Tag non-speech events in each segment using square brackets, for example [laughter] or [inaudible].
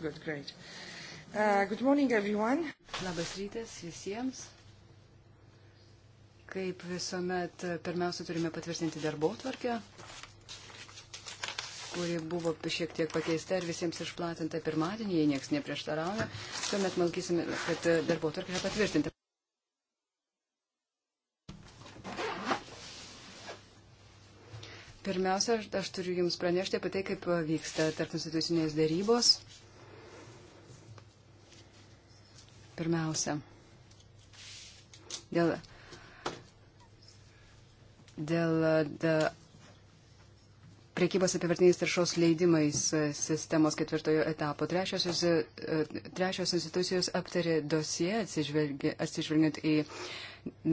Good, great. Uh, good morning, everyone. Labas rytas visiems. Kaip visuomet, pirmiausia, turime patvirtinti darbo tvarkę, kuri buvo šiek tiek pakeista ir visiems išplatinta pirmadienį, jei niekas neprieštarauja. Tuomet malkysime, kad darbo tvarkė yra patvirtinta. Pirmiausia, aš turiu Jums pranešti apie tai, kaip vyksta tarp institucinės darybos. Pirmiausia, dėl, dėl, dėl priekybos apivertiniais taršos leidimais sistemos ketvirtojo etapo trečiosios, e, trečios institucijos aptarė dosiją atsižvelgiant į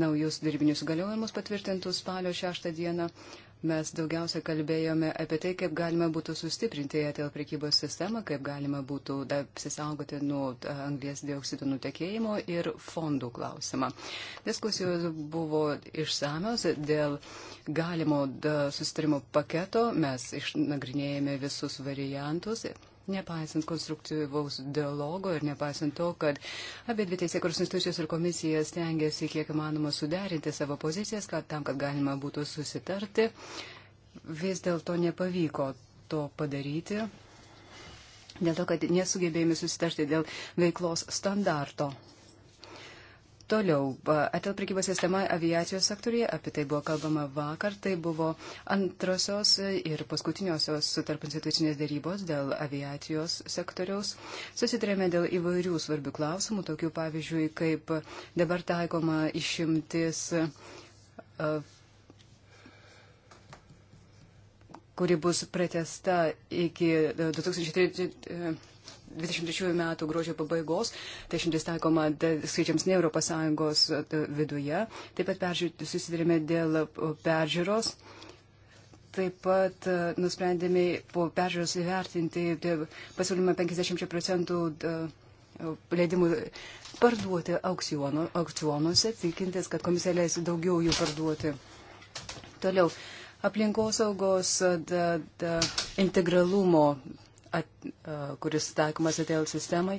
naujus dirbinius galiojimus patvirtintus spalio šeštą dieną. Uh, mes daugiausia kalbėjome apie tai, kaip galima būtų sustiprinti ETL prekybos sistemą, kaip galima būtų apsisaugoti nuo anglės dioksido nutekėjimo ir fondų klausimą. Diskusijos buvo išsamios dėl galimo susitarimo paketo, mes išnagrinėjame visus variantus. Nepaisant konstruktyvaus dialogo ir nepaisant to, kad abie dvi teisėkurs institucijos ir komisija stengiasi kiek įmanoma suderinti savo pozicijas, kad tam, kad galima būtų susitarti, vis dėlto nepavyko to padaryti, dėl to, kad nesugebėjome susitarti dėl veiklos standarto. Toliau, atel prekybos sistema aviacijos sektorija, apie tai buvo kalbama vakar, tai buvo antrosios ir paskutiniosios tarp institucinės dėrybos dėl aviacijos sektoriaus. Susitarėme dėl įvairių svarbių klausimų, tokių pavyzdžiui, kaip dabar taikoma išimtis kuri bus pratesta iki 2030. 23 metų gruodžio pabaigos, tai šimtis taikoma skaičiams ne Europos Sąjungos e, viduje. Taip pat peržiūrė, susidarėme dėl peržiūros. Taip pat e, nusprendėme po peržiūros įvertinti pasiūlymą 50 procentų leidimų parduoti aukcionuose, tikintis, kad komisija leis daugiau jų parduoti. Toliau, aplinkosaugos da, da, integralumo at, e, kuris taikomas ATL sistemai,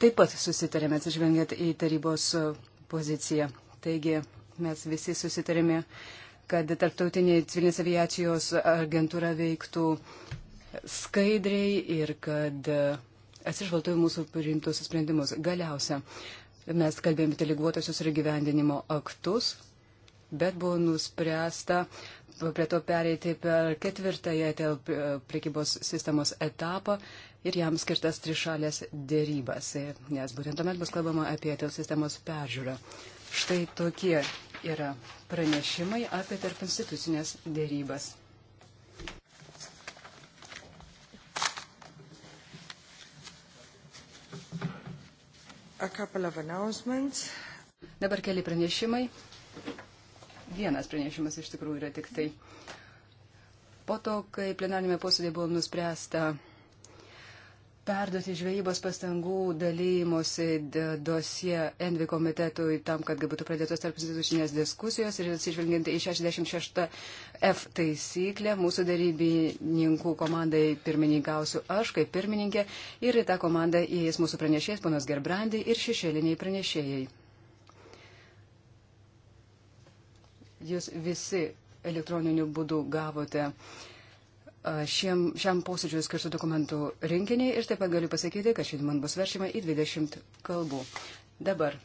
taip pat susitarėme atsižvengiant į tarybos e, poziciją. Taigi mes visi susitarėme, kad tarptautinė civilinės aviacijos agentūra veiktų skaidriai ir kad e, atsižvalgtų į mūsų priimtus sprendimus. Galiausia, mes kalbėjome deleguotosius ir gyvendinimo aktus, bet buvo nuspręsta prie to pereiti per ketvirtąją dėl prekybos sistemos etapą ir jam skirtas trišalės dėrybas, nes būtent tuomet bus kalbama apie dėl sistemos peržiūrą. Štai tokie yra pranešimai apie tarp institucinės dėrybas. Dabar keli pranešimai vienas pranešimas iš tikrųjų yra tik tai. Po to, kai plenarnėme posėdėje buvo nuspręsta perduoti žvejybos pastangų dalymosi dosie Envi komitetui tam, kad būtų pradėtos tarp institucinės diskusijos ir atsižvelgiant į 66 F taisyklę, mūsų darybininkų komandai pirmininkausiu aš kaip pirmininkė ir į tą komandą įeis mūsų pranešėjas, panas Gerbrandai ir šešėliniai pranešėjai. jūs visi elektroniniu būdu gavote šiem, šiam posėdžiui skirtų dokumentų rinkinį ir taip pat galiu pasakyti, kad šiandien man bus veršima į 20 kalbų. Dabar.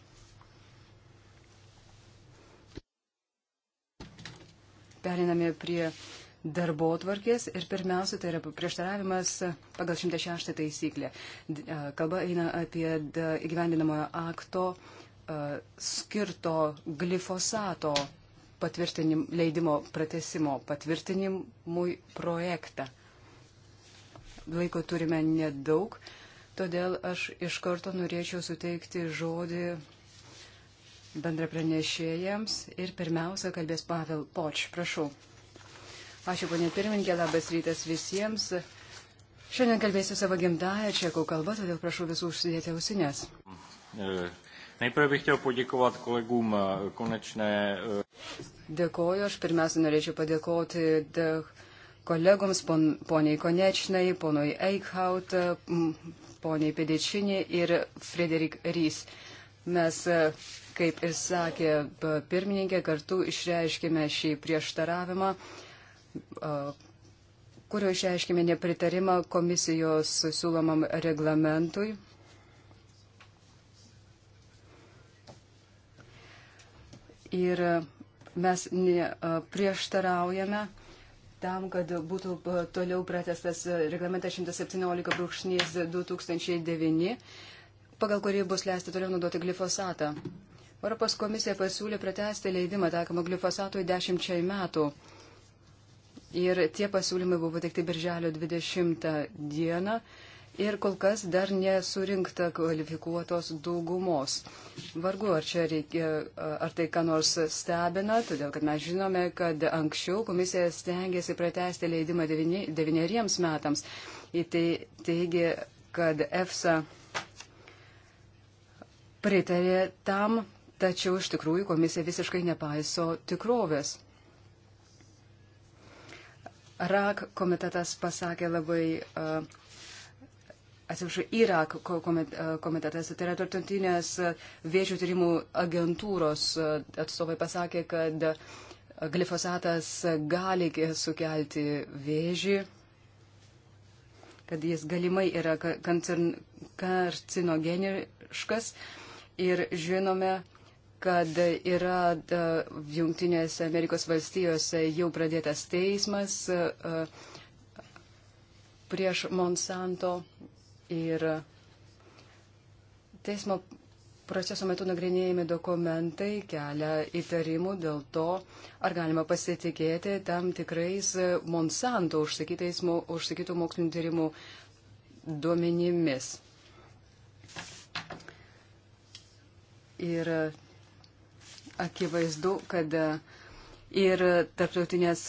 Periname prie darbo tvarkės ir pirmiausia, tai yra prieštaravimas pagal 106 taisyklę. Kalba eina apie įgyvendinamojo akto skirto glifosato patvirtinim, leidimo pratesimo patvirtinimui projektą. Laiko turime nedaug, todėl aš iš karto norėčiau suteikti žodį bendrapranešėjams ir pirmiausia kalbės Pavel Poč. Prašau. Ačiū, ponė pirmininkė, labas rytas visiems. Šiandien kalbėsiu savo gimtają čekų kalbą, todėl prašau visų užsidėti ausinės. Mm. Nejprve bych chtěl padėkovat kolegům eh, konečné. Eh, Dėkoju, aš pirmiausia norėčiau padėkoti kolegoms, pon, poniai Konečnai, ponui Eichhaut, eh, poniai Pedečinė ir Frederik Rys. Mes, kaip ir sakė pirmininkė, kartu išreiškime šį prieštaravimą kurio išreiškime nepritarimą komisijos siūlomam reglamentui ir e, mes e, prieštaraujame tam, kad būtų e, toliau pratestas reglamentas 117.2009, pagal kurį bus leista toliau naudoti glifosatą. Europos komisija pasiūlė pratesti leidimą taikomą glifosatui dešimčiai metų. Ir tie pasiūlymai buvo pateikti birželio 20 dieną ir kol kas dar nesurinkta kvalifikuotos daugumos. Vargu, ar, čia reikia, ar tai ką nors stebina, todėl kad mes žinome, kad anksčiau komisija stengiasi pratesti leidimą devyneriems metams. Į tai teigia, kad EFSA pritarė tam, tačiau iš tikrųjų komisija visiškai nepaiso tikrovės. RAK komitetas pasakė labai uh, atsiprašau, Irako e, komitetas, tai yra tarptautinės e, viešių tyrimų agentūros e, atstovai pasakė, kad glifosatas gali sukelti vėžį, kad jis galimai yra karcinogeniškas ir žinome, kad yra Junktinėse Amerikos valstijose jau pradėtas teismas prieš Monsanto ir teismo proceso metu nagrinėjami dokumentai kelia įtarimų dėl to, ar galima pasitikėti tam tikrais Monsanto užsakytų mokslinių tyrimų duomenimis. Ir akivaizdu, kad ir tarptautinės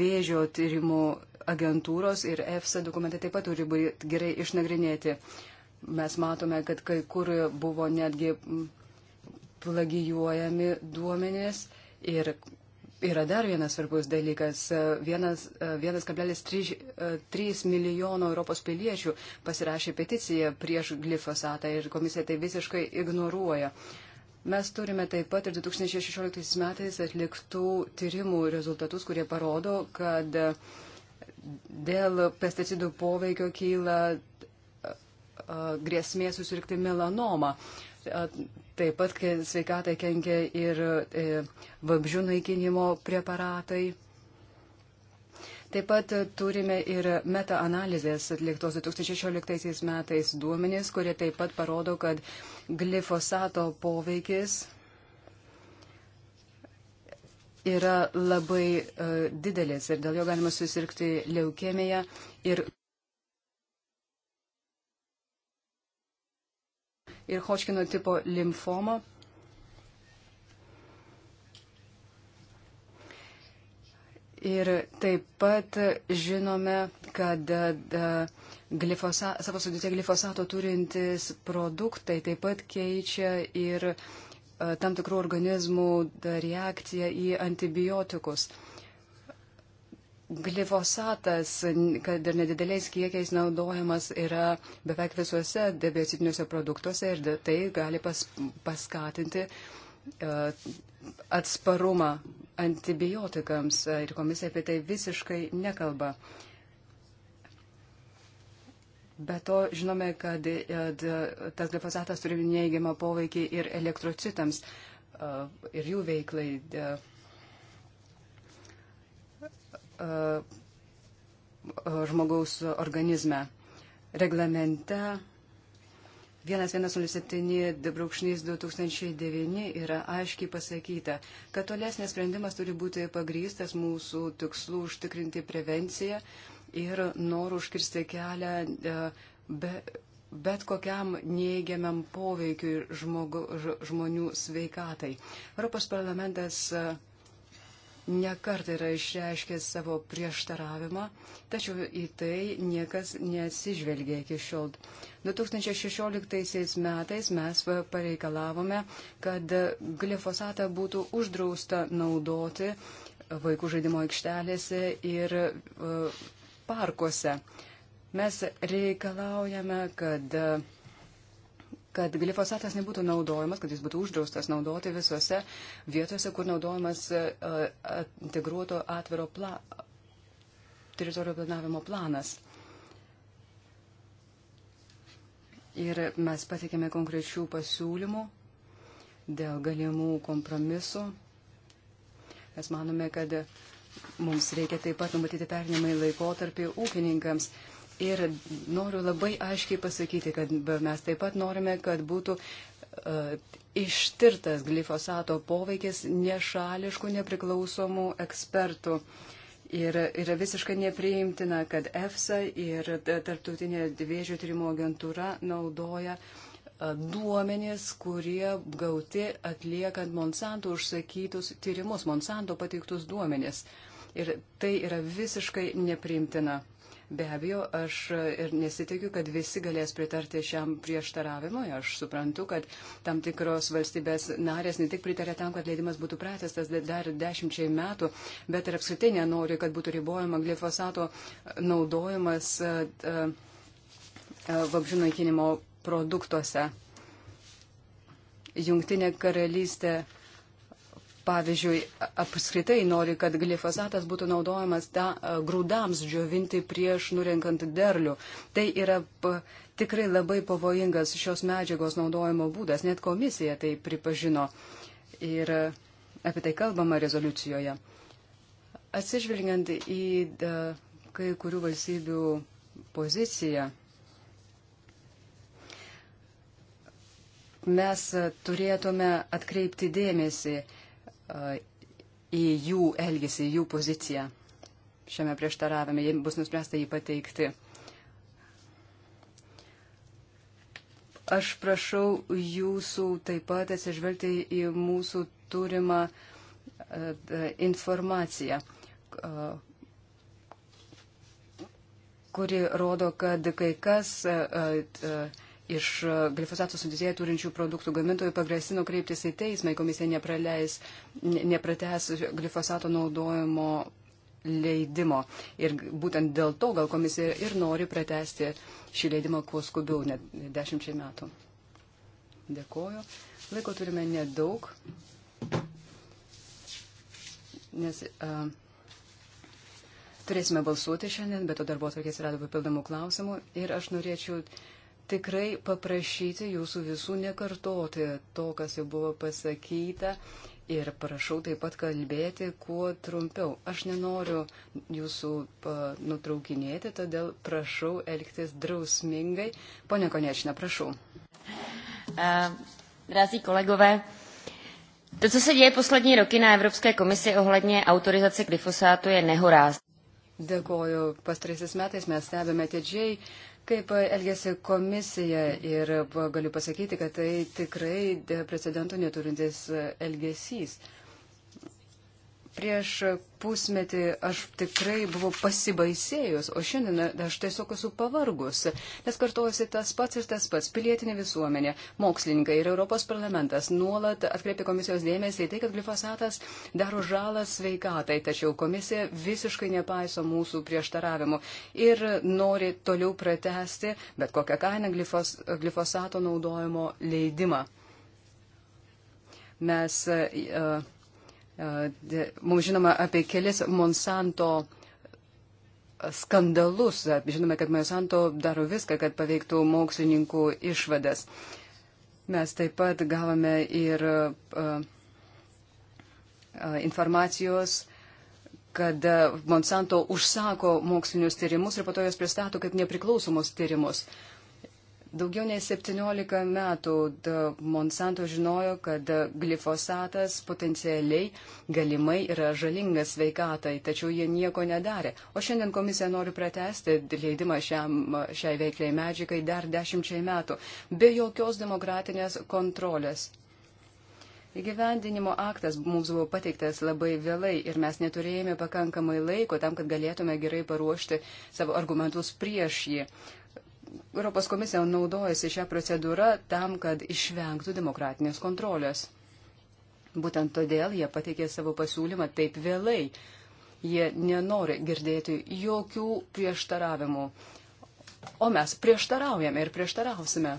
vėžio tyrimų agentūros ir EFSA dokumentai taip pat turi būti gerai išnagrinėti. Mes matome, kad kai kur buvo netgi plagijuojami duomenės ir yra dar vienas svarbus dalykas. 1,3 milijono Europos piliečių pasirašė peticiją prieš glifosatą ir komisija tai visiškai ignoruoja. Mes turime taip pat ir 2016 metais atliktų tyrimų rezultatus, kurie parodo, kad uh, dėl pesticidų poveikio kyla grėsmė susirgti melanomą. Taip pat sveikatai kenkia ir e, vabžių naikinimo preparatai. Taip pat turime ir metaanalizės atliktos 2016 metais duomenys, kurie taip pat parodo, kad glifosato poveikis yra labai uh, e, didelis ir dėl jo galima susirgti leukemiją ir, ir Hodgkino tipo limfomo. Ir taip pat žinome, kad e, glifosa, savo sudėtė glifosato turintis produktai taip pat keičia ir uh, E, tam tikrų organizmų reakcija į antibiotikus. Glifosatas, kad ir nedideliais kiekiais naudojamas, yra beveik visuose debiocidiniuose produktuose ir tai gali pas, paskatinti uh, atsparumą antibiotikams e, ir komisija apie tai visiškai nekalba. Uh, Be to žinome, kad e, tas glifosatas turi neigiamą poveikį ir elektrocitams, e, ir jų veiklai. E, žmogaus organizme. Reglamente 1107-2009 yra aiškiai pasakyta, kad tolesnės sprendimas turi būti pagrystas mūsų tikslų užtikrinti prevenciją, uh, ir norų užkirsti kelią e, be, bet kokiam neigiamam poveikiui žmogu, ž, žmonių sveikatai. Europos parlamentas e, nekartą yra išreiškęs savo prieštaravimą, tačiau į tai niekas nesižvelgia iki šiol. 2016 metais mes pareikalavome, kad glifosatą būtų uždrausta naudoti vaikų žaidimo aikštelėse ir uh, parkuose. Mes reikalaujame, kad, kad glifosatas nebūtų naudojamas, kad jis būtų uždraustas naudoti visose vietose, kur naudojamas e, integruoto atviro pla, teritorijų planavimo planas. Ir mes patikėme konkrečių pasiūlymų dėl galimų kompromisų. Mes manome, kad Mums reikia taip pat numatyti pernimai laikotarpį ūkininkams. Ir noriu labai aiškiai pasakyti, kad mes taip pat norime, kad būtų uh, ištirtas glifosato poveikis nešališkų, nepriklausomų ekspertų. Ir yra visiškai nepriimtina, kad EFSA ir Tarptautinė vėžio tyrimo agentūra naudoja e, duomenys, kurie gauti atliekant Monsanto užsakytus tyrimus, Monsanto pateiktus duomenys. Uh, Ir tai yra visiškai nepriimtina. Be abejo, aš ir nesitikiu, kad visi galės pritarti šiam prieštaravimui. Aš suprantu, kad tam tikros valstybės narės ne tik pritarė tam, kad leidimas būtų pratestas dar dešimčiai metų, bet ir apskritai nenori, kad būtų ribojama glifosato naudojimas vabžių naikinimo produktuose. Jungtinė karalystė pavyzdžiui, apskritai nori, kad glifosatas būtų naudojamas ta, e, grūdams džiovinti prieš nurenkant derlių. Tai yra tikrai labai pavojingas šios medžiagos naudojimo būdas, net komisija tai pripažino. Ir apie tai kalbama rezoliucijoje. Atsižvelgiant į da, e, kai kurių valstybių poziciją, mes turėtume atkreipti dėmesį į jų elgesį, jų poziciją šiame prieštaravime, jei bus nuspręsta jį pateikti. Aš prašau jūsų taip pat atsižvelgti į mūsų turimą e, informaciją, e, kuri rodo, kad kai kas. Uh, uh, iš e, glifosato sudėtėje turinčių produktų gamintojų pagrasino kreiptis į teismą, jei komisija nepraleis, nepratęs glifosato naudojimo leidimo. Ir būtent dėl to gal komisija ir nori pratesti šį leidimą kuo skubiau, net dešimčiai metų. Dėkoju. Laiko turime nedaug, nes a, e, turėsime balsuoti šiandien, bet to darbo atvarkės rado papildomų klausimų ir aš norėčiau tikrai paprašyti jūsų visų nekartoti to, kas jau buvo pasakyta. Ir prašau taip pat kalbėti kuo trumpiau. Aš nenoriu jūsų nutraukinėti, todėl prašau elgtis drausmingai. Pone Konečne, prašau. Uh, Drazí kolegové, to, co se děje poslední roky na Evropské komisi ohledně autorizace glyfosátu, je nehorázné. Dėkoju. Pastaraisiais metais mes stebime atidžiai Kaip elgėsi komisija ir galiu pasakyti, kad tai tikrai precedento neturintis elgesys prieš pusmetį aš tikrai buvau pasibaisėjus, o šiandien aš tiesiog esu pavargus, nes kartuosi tas pats ir tas pats. Pilietinė visuomenė, mokslininkai ir Europos parlamentas nuolat atkreipia komisijos dėmesį į tai, kad glifosatas daro žalą sveikatai, tačiau komisija visiškai nepaiso mūsų prieštaravimų ir nori toliau pratesti bet kokią kainą glifos, glifosato naudojimo leidimą. Mes uh, Mums žinoma apie kelis Monsanto skandalus. Žinome, kad Monsanto daro viską, kad paveiktų mokslininkų išvadas. Mes taip pat gavome ir e, e, informacijos, kad Monsanto užsako mokslinius tyrimus ir po to jos pristato kaip nepriklausomus tyrimus. Uh, Daugiau nei 17 metų Monsanto žinojo, kad glifosatas potencialiai galimai yra žalingas sveikatai, tačiau jie nieko nedarė. O šiandien komisija nori pratesti leidimą šiam, šiai veikliai medžiagai dar dešimčiai metų, be jokios demokratinės kontrolės. Įgyvendinimo aktas mums buvo pateiktas labai vėlai ir mes neturėjome pakankamai laiko tam, kad galėtume gerai paruošti savo argumentus prieš jį. Europos komisija naudojasi šią procedūrą tam, kad išvengtų demokratinės kontrolės. Būtent todėl jie pateikė savo pasiūlymą taip vėlai. Jie nenori girdėti jokių prieštaravimų. O mes prieštaraujame ir prieštarausime.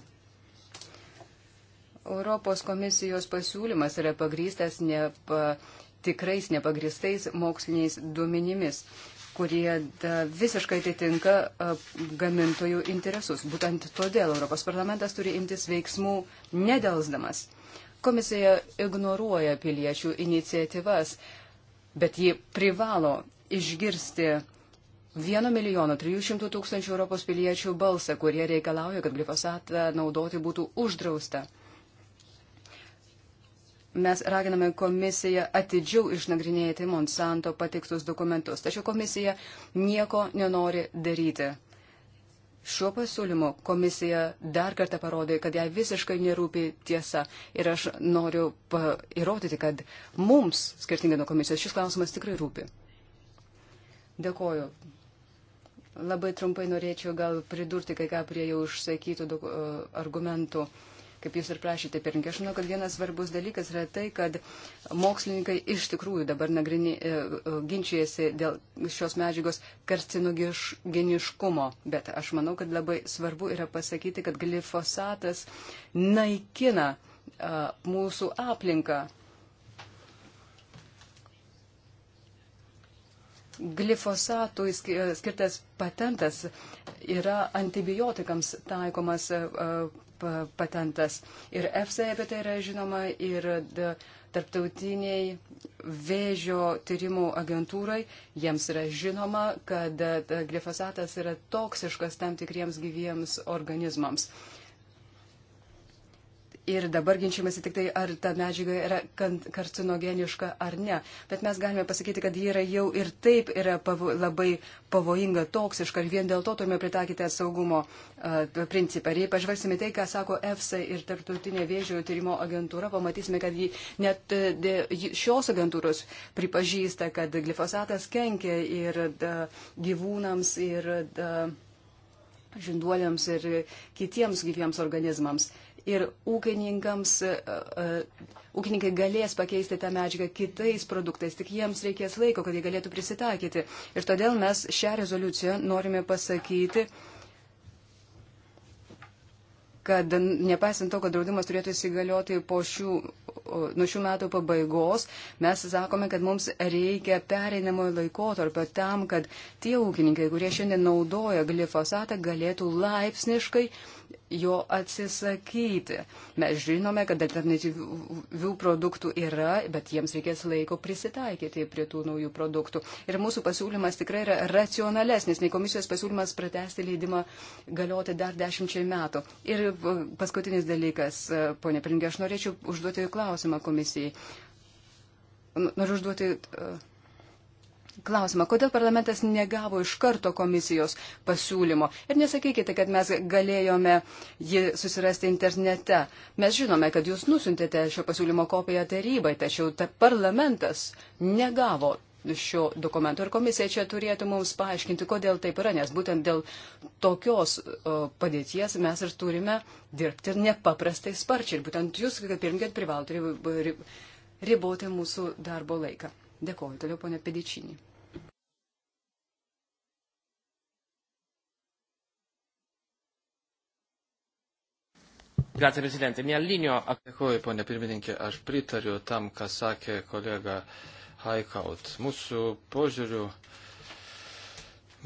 Europos komisijos pasiūlymas yra pagrystas nepa, tikrais nepagristais moksliniais duomenimis kurie visiškai atitinka gamintojų interesus. Būtent todėl Europos parlamentas turi imtis veiksmų nedelsdamas. Komisija ignoruoja piliečių iniciatyvas, bet ji privalo išgirsti 1 milijono 300 tūkstančių Europos piliečių balsą, kurie reikalauja, kad glifosatą naudoti būtų uždrausta mes raginame komisiją atidžiau išnagrinėti Monsanto patiktus dokumentus. Tačiau komisija nieko nenori daryti. Šiuo pasiūlymu komisija dar kartą parodė, kad jai visiškai nerūpi tiesa. Ir aš noriu įrodyti, kad mums, skirtingai nuo komisijos, šis klausimas tikrai rūpi. Dėkoju. Labai trumpai norėčiau gal pridurti kai ką prie jau išsakytų argumentų. Uh, kaip jūs ir prašėte, pirmininkė. Aš manau, kad vienas svarbus dalykas yra tai, kad mokslininkai iš tikrųjų dabar nagrinė, e, e, ginčijasi dėl šios medžiagos karcinogeniškumo. Bet aš manau, kad labai svarbu yra pasakyti, kad glifosatas naikina mūsų aplinką. Glifosatui skirtas patentas yra antibiotikams taikomas patentas. Ir EFSA apie tai yra žinoma, ir tarptautiniai vėžio tyrimų agentūrai, jiems yra žinoma, kad e, glifosatas yra toksiškas tam tikriems gyviems organizmams. Ir dabar ginčiamasi tik tai, ar ta medžiaga yra karcinogeniška ar ne. Bet mes galime pasakyti, kad ji yra jau ir taip yra pavo, labai pavojinga, toksiška. Ir vien dėl to turime pritaikyti saugumo uh, principą. Ir jei pažvelgsime tai, ką sako EFSA ir Tartutinė vėžio tyrimo agentūra, pamatysime, kad ji, net uh, šios agentūros pripažįsta, kad glifosatas kenkia ir uh, gyvūnams, ir uh, žinduoliams, ir kitiems gyviems organizmams. Uh, ir ūkininkams, e, e, ūkininkai galės pakeisti tą medžiagą kitais produktais, tik jiems reikės laiko, kad jie galėtų prisitaikyti. Ir todėl mes šią rezoliuciją norime pasakyti kad nepaisant to, kad draudimas turėtų įsigalioti po šių, nuo šių metų pabaigos, mes sakome, kad mums reikia pereinamojo laikotarpio tam, kad tie ūkininkai, kurie šiandien naudoja glifosatą, galėtų laipsniškai uh, jo atsisakyti. Mes žinome, kad alternatyvių produktų yra, bet jiems reikės laiko prisitaikyti prie tų naujų produktų. Ir mūsų pasiūlymas tikrai yra racionalesnis nei komisijos pasiūlymas pratesti leidimą galioti dar dešimčiai metų. Ir paskutinis dalykas, e, ponė Pringė, aš norėčiau užduoti klausimą komisijai. Noriu užduoti. Uh, klausimą, kodėl parlamentas negavo iš karto komisijos pasiūlymo. Ir nesakykite, kad mes galėjome jį susirasti internete. Mes žinome, kad jūs nusintėte šio pasiūlymo kopiją tarybai, tačiau ta parlamentas negavo šio dokumento. Ir komisija čia turėtų mums paaiškinti, kodėl taip yra, nes būtent dėl tokios padėties mes ir turime dirbti ir nepaprastai sparčiai. Ir būtent jūs, kaip pirmkėt, privalote riboti mūsų darbo laiką. Dėkuoju. Toliau ponė Pedičinį. Grazie Presidente, mi allineo a... Dėkuoju, ponė pirmininkė, aš pritariu tam, ką sakė kolega Haikaut. Mūsų požiūrių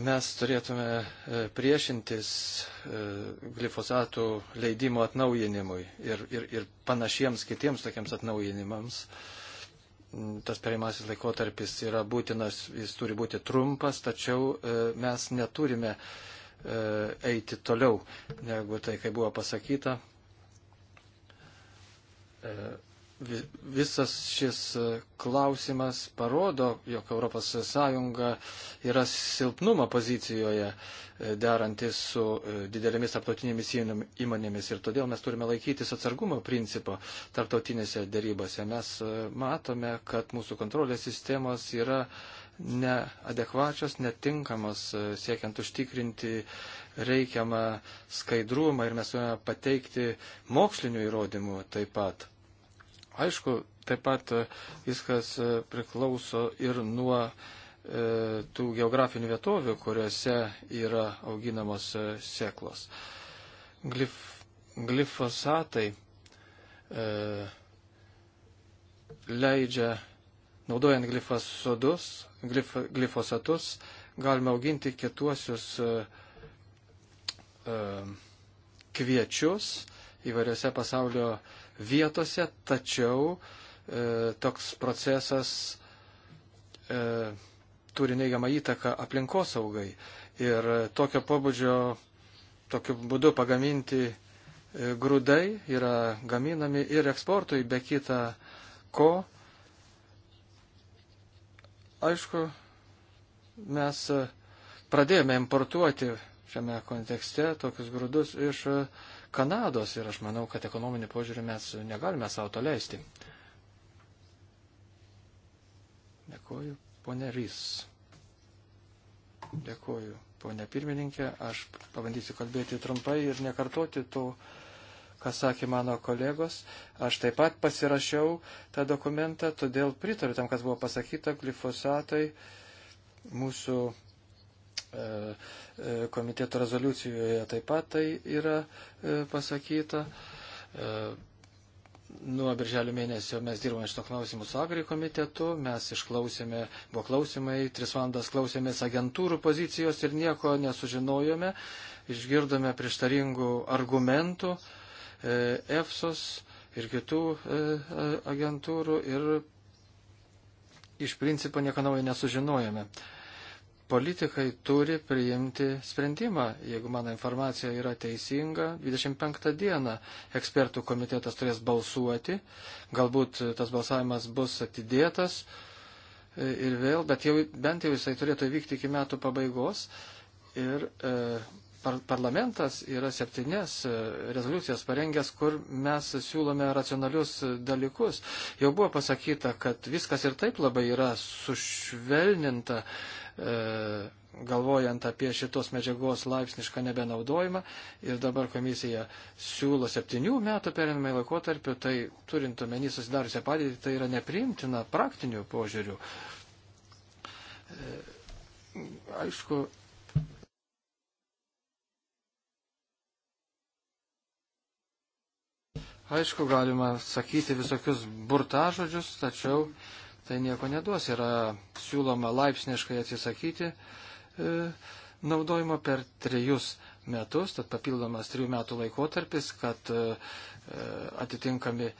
mes turėtume e, priešintis e, glifosatų leidimo atnaujinimui ir, ir, ir panašiems kitiems tokiems atnaujinimams. Uh, Mm, tas perimasis laikotarpis yra būtinas, jis turi būti trumpas, tačiau e, mes neturime e, eiti toliau negu tai, kai buvo pasakyta. E, visas šis e, klausimas parodo, jog ES yra silpnumo pozicijoje e, derantis su e, didelėmis tarptautinėmis įmonėmis ir todėl mes turime laikytis atsargumo principo tarptautinėse dėrybose. Mes matome, kad mūsų kontrolės sistemos yra neadekvačios, netinkamos, siekiant užtikrinti reikiamą skaidrumą ir mes turime pateikti mokslinių įrodymų taip pat. Aišku, taip pat e, viskas e, priklauso ir nuo e, tų geografinių vietovių, kuriuose yra auginamos sėklos. Glif, glifosatai e, leidžia, naudojant glifosodus, glif, glifosatus, galima auginti kietuosius e, kviečius įvairiose pasaulio e, vietose, tačiau e, toks procesas e, turi neigiamą įtaką aplinkosaugai. Ir e, tokio pobūdžio, tokiu būdu pagaminti e, grūdai yra gaminami ir eksportui, be kita ko. Aišku, mes e, pradėjome importuoti šiame kontekste tokius grūdus iš e, Kanados ir aš manau, kad ekonominį požiūrį mes negalime savo to leisti. Dėkuoju, ponė Rys. Dėkuoju, ponė pirmininkė. Aš pabandysiu kalbėti trumpai ir nekartoti to, ką sakė mano kolegos. Aš taip pat pasirašiau tą dokumentą, todėl pritariu tam, kas buvo pasakyta, glifosatai mūsų E, e, komiteto rezoliucijoje taip pat tai yra e, pasakyta. Nuo birželio mėnesio mes dirbame šito klausimu su Agri komitetu, mes išklausėme, buvo klausimai, tris valandas klausėmės agentūrų pozicijos ir nieko nesužinojome, išgirdome prieštaringų argumentų EFSOS ir kitų agentūrų ir iš principo nieko naujo nesužinojome. E, politikai turi priimti sprendimą. Jeigu mano informacija yra teisinga, 25 dieną ekspertų komitetas turės balsuoti, galbūt tas balsavimas bus atidėtas e, ir vėl, bet jau, bent jau jisai turėtų vykti iki metų pabaigos. Ir e, par parlamentas yra septynes e, rezoliucijas parengęs, kur mes siūlome racionalius dalykus. Jau buvo pasakyta, kad viskas ir taip labai yra sušvelninta, e, galvojant apie šitos medžiagos laipsnišką nebenaudojimą. Ir dabar komisija siūlo septynių metų perinamai laikotarpiu, tai turint omeny susidariusią padėtį, tai yra nepriimtina praktinių požiūrių. E, aišku, Aišku, galima sakyti visokius burtažodžius, tačiau tai nieko neduos. Yra siūloma laipsniškai atsisakyti e, naudojimo per trejus metus, tad papildomas trijų metų laikotarpis, kad e, e atitinkami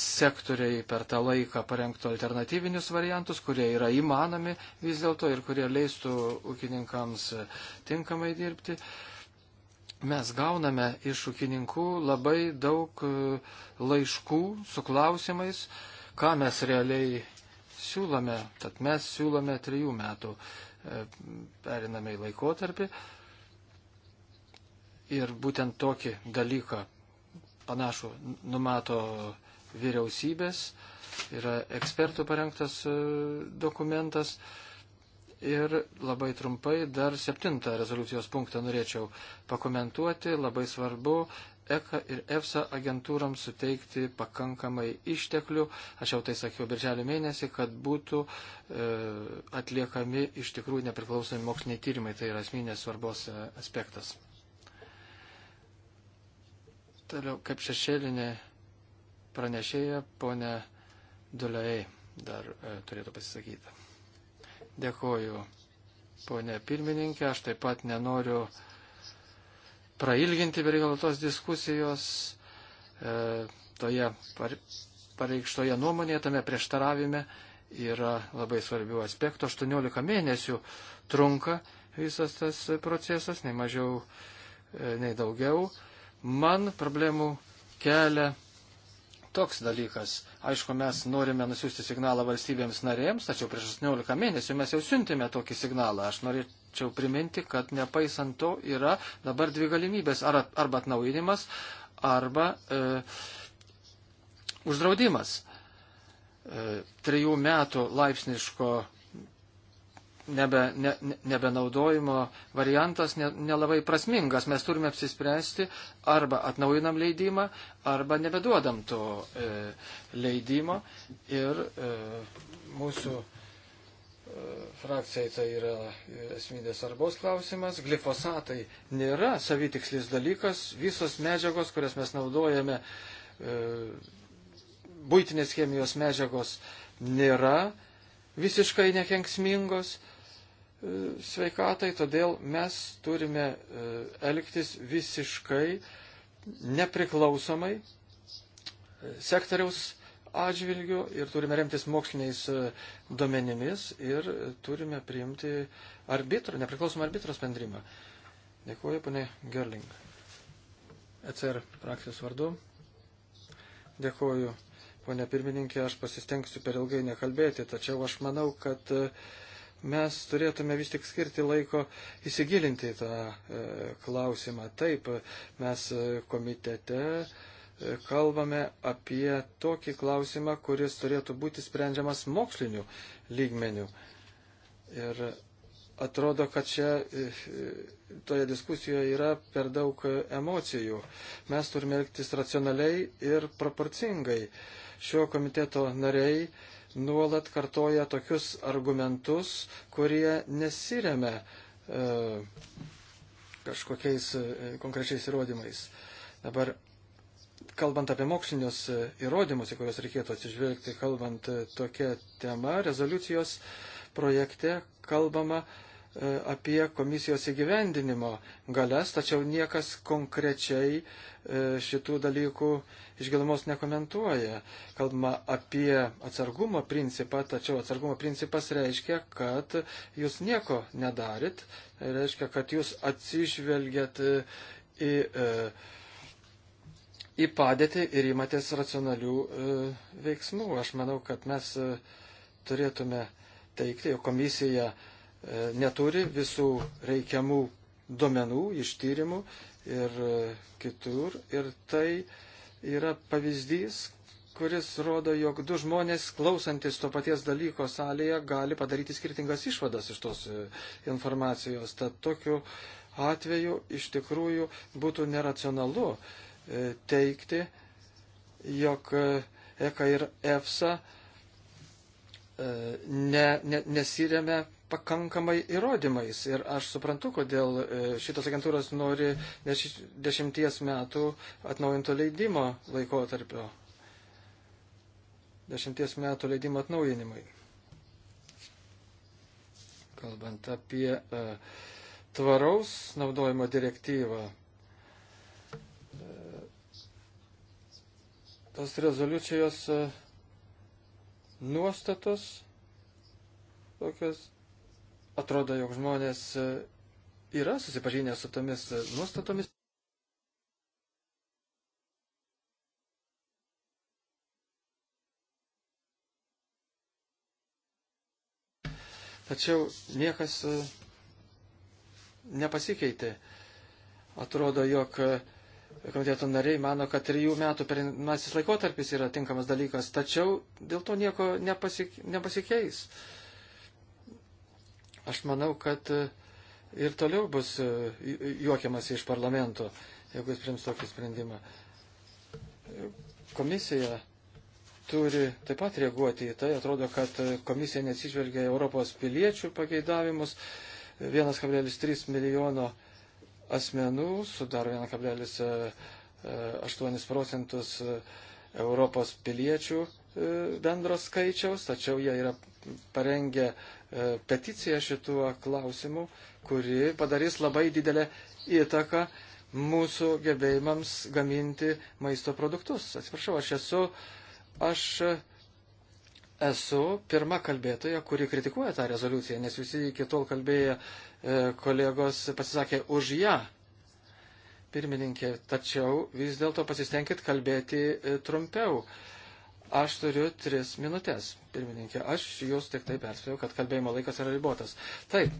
sektoriai per tą laiką parengtų alternatyvinius variantus, kurie yra įmanomi vis dėlto ir kurie leistų ūkininkams e, tinkamai dirbti. E, mes gauname iš ūkininkų labai daug e, laiškų su klausimais, ką mes realiai siūlome. Tad mes siūlome trijų metų e, perinamai laikotarpį. Ir būtent tokį dalyką panašų numato vyriausybės, yra ekspertų parengtas e, dokumentas. E, Ir labai trumpai dar septintą rezoliucijos punktą norėčiau pakomentuoti. Labai svarbu ECA ir EFSA agentūrams suteikti pakankamai išteklių. Aš jau tai sakiau birželio mėnesį, kad būtų e, atliekami iš tikrųjų nepriklausomi moksliniai tyrimai. Tai yra asmeninės svarbos e, aspektas. Toliau, kaip šešėlinė pranešėja, ponė Duliai dar e, turėtų pasisakyti. Dėkoju, ponė pirmininkė. Aš taip pat nenoriu prailginti bereikalotos diskusijos e, toje pareikštoje nuomonėje, tame prieštaravime yra labai svarbių aspektų. 18 mėnesių trunka visas tas procesas, nei mažiau, e, nei daugiau. Man problemų kelia toks dalykas. Aišku, mes norime nusiųsti signalą valstybėms narėms, tačiau prieš 18 mėnesių mes jau siuntėme tokį signalą. Aš norėčiau priminti, kad nepaisant to yra dabar dvi galimybės ar, - arba atnaujinimas, arba e, uždraudimas. E, trijų metų laipsniško nebe, ne, nebenaudojimo variantas ne, nelabai prasmingas. Mes turime apsispręsti arba atnaujinam leidimą, arba nebeduodam to e, leidimo. Ir e, mūsų e, frakcijai tai yra esminės svarbos klausimas. Glifosatai nėra savitikslis dalykas. Visos medžiagos, kurias mes naudojame, e, būtinės chemijos medžiagos nėra visiškai nekenksmingos. E, sveikatai, todėl mes turime e, elgtis visiškai nepriklausomai e, sektoriaus atžvilgių ir turime remtis moksliniais e, duomenimis ir turime priimti arbitro, nepriklausomą arbitro sprendimą. Dėkuoju, ponė Gerling. ECR frakcijos vardu. Dėkuoju, ponė pirmininkė, aš pasistengsiu per ilgai nekalbėti, tačiau aš manau, kad uh, mes turėtume vis tik skirti laiko įsigilinti tą e, klausimą. Taip, mes e, komitete e, kalbame apie tokį klausimą, kuris turėtų būti sprendžiamas moksliniu lygmeniu. Ir atrodo, kad čia e, toje diskusijoje yra per daug emocijų. Mes turime elgtis racionaliai ir proporcingai. Šio komiteto nariai nuolat kartoja tokius argumentus, kurie nesiremia e, kažkokiais e, konkrečiais įrodymais. Dabar, kalbant apie mokslinius e, įrodymus, į kuriuos reikėtų atsižvelgti, kalbant e, tokia tema, rezoliucijos projekte kalbama E, apie komisijos įgyvendinimo galės, tačiau niekas konkrečiai e, šitų dalykų išgilumos nekomentuoja. Kalbama apie atsargumo principą, tačiau atsargumo principas reiškia, kad jūs nieko nedarit, reiškia, kad jūs atsižvelgiat e, į, į padėtį ir įmatės racionalių veiksmų. Aš manau, kad mes turėtume teikti, jo komisija uh, E, neturi visų reikiamų duomenų iš tyrimų ir e, kitur. Ir tai yra pavyzdys, kuris rodo, jog du žmonės klausantis to paties dalyko salėje gali padaryti skirtingas išvadas iš tos e, informacijos. Tad tokiu atveju iš tikrųjų būtų neracionalu teikti, jog ECA ir EFSA ne, ne, nesiremia pakankamai įrodymais. Ir aš suprantu, kodėl e, šitos agentūros nori dešimties metų atnaujinto leidimo laikotarpio. Dešimties metų leidimo atnaujinimai. Kalbant apie e, tvaraus naudojimo direktyvą, e, tos rezoliucijos nuostatos tokios atrodo, jog žmonės e, yra susipažinę su tomis e, nuostatomis. Tačiau niekas e, nepasikeitė. Atrodo, jog komiteto nariai mano, kad trijų metų perinasis laikotarpis yra tinkamas dalykas, tačiau dėl to nieko nepasikeis. nepasikeis. Aš manau, kad e, ir toliau bus e, juokiamas iš parlamento, jeigu jis prims tokį sprendimą. E, komisija turi taip pat reaguoti į tai. Atrodo, kad komisija neatsižvelgia Europos piliečių pageidavimus. 1,3 milijono asmenų sudaro 1,8 procentus Europos piliečių bendros skaičiaus, tačiau jie yra parengę E, peticiją šituo klausimu, kuri padarys labai didelę įtaką mūsų gebėjimams gaminti maisto produktus. Atsiprašau, aš esu, aš esu pirma kalbėtoja, kuri kritikuoja tą rezoliuciją, nes visi iki tol kalbėję e, kolegos pasisakė už ją. Pirmininkė, tačiau vis dėlto pasistengkit kalbėti e, trumpiau. E, Aš turiu tris minutės, pirmininkė. Aš jūs tik tai perspėjau, kad kalbėjimo laikas yra ribotas. Taip,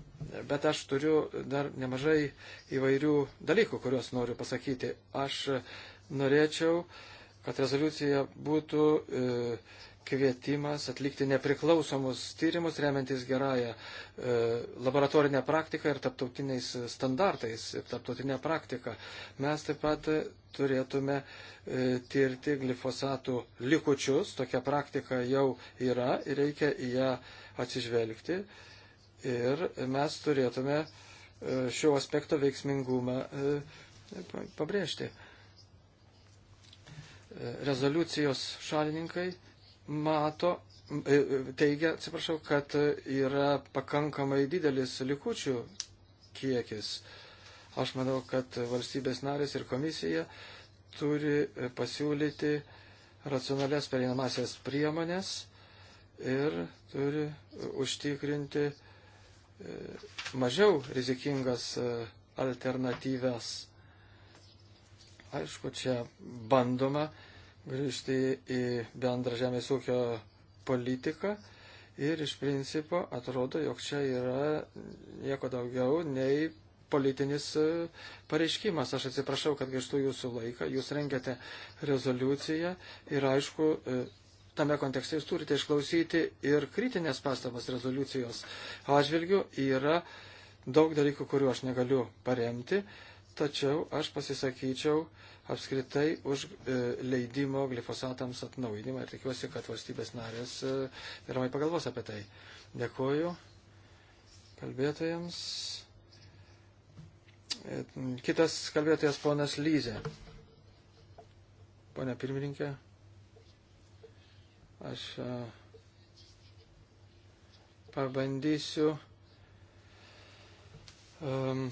bet aš turiu dar nemažai įvairių dalykų, kuriuos noriu pasakyti. Aš norėčiau, kad rezoliucija būtų. E, kvietimas atlikti nepriklausomus tyrimus, remiantis gerąją e, laboratorinę praktiką ir taptautiniais standartais ir taptautinę praktiką. Mes taip pat turėtume e, tirti glifosatų likučius, tokia praktika jau yra ir reikia į ją atsižvelgti. Ir mes turėtume e, šio aspekto veiksmingumą e, pabrėžti. E, rezoliucijos šalininkai mato, e, e, teigia, atsiprašau, kad yra pakankamai didelis likučių kiekis. Aš manau, kad valstybės narės ir komisija turi pasiūlyti racionalias pereinamasias priemonės ir turi užtikrinti e, mažiau rizikingas alternatyves. Aišku, čia bandoma grįžti į bendrą žemės ūkio politiką ir iš principo atrodo, jog čia yra nieko daugiau nei politinis e, pareiškimas. Aš atsiprašau, kad gaištu jūsų laiką, jūs rengiate rezoliuciją ir aišku, e, tame kontekste jūs turite išklausyti ir kritinės pastabas rezoliucijos atžvilgių. Yra daug dalykų, kurių aš negaliu paremti tačiau aš pasisakyčiau apskritai už e, leidimo glifosatams atnaujinimą ir tikiuosi, kad valstybės narės pirmai e, pagalvos apie tai. Dėkuoju kalbėtojams. E, kitas kalbėtojas ponas Lyzė. Pone pirmininkė, aš pabandysiu um,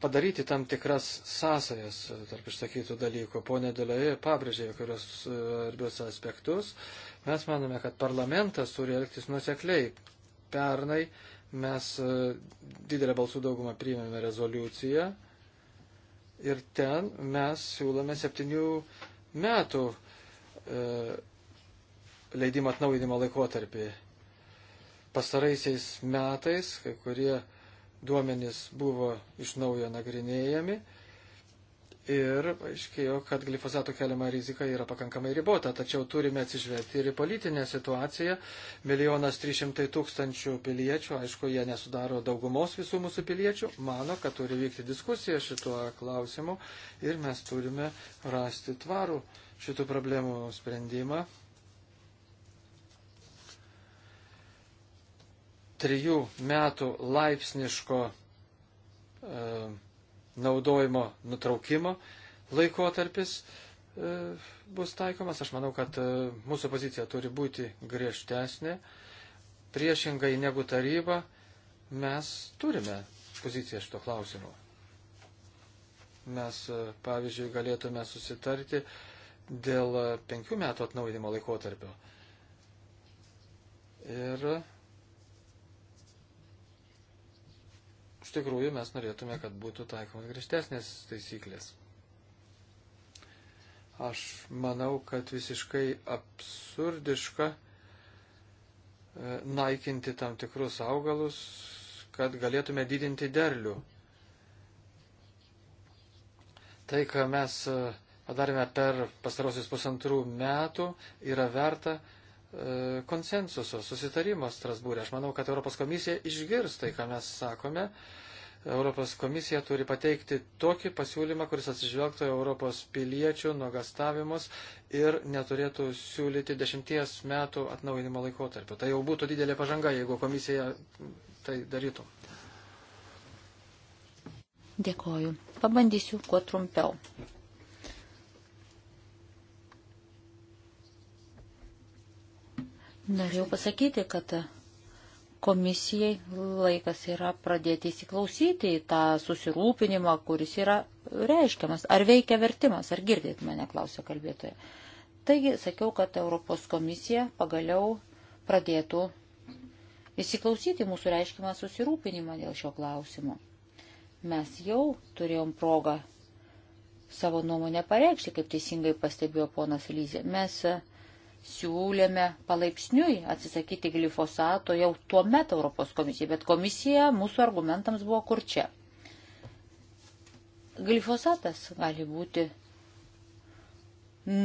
padaryti tam tikras sąsajas tarp išsakytų dalykų. Pone Dėlioje pabrėžė kurios e, svarbius aspektus. Mes manome, kad parlamentas turi elgtis nusekliai. Pernai mes e, didelę balsų daugumą priėmėme rezoliuciją ir ten mes siūlome septynių metų e, leidimo atnaujinimo laikotarpį. Pastaraisiais metais kai kurie duomenys buvo iš naujo nagrinėjami ir aiškėjo, kad glifosato keliama rizika yra pakankamai ribota, tačiau turime atsižvelgti ir į politinę situaciją. Milijonas trys šimtai tūkstančių piliečių, aišku, jie nesudaro daugumos visų mūsų piliečių, mano, kad turi vykti diskusija šituo klausimu ir mes turime rasti tvarų šitų problemų sprendimą trijų metų laipsniško e, naudojimo nutraukimo laikotarpis e, bus taikomas. Aš manau, kad e, mūsų pozicija turi būti griežtesnė. Priešingai negu taryba, mes turime poziciją šito klausimu. Mes, e, pavyzdžiui, galėtume susitarti dėl e, penkių metų atnaudinimo laikotarpio. Ir tikrųjų mes norėtume, kad būtų taikomas grįžtesnės taisyklės. Aš manau, kad visiškai absurdiška e, naikinti tam tikrus augalus, kad galėtume didinti derlių. Tai, ką mes e, padarėme per pastarosius pusantrų metų, yra verta e, konsensuso, susitarimo Strasbūrė. Aš manau, kad Europos komisija išgirs tai, ką mes sakome Europos komisija turi pateikti tokį pasiūlymą, kuris atsižvelgtų Europos piliečių nuogastavimus ir neturėtų siūlyti dešimties metų atnaujinimo laikotarpio. Tai jau būtų didelė pažanga, jeigu komisija tai darytų. Dėkoju. Pabandysiu kuo trumpiau. Norėjau pasakyti, kad Komisijai laikas yra pradėti įsiklausyti į tą susirūpinimą, kuris yra reiškiamas. Ar veikia vertimas, ar girdit mane, klausė kalbėtoja. Taigi sakiau, kad Europos komisija pagaliau pradėtų įsiklausyti mūsų reiškimą susirūpinimą dėl šio klausimo. Mes jau turėjom progą savo nuomonę pareikšti, kaip teisingai pastebėjo ponas Lyzė. Mes siūlėme palaipsniui atsisakyti glifosato jau tuo metu Europos komisijai, bet komisija mūsų argumentams buvo kur čia. Glifosatas gali būti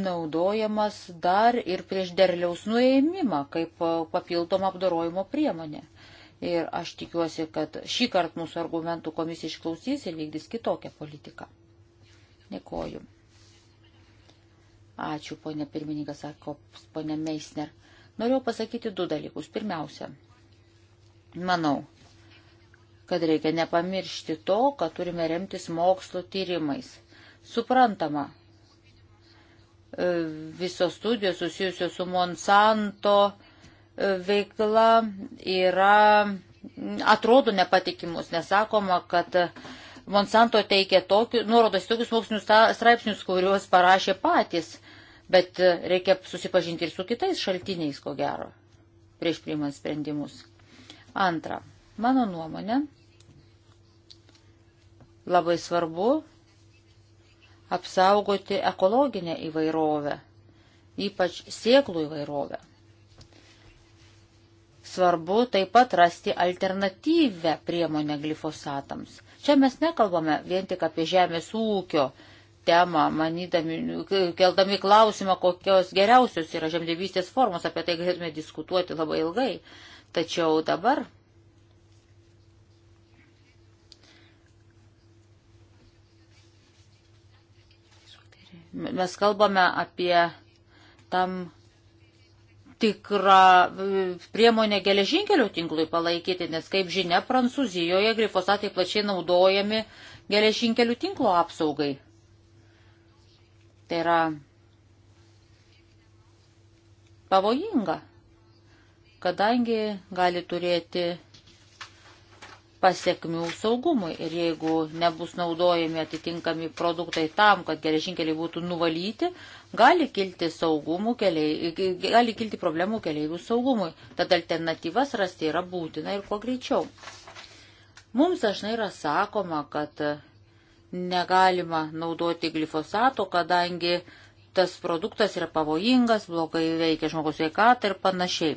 naudojamas dar ir prieš derliaus nuėmimą kaip papildoma apdorojimo priemonė. Ir aš tikiuosi, kad šį kartą mūsų argumentų komisija išklausys ir vykdys kitokią politiką. Dėkoju. Ačiū, ponė pirmininkas, sako ponė Meisner. Norėjau pasakyti du dalykus. Pirmiausia, manau, kad reikia nepamiršti to, kad turime remtis mokslo tyrimais. Suprantama, e, visos studijos susijusios su Monsanto e, veikla yra, atrodo nepatikimus, nesakoma, kad Monsanto teikia tokius, nuorodas tokius mokslinius straipsnius, kuriuos parašė patys. Bet e, reikia susipažinti ir su kitais šaltiniais, ko gero, prieš priimant sprendimus. Antra, mano nuomonė, labai svarbu apsaugoti ekologinę įvairovę, ypač sieklų įvairovę. Svarbu taip pat rasti alternatyvę priemonę glifosatams. Čia mes nekalbame vien tik apie žemės ūkio temą, manydami, keldami klausimą, kokios geriausios yra žemdirbystės formos, apie tai galėtume diskutuoti labai ilgai. Tačiau dabar mes kalbame apie tam tikrą e, priemonę geležinkelių tinklui palaikyti, nes, kaip žinia, Prancūzijoje glifosatai plačiai naudojami geležinkelių tinklo apsaugai. Tai yra pavojinga, kadangi gali turėti pasiekmių saugumui. Ir jeigu nebus naudojami atitinkami produktai tam, kad geležinkeliai būtų nuvalyti, gali kilti, keliai, gali kilti problemų keliaivių saugumui. Tad alternatyvas rasti yra būtina ir kuo greičiau. Mums dažnai yra sakoma, kad negalima naudoti glifosato, kadangi tas produktas yra pavojingas, blogai veikia žmogus sveikatą ir panašiai.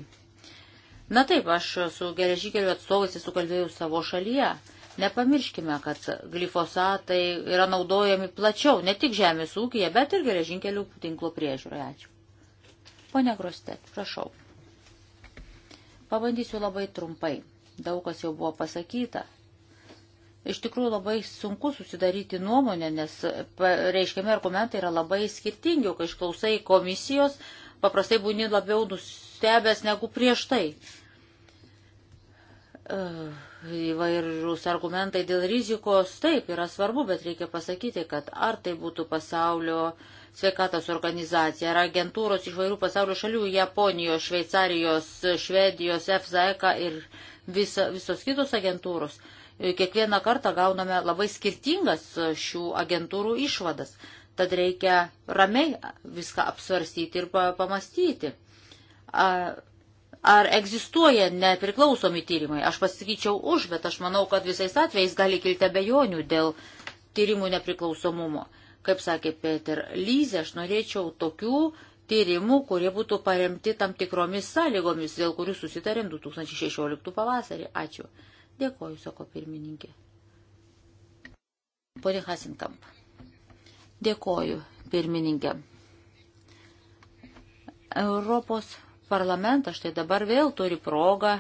Na taip, aš su geležikelių atstovais esu kalbėjau savo šalyje. Nepamirškime, kad glifosatai yra naudojami plačiau, ne tik žemės ūkija, bet ir geležinkelių tinklo priežiūroje. Ačiū. Pone Grostet, prašau. Pabandysiu labai trumpai. Daug kas jau buvo pasakyta iš tikrųjų labai sunku susidaryti nuomonę, nes reiškiami argumentai yra labai skirtingi, o kai išklausai komisijos, paprastai būni labiau nustebęs negu prieš tai. E, įvairūs argumentai dėl rizikos taip yra svarbu, bet reikia pasakyti, kad ar tai būtų pasaulio sveikatos organizacija, ar agentūros iš vairių pasaulio šalių - Japonijos, Šveicarijos, Švedijos, FZEK ir visa, visos kitos agentūros. Uh, kiekvieną kartą gauname labai skirtingas šių agentūrų išvadas. Tad reikia ramiai viską apsvarstyti ir pamastyti. Ar egzistuoja nepriklausomi tyrimai? Aš pasakyčiau už, bet aš manau, kad visais atvejais gali kilti abejonių dėl tyrimų nepriklausomumo. Kaip sakė Peter Lyze, aš norėčiau tokių tyrimų, kurie būtų paremti tam tikromis sąlygomis, dėl kurių susitarėm 2016 pavasarį. Ačiū. Dėkoju, sako pirmininkė. Pone Hasinkamp. Dėkoju, pirmininkė. Europos parlamentas štai dabar vėl turi progą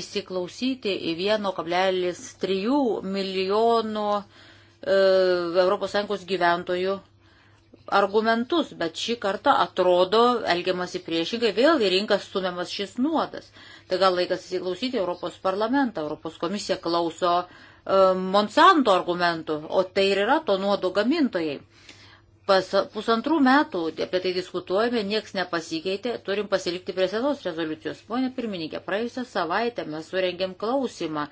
įsiklausyti į 1,3 milijonų ES gyventojų argumentus, bet šį kartą atrodo elgiamasi priešingai, vėl į rinką stumiamas šis nuodas. Tai gal laikas įsiklausyti Europos parlamentą, Europos komisija klauso e, Monsanto argumentų, o tai ir yra to nuodo gamintojai. Pas, pusantrų metų apie tai diskutuojame, nieks nepasikeitė, turim pasilikti prie senos rezoliucijos. Pone pirmininkė, praėjusią savaitę mes surengėm klausimą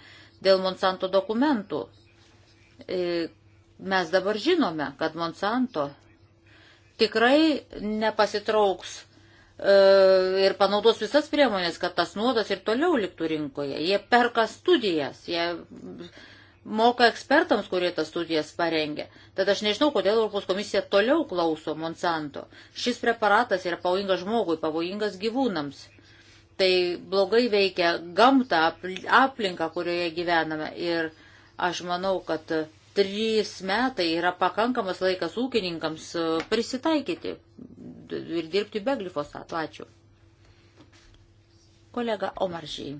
dėl Monsanto dokumentų. E, mes dabar žinome, kad Monsanto tikrai nepasitrauks e, ir panaudos visas priemonės, kad tas nuodas ir toliau liktų rinkoje. Jie perka studijas, jie moka ekspertams, kurie tas studijas parengė. Tad aš nežinau, kodėl Europos komisija toliau klauso Monsanto. Šis preparatas yra pavojingas žmogui, pavojingas gyvūnams. Tai blogai veikia gamtą, aplinką, kurioje gyvename. Ir aš manau, kad Trys metai yra pakankamas laikas ūkininkams e, prisitaikyti ir dirbti be glifosato. Ačiū. Kolega Omaržiai.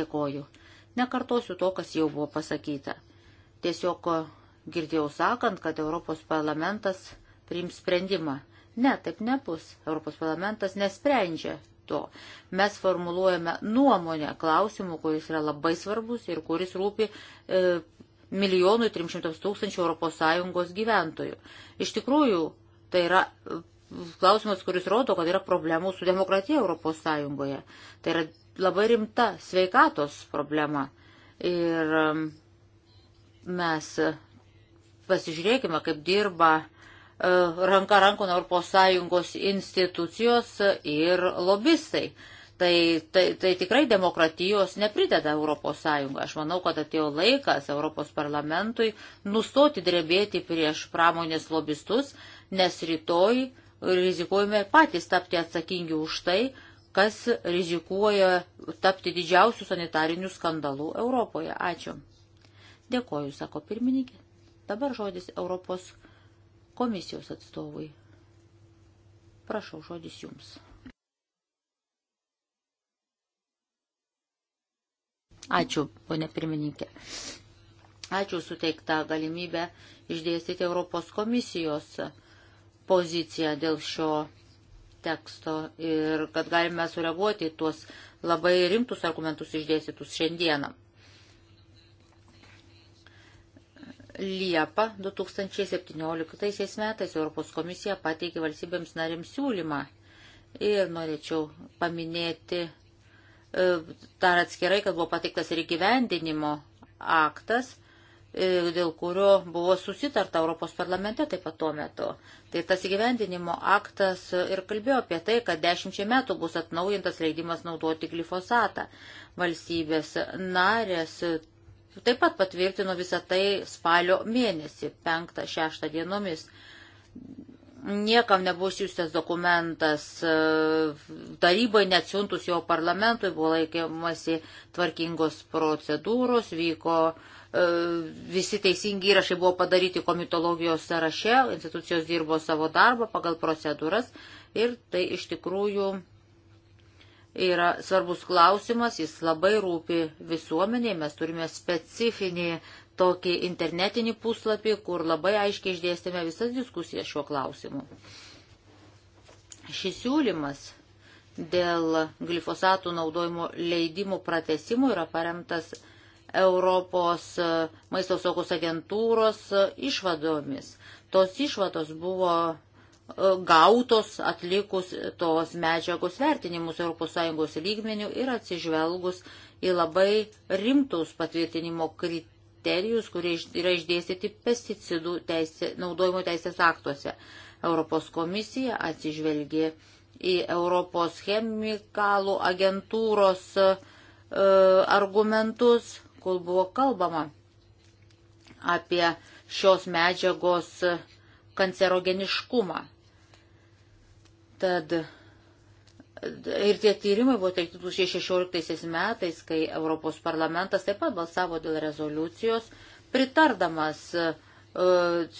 Dėkoju. Nekartosiu to, kas jau buvo pasakyta. Tiesiog e, girdėjau sakant, kad Europos parlamentas priims sprendimą. Ne, taip nebus. Europos parlamentas nesprendžia to. Mes formuluojame nuomonę klausimų, kuris yra labai svarbus ir kuris rūpi e, milijonui 300 tūkstančių ES gyventojų. Iš tikrųjų, tai yra e, klausimas, kuris rodo, kad yra problemų su demokratija ES. Tai yra labai rimta sveikatos problema. Ir e, mes pasižiūrėkime, kaip dirba e, ranka rankon ES institucijos ir lobistai tai, tai, tai tikrai demokratijos neprideda Europos Sąjunga. Aš manau, kad atėjo laikas Europos parlamentui nustoti drebėti prieš pramonės lobistus, nes rytoj rizikuojame patys tapti atsakingi už tai, kas rizikuoja tapti didžiausių sanitarinių skandalų Europoje. Ačiū. Dėkoju, sako pirmininkė. Dabar žodis Europos komisijos atstovui. Prašau, žodis jums. Ačiū, ponė pirmininkė. Ačiū suteiktą galimybę išdėstyti Europos komisijos poziciją dėl šio teksto ir kad galime sureaguoti tuos labai rimtus argumentus išdėstytus šiandieną. Liepa 2017 metais Europos komisija pateikė valstybėms narims siūlymą ir norėčiau paminėti E, dar atskirai, kad buvo pateiktas ir įgyvendinimo aktas, e, dėl kurio buvo susitarta Europos parlamente taip pat tuo metu. Tai tas įgyvendinimo aktas ir kalbėjo apie tai, kad dešimčiai metų bus atnaujintas leidimas naudoti glifosatą. Valstybės narės taip pat patvirtino visą tai spalio mėnesį, 5-6 dienomis. Niekam nebus jūs tas dokumentas, e, tarybai neatsiuntus jo parlamentui buvo laikiamasi tvarkingos procedūros, vyko e, visi teisingi įrašai buvo padaryti komitologijos sąraše, institucijos dirbo savo darbą pagal procedūras ir tai iš tikrųjų yra svarbus klausimas, jis labai rūpi visuomeniai, mes turime specifinį tokį internetinį puslapį, kur labai aiškiai išdėstėme visas diskusijas šiuo klausimu. Šis siūlymas dėl glifosatų naudojimo leidimų pratesimų yra paremtas Europos maisto saugos agentūros išvadomis. Tos išvados buvo e, gautos atlikus tos medžiagos vertinimus ES lygmenių ir atsižvelgus į labai rimtus patvirtinimo kriterijus kriterijus, kurie yra išdėstyti pesticidų teisė, naudojimo teisės aktuose. Europos komisija atsižvelgė į Europos chemikalų agentūros e, argumentus, kur buvo kalbama apie šios medžiagos kancerogeniškumą. Tad Ir tie tyrimai buvo teikti 2016 metais, kai Europos parlamentas taip pat balsavo dėl rezoliucijos, pritardamas e,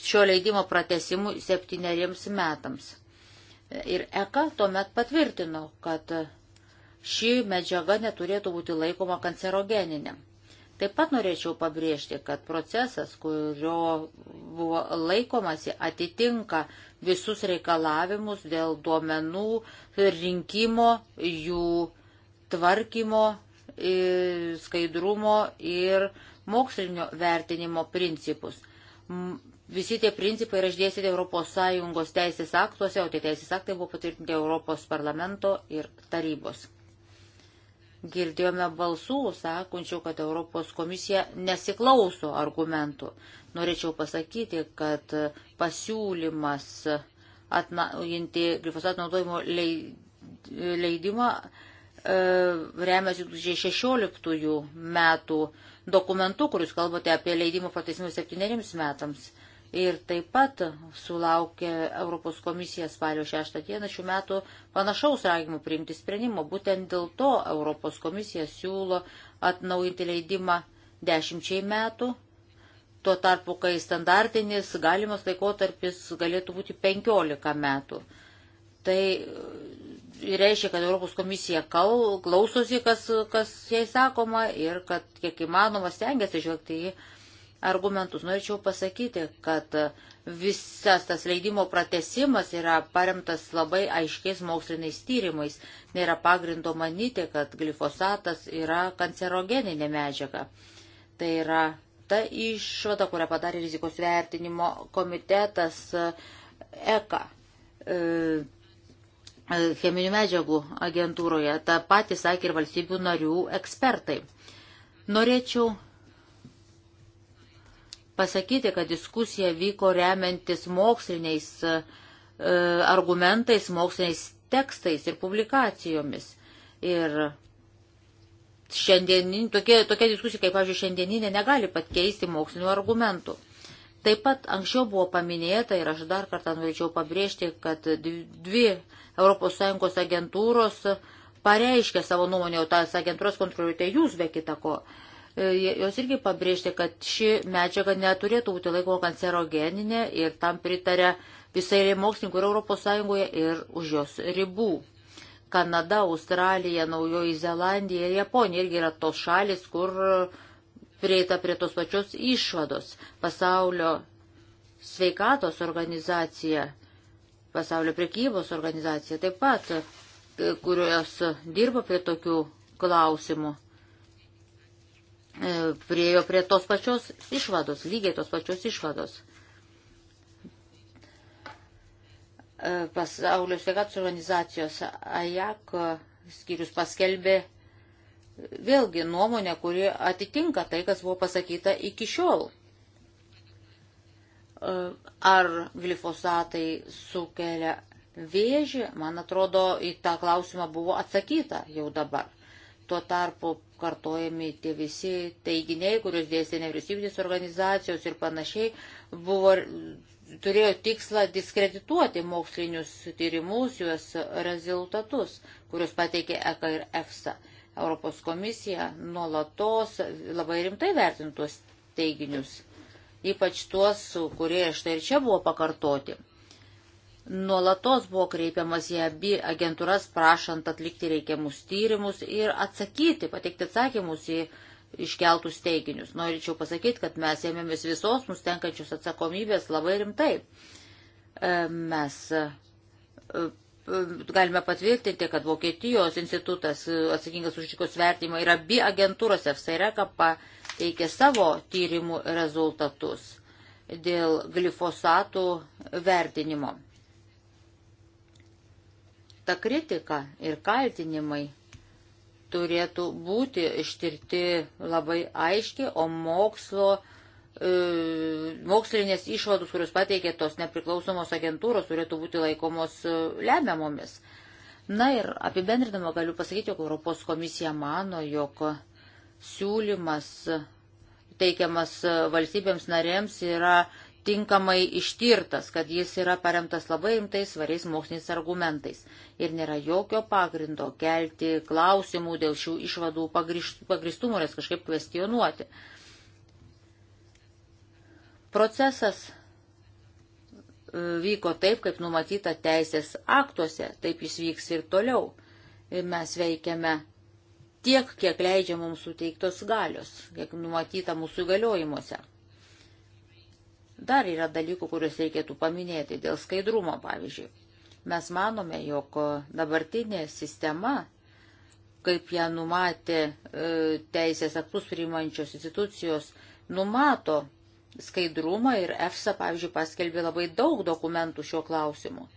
šio leidimo pratesimui septyneriems metams. Ir ECA tuomet patvirtino, kad ši medžiaga neturėtų būti laikoma kancerogeninė. Taip pat norėčiau pabrėžti, kad procesas, kurio buvo laikomasi, atitinka visus reikalavimus dėl duomenų rinkimo, jų tvarkymo, skaidrumo ir mokslinio vertinimo principus. Visi tie principai yra išdėstyti ES teisės aktuose, o tie teisės aktai buvo patvirtinti Europos parlamento ir tarybos girdėjome balsų, sakančių, kad Europos komisija nesiklauso argumentų. Norėčiau pasakyti, kad pasiūlymas atnaujinti glifosat naudojimo leidimą e, remiasi 2016 metų dokumentu, kuris kalbate apie leidimų pratesimus septyneriems metams ir taip pat sulaukė Europos komisija spalio 6 dieną šių metų panašaus raginimų priimti sprendimo. Būtent dėl to Europos komisija siūlo atnaujinti leidimą dešimčiai metų, tuo tarpu, kai standartinis galimas laikotarpis galėtų būti 15 metų. Tai reiškia, kad Europos komisija klausosi, kas, kas jai sakoma ir kad kiek įmanoma stengiasi žvelgti į argumentus. Norėčiau pasakyti, kad visas tas leidimo pratesimas yra paremtas labai aiškiais moksliniais tyrimais. Nėra pagrindo manyti, kad glifosatas yra kancerogeninė medžiaga. Tai yra ta išvada, kurią padarė rizikos vertinimo komitetas ECA e e, e, cheminių medžiagų agentūroje. Ta pati sakė ir valstybių narių ekspertai. Norėčiau pasakyti, kad diskusija vyko remiantis moksliniais e, argumentais, moksliniais tekstais ir publikacijomis. Ir šiandienin, tokie, tokia diskusija, kaip, pavyzdžiui, šiandieninė negali pakeisti mokslinių argumentų. Taip pat anksčiau buvo paminėta ir aš dar kartą norėčiau pabrėžti, kad dvi ES agentūros pareiškė savo nuomonę, o tas agentūros kontroliuojate jūs be kitako. ko E, jos irgi pabrėžti, kad ši medžiaga neturėtų būti laikoma kancerogeninė ir tam pritarė visai mokslininkų ir ES ir už jos ribų. Kanada, Australija, Naujoji Zelandija ir Japonija irgi yra tos šalis, kur prieita prie tos pačios išvados. Pasaulio sveikatos organizacija, pasaulio prekybos organizacija taip pat, e, kurios dirba prie tokių klausimų E, priejo prie tos pačios išvados, lygiai tos pačios išvados. E, Pasaulio sveikatos organizacijos AJAK skyrius paskelbė vėlgi nuomonę, kuri atitinka tai, kas buvo pasakyta iki šiol. E, ar glifosatai sukelia vėžį, man atrodo, į tą klausimą buvo atsakyta jau dabar. Tuo tarpu kartojami tie visi teiginiai, kuriuos dėstė nevyriausybinės organizacijos ir panašiai, buvo, turėjo tikslą diskredituoti mokslinius tyrimus, juos rezultatus, kuriuos pateikė ECA ir EFSA. Europos komisija nuolatos labai rimtai vertintos teiginius, ypač tuos, kurie štai ir čia buvo pakartoti. Nuolatos buvo kreipiamas į abi agentūras prašant atlikti reikiamus tyrimus ir atsakyti, pateikti atsakymus į iškeltus teiginius. Norėčiau pasakyti, kad mes ėmėmės visos mus tenkančios atsakomybės labai rimtai. E, mes e, e, galime patvirtinti, kad Vokietijos institutas atsakingas už žikos vertimą ir abi agentūros FSRK pateikė savo tyrimų rezultatus dėl glifosatų vertinimo ta kritika ir kaltinimai turėtų būti ištirti labai aiškiai, o mokslo, e, mokslinės išvados, kurios pateikė tos nepriklausomos agentūros, turėtų būti laikomos e, lemiamomis. Na ir apibendrinama galiu pasakyti, jog Europos komisija mano, jog siūlymas teikiamas valstybėms narėms yra tinkamai ištirtas, kad jis yra paremtas labai rimtais svariais moksliniais argumentais ir nėra jokio pagrindo kelti klausimų dėl šių išvadų pagristumo, nes kažkaip kvestionuoti. Procesas e, vyko taip, kaip numatyta teisės aktuose, taip jis vyks ir toliau. Ir mes veikiame tiek, kiek leidžia mums suteiktos galios, kiek numatyta mūsų įgaliojimuose. Dar yra dalykų, kuriuos reikėtų paminėti dėl skaidrumo, pavyzdžiui. Mes manome, jog dabartinė sistema, kaip ją numatė e, teisės aktus priimančios institucijos, numato skaidrumą ir EFSA, pavyzdžiui, paskelbė labai daug dokumentų šiuo klausimu.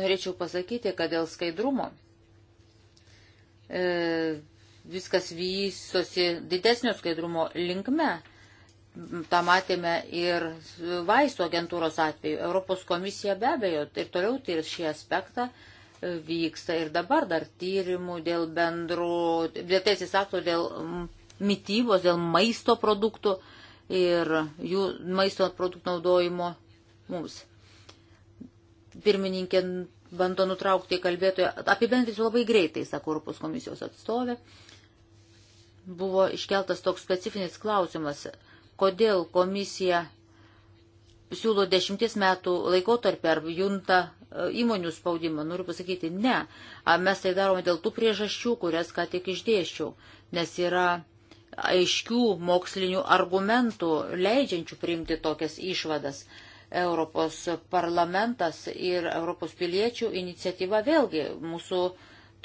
Norėčiau pasakyti, kad dėl skaidrumo e, viskas vystosi didesnio skaidrumo linkme tą matėme ir vaistų agentūros atveju. Europos komisija be abejo ir toliau tyrs šį aspektą vyksta ir dabar dar tyrimų dėl bendrų, dėl teisės aktų, dėl mytybos, dėl maisto produktų ir jų maisto produktų naudojimo mums. Pirmininkė bando nutraukti kalbėtoją. Apibendrinsiu labai greitai, sako Europos komisijos atstovė. Buvo iškeltas toks specifinis klausimas kodėl komisija siūlo dešimties metų laikotarpį ar junta e, įmonių spaudimą. Noriu pasakyti, ne. Mes tai darome dėl tų priežasčių, kurias ką tik išdėščiau, nes yra aiškių mokslinių argumentų leidžiančių priimti tokias išvadas. Europos parlamentas ir Europos piliečių iniciatyva vėlgi mūsų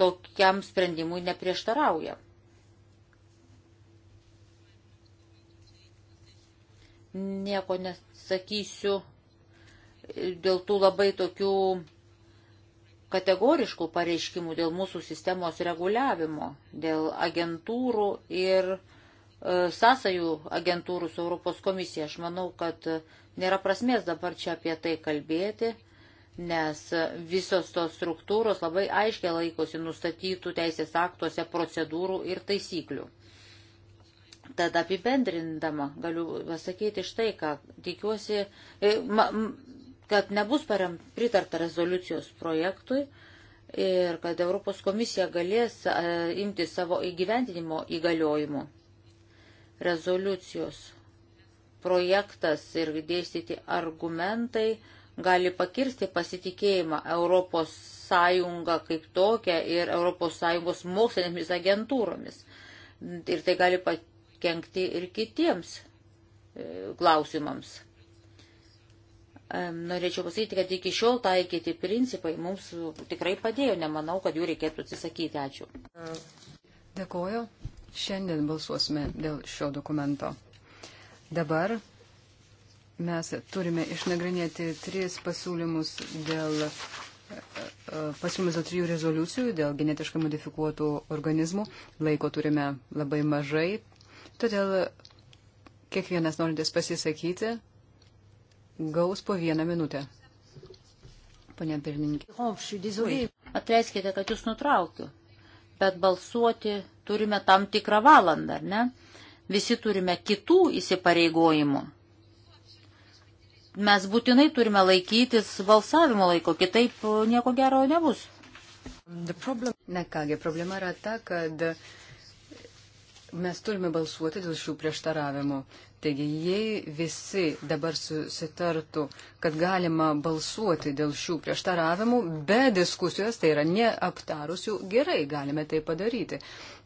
tokiam sprendimui neprieštarauja. nieko nesakysiu dėl tų labai tokių kategoriškų pareiškimų dėl mūsų sistemos reguliavimo, dėl agentūrų ir e, sąsajų agentūrų su Europos komisija. Aš manau, kad nėra prasmės dabar čia apie tai kalbėti, nes visos tos struktūros labai aiškiai laikosi nustatytų teisės aktuose procedūrų ir taisyklių. Tad apibendrindama galiu pasakyti štai, ką tikiuosi, e, kad nebus parem pritarta rezoliucijos projektui ir kad Europos komisija galės e, imti savo įgyvendinimo įgaliojimų. Rezoliucijos projektas ir dėstyti argumentai gali pakirsti pasitikėjimą Europos Sąjunga kaip tokia ir Europos Sąjungos mokslinėmis agentūromis. Ir tai gali pakirsti kenkti ir kitiems e, klausimams. Norėčiau pasakyti, kad iki šiol taikyti principai mums tikrai padėjo, nemanau, kad jų reikėtų atsisakyti. Ačiū. Dėkoju. Šiandien balsuosime dėl šio dokumento. Dabar mes turime išnagrinėti tris pasiūlymus dėl e, e, pasiūlymus dėl trijų rezoliucijų, dėl genetiškai modifikuotų organizmų. Laiko turime labai mažai, Todėl kiekvienas norintis pasisakyti gaus po vieną minutę. Pane pirmininkė. Oh, Atleiskite, kad jūs nutraukiu, bet balsuoti turime tam tikrą valandą, ne? Visi turime kitų įsipareigojimų. Mes būtinai turime laikytis balsavimo laiko, kitaip nieko gero nebus. Problem... Na kągi, problema yra ta, kad uh, mes turime balsuoti dėl šių prieštaravimų. Taigi, jei visi dabar susitartų, kad galima balsuoti dėl šių prieštaravimų be diskusijos, tai yra neaptarusių, gerai, galime tai padaryti.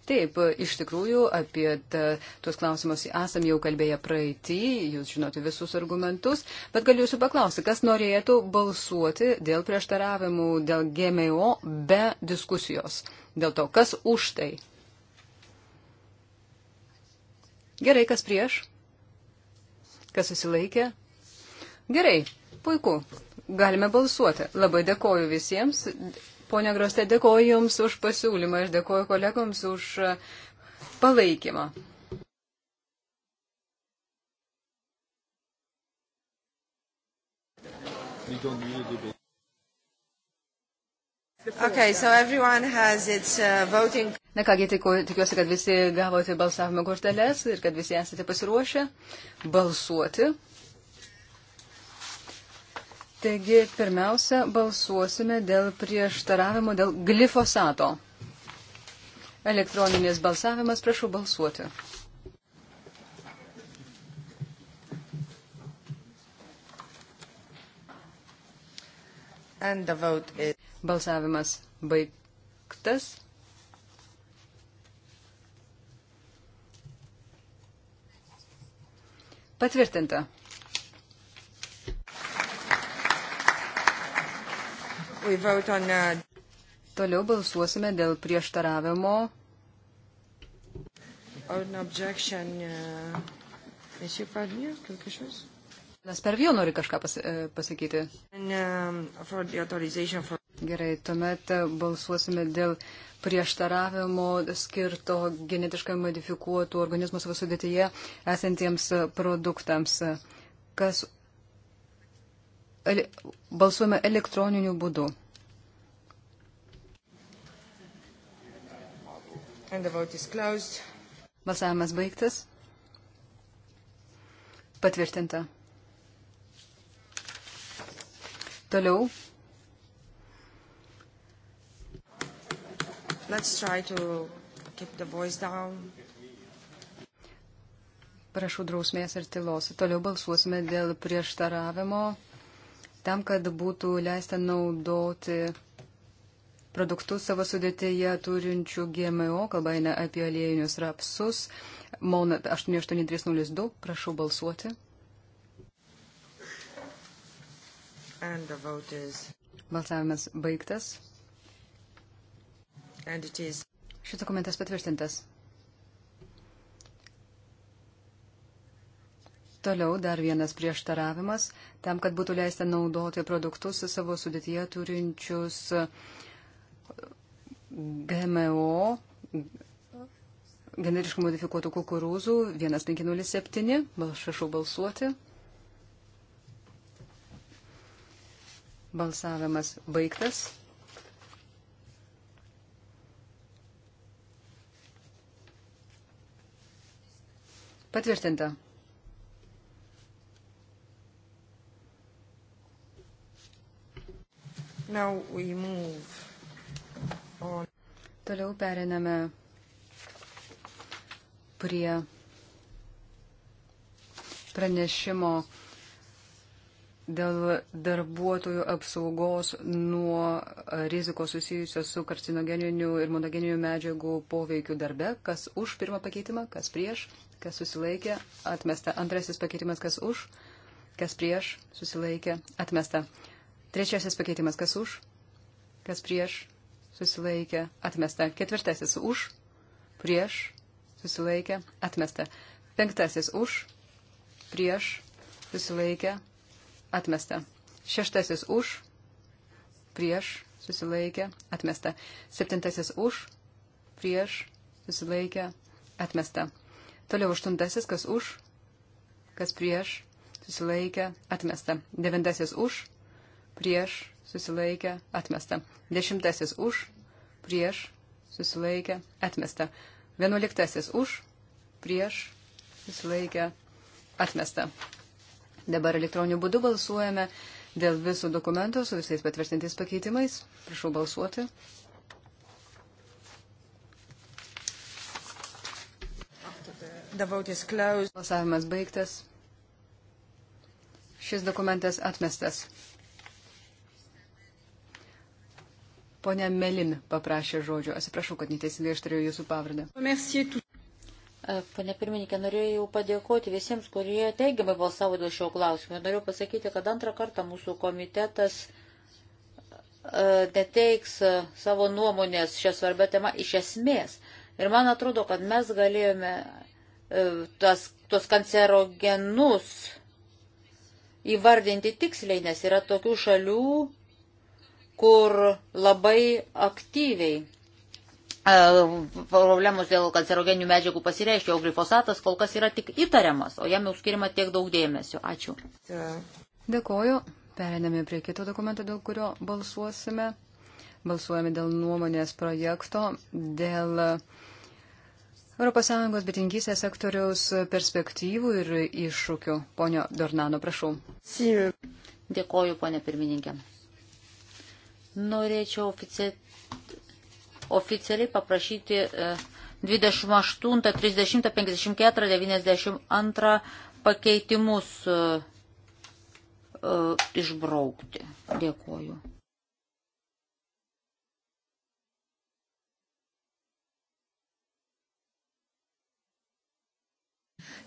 Taip, iš tikrųjų, apie ta, tuos klausimus esam jau kalbėję praeitį, jūs žinote visus argumentus, bet galiu jūsų paklausti, kas norėtų balsuoti dėl prieštaravimų, dėl GMO be diskusijos? Dėl to, kas už tai? Gerai, kas prieš? Kas susilaikė? Gerai, puiku. Galime balsuoti. Labai dėkoju visiems. Pone Groste, dėkoju Jums už pasiūlymą, aš dėkoju kolegoms už uh, palaikymą. We don't need a debate. Okay, so everyone has its uh, voting. Na kągi, tai tikiuosi, kad visi gavote balsavimo korteles ir kad visi esate pasiruošę balsuoti. Taigi, pirmiausia, balsuosime dėl prieštaravimo dėl glifosato. Elektroninis balsavimas, prašau balsuoti. Is... Balsavimas baigtas. Patvirtinta. On, uh... Toliau balsuosime dėl prieštaravimo. Or an objection, uh, Monsieur Pardieu, quelque chose Nes per vėl nori kažką pas, e, pasakyti. Um, Gerai, tuomet e, balsuosime dėl prieštaravimo skirto genetiškai modifikuotų organizmų savo sudėtyje esantiems produktams. Kas balsuojame elektroniniu būdu. Balsavimas baigtas. Patvirtinta. Toliau. Let's try to keep the voice down. Prašau drausmės ir tylos. Toliau balsuosime dėl prieštaravimo tam, kad būtų leista naudoti produktus savo sudėtėje turinčių GMO, kalba eina apie aliejinius rapsus. MON 8832, prašau balsuoti. And the vote is... Balsavimas baigtas. And it is... Šis dokumentas patvirtintas. Toliau dar vienas prieštaravimas tam, kad būtų leista naudoti produktus savo sudėtyje turinčius GMO, generiškai modifikuotų kukurūzų, 1507, prašau balsuoti. Balsavimas baigtas. Patvirtinta. Now we move on. Toliau periname prie pranešimo dėl darbuotojų apsaugos nuo rizikos susijusios su karcinogeninių ir monogeninių medžiagų poveikiu darbe. Kas už pirmą pakeitimą, kas prieš, kas susilaikė, atmesta. Antrasis pakeitimas, kas už, kas prieš, susilaikė, atmesta. Trečiasis pakeitimas, kas už, kas prieš, susilaikė, atmesta. Ketvirtasis už, prieš, susilaikė, atmesta. Penktasis už, prieš, susilaikė, atmesta. Šeštasis už, prieš, susilaikė, atmesta. Septintasis už, prieš, susilaikė, atmesta. Toliau aštuntasis, kas už, kas prieš, susilaikė, atmesta. Devintasis už, prieš, susilaikė, atmesta. Dešimtasis už, prieš, susilaikė, atmesta. Vienuoliktasis už, prieš, susilaikė, atmesta. Dabar elektroniniu būdu balsuojame dėl visų dokumentų su visais patvirtintais pakeitimais. Prašau balsuoti. Balsavimas baigtas. Šis dokumentas atmestas. Pone Melin paprašė žodžio. Atsiprašau, kad neteisingai ištariau jūsų pavardę. Pane pirmininkė, norėjau padėkoti visiems, kurie teigiamai balsavo dėl šio klausimo. Norėjau pasakyti, kad antrą kartą mūsų komitetas e, neteiks e, savo nuomonės šią svarbę temą iš esmės. Ir man atrodo, kad mes galėjome e, tas, tos kancerogenus įvardinti tiksliai, nes yra tokių šalių, kur labai aktyviai E, problemos dėl kancerogenių medžiagų pasireiškia, o glifosatas kol kas yra tik įtariamas, o jam jau skirima tiek daug dėmesio. Ačiū. Dėkoju. Pereiname prie kito dokumento, dėl kurio balsuosime. Balsuojame dėl nuomonės projekto, dėl ES bitinkysės sektoriaus perspektyvų ir iššūkių. Ponio Dornano, prašau. Dėkoju, ponė pirmininkė. Norėčiau oficialiai oficialiai paprašyti 28, 30, 54, 92 pakeitimus e, e, išbraukti. Dėkuoju.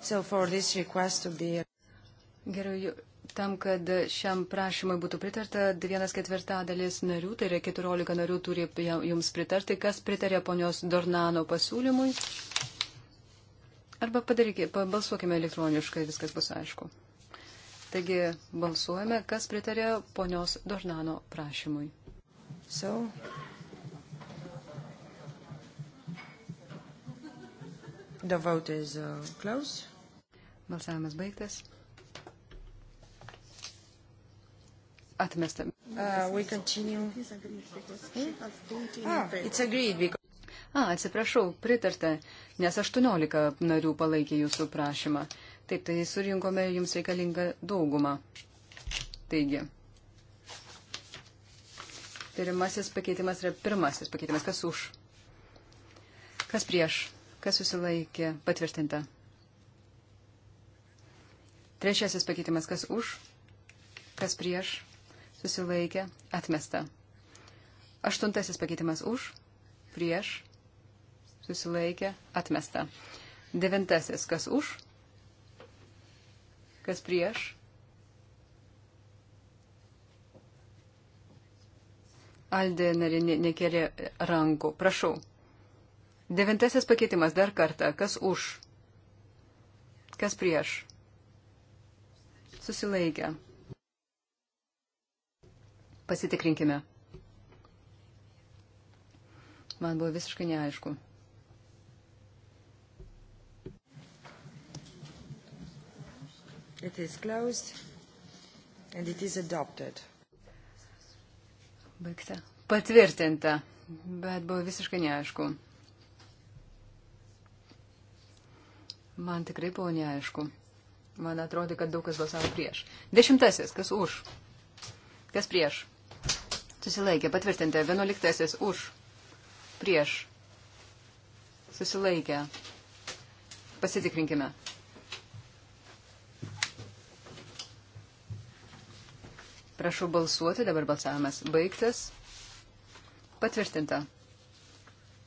So for this request to be... Gerai, Tam, kad šiam prašymui būtų pritarta, vienas ketvirtadalis narių, tai yra 14 narių turi jums pritarti, kas pritarė ponios Dornano pasiūlymui. Arba padarykime, balsuokime elektroniškai, viskas bus aišku. Taigi balsuojame, kas pritarė ponios Dornano prašymui. So. The vote is uh, closed. Balsavimas baigtas. Atmesta. Uh, hmm? ah, A, atsiprašau, pritarta, nes 18 narių palaikė jūsų prašymą. Taip, tai surinkome jums reikalingą daugumą. Taigi. Pirmasis pakeitimas yra pirmasis pakeitimas. Kas už? Kas prieš? Kas susilaikė? Patvirtinta. Trečiasis pakeitimas. Kas už? Kas prieš? susilaikė, atmesta. Aštuntasis pakeitimas už, prieš, susilaikė, atmesta. Devintasis, kas už, kas prieš. Aldė narė ne, nekėlė rankų. Prašau. Devintasis pakeitimas dar kartą. Kas už? Kas prieš? Susilaikę. Pasitikrinkime. Man buvo visiškai neaišku. It is closed and it is adopted. Baigta. Patvirtinta, bet buvo visiškai neaišku. Man tikrai buvo neaišku. Man atrodo, kad daug kas balsavo prieš. Dešimtasis, kas už? Kas prieš? Susilaikė. Patvirtinti. Vienuoliktasis. Už. Prieš. Susilaikė. Pasitikrinkime. Prašau balsuoti. Dabar balsavimas baigtas. Patvirtinta.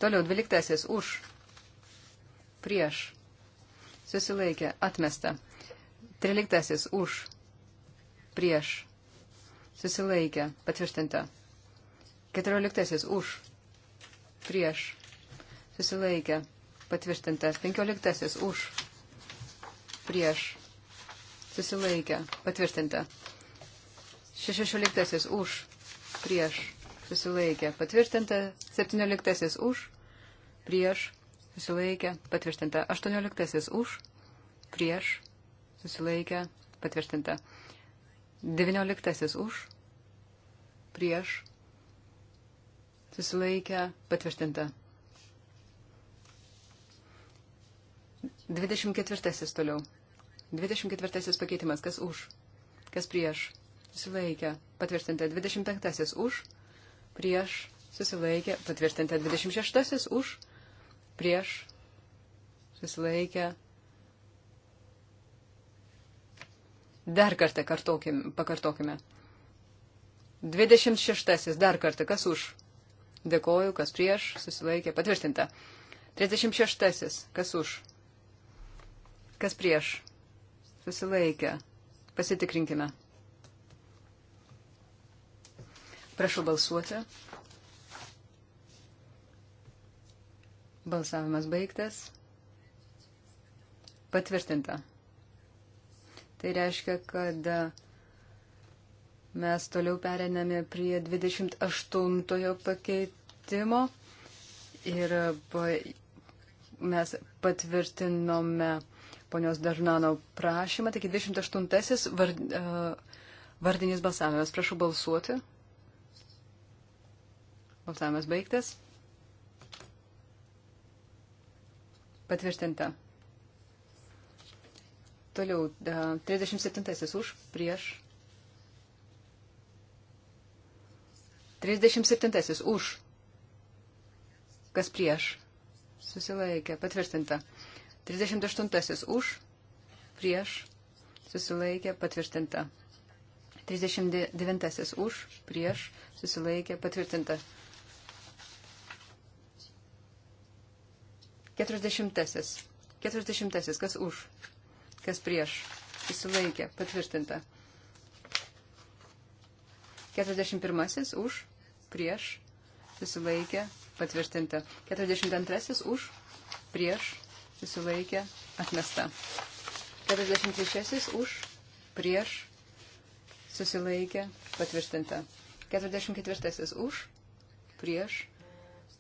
Toliau. Dvyliktasis. Už. Prieš. Susilaikė. Atmesta. Tryliktasis. Už. Prieš. Susilaikė. Patvirtinta. Keturioliktasis už, prieš, susilaikę, patvirtintas. Penkioliktasis už, prieš, susilaikę, patvirtinta. Šešioliktasis už, prieš, susilaikę, patvirtinta. Septynioliktasis už, prieš, susilaikę, patvirtinta. Aštuonioliktasis už, prieš, susilaikę, patvirtinta. Devynioliktasis už, prieš, susilaikę, patvirtinta. 24 toliau. 24 pakeitimas, kas už, kas prieš, susilaikė, patvirtinta. 25 už, prieš, susilaikė, patvirtinta. 26 už, prieš, susilaikė. Dar kartą kartokime, pakartokime. 26 dar kartą, kas už, Dėkoju, kas prieš, susilaikė, patvirtinta. 36. Kas už? Kas prieš? Susilaikė. Pasitikrinkime. Prašau balsuoti. Balsavimas baigtas. Patvirtinta. Tai reiškia, kad Mes toliau periname prie 28 pakeitimo ir mes patvirtinome ponios Darnano prašymą. Taigi 28 vard, e, vardinis balsavimas. Prašau balsuoti. Balsavimas baigtas. Patvirtinta. Toliau 37 e, už, prieš 37 už. Kas prieš? Susilaikė. Patvirtinta. 38 už. Prieš. Susilaikė. Patvirtinta. 39 už. Prieš. Susilaikė. Patvirtinta. 40. 40. Kas už? Kas prieš? Susilaikė. Patvirtinta. 41. Už prieš, susilaikė, patvirtinta. 42 už, prieš, susilaikė, atmesta. 43 už, prieš, susilaikė, patvirtinta. 44 už, prieš,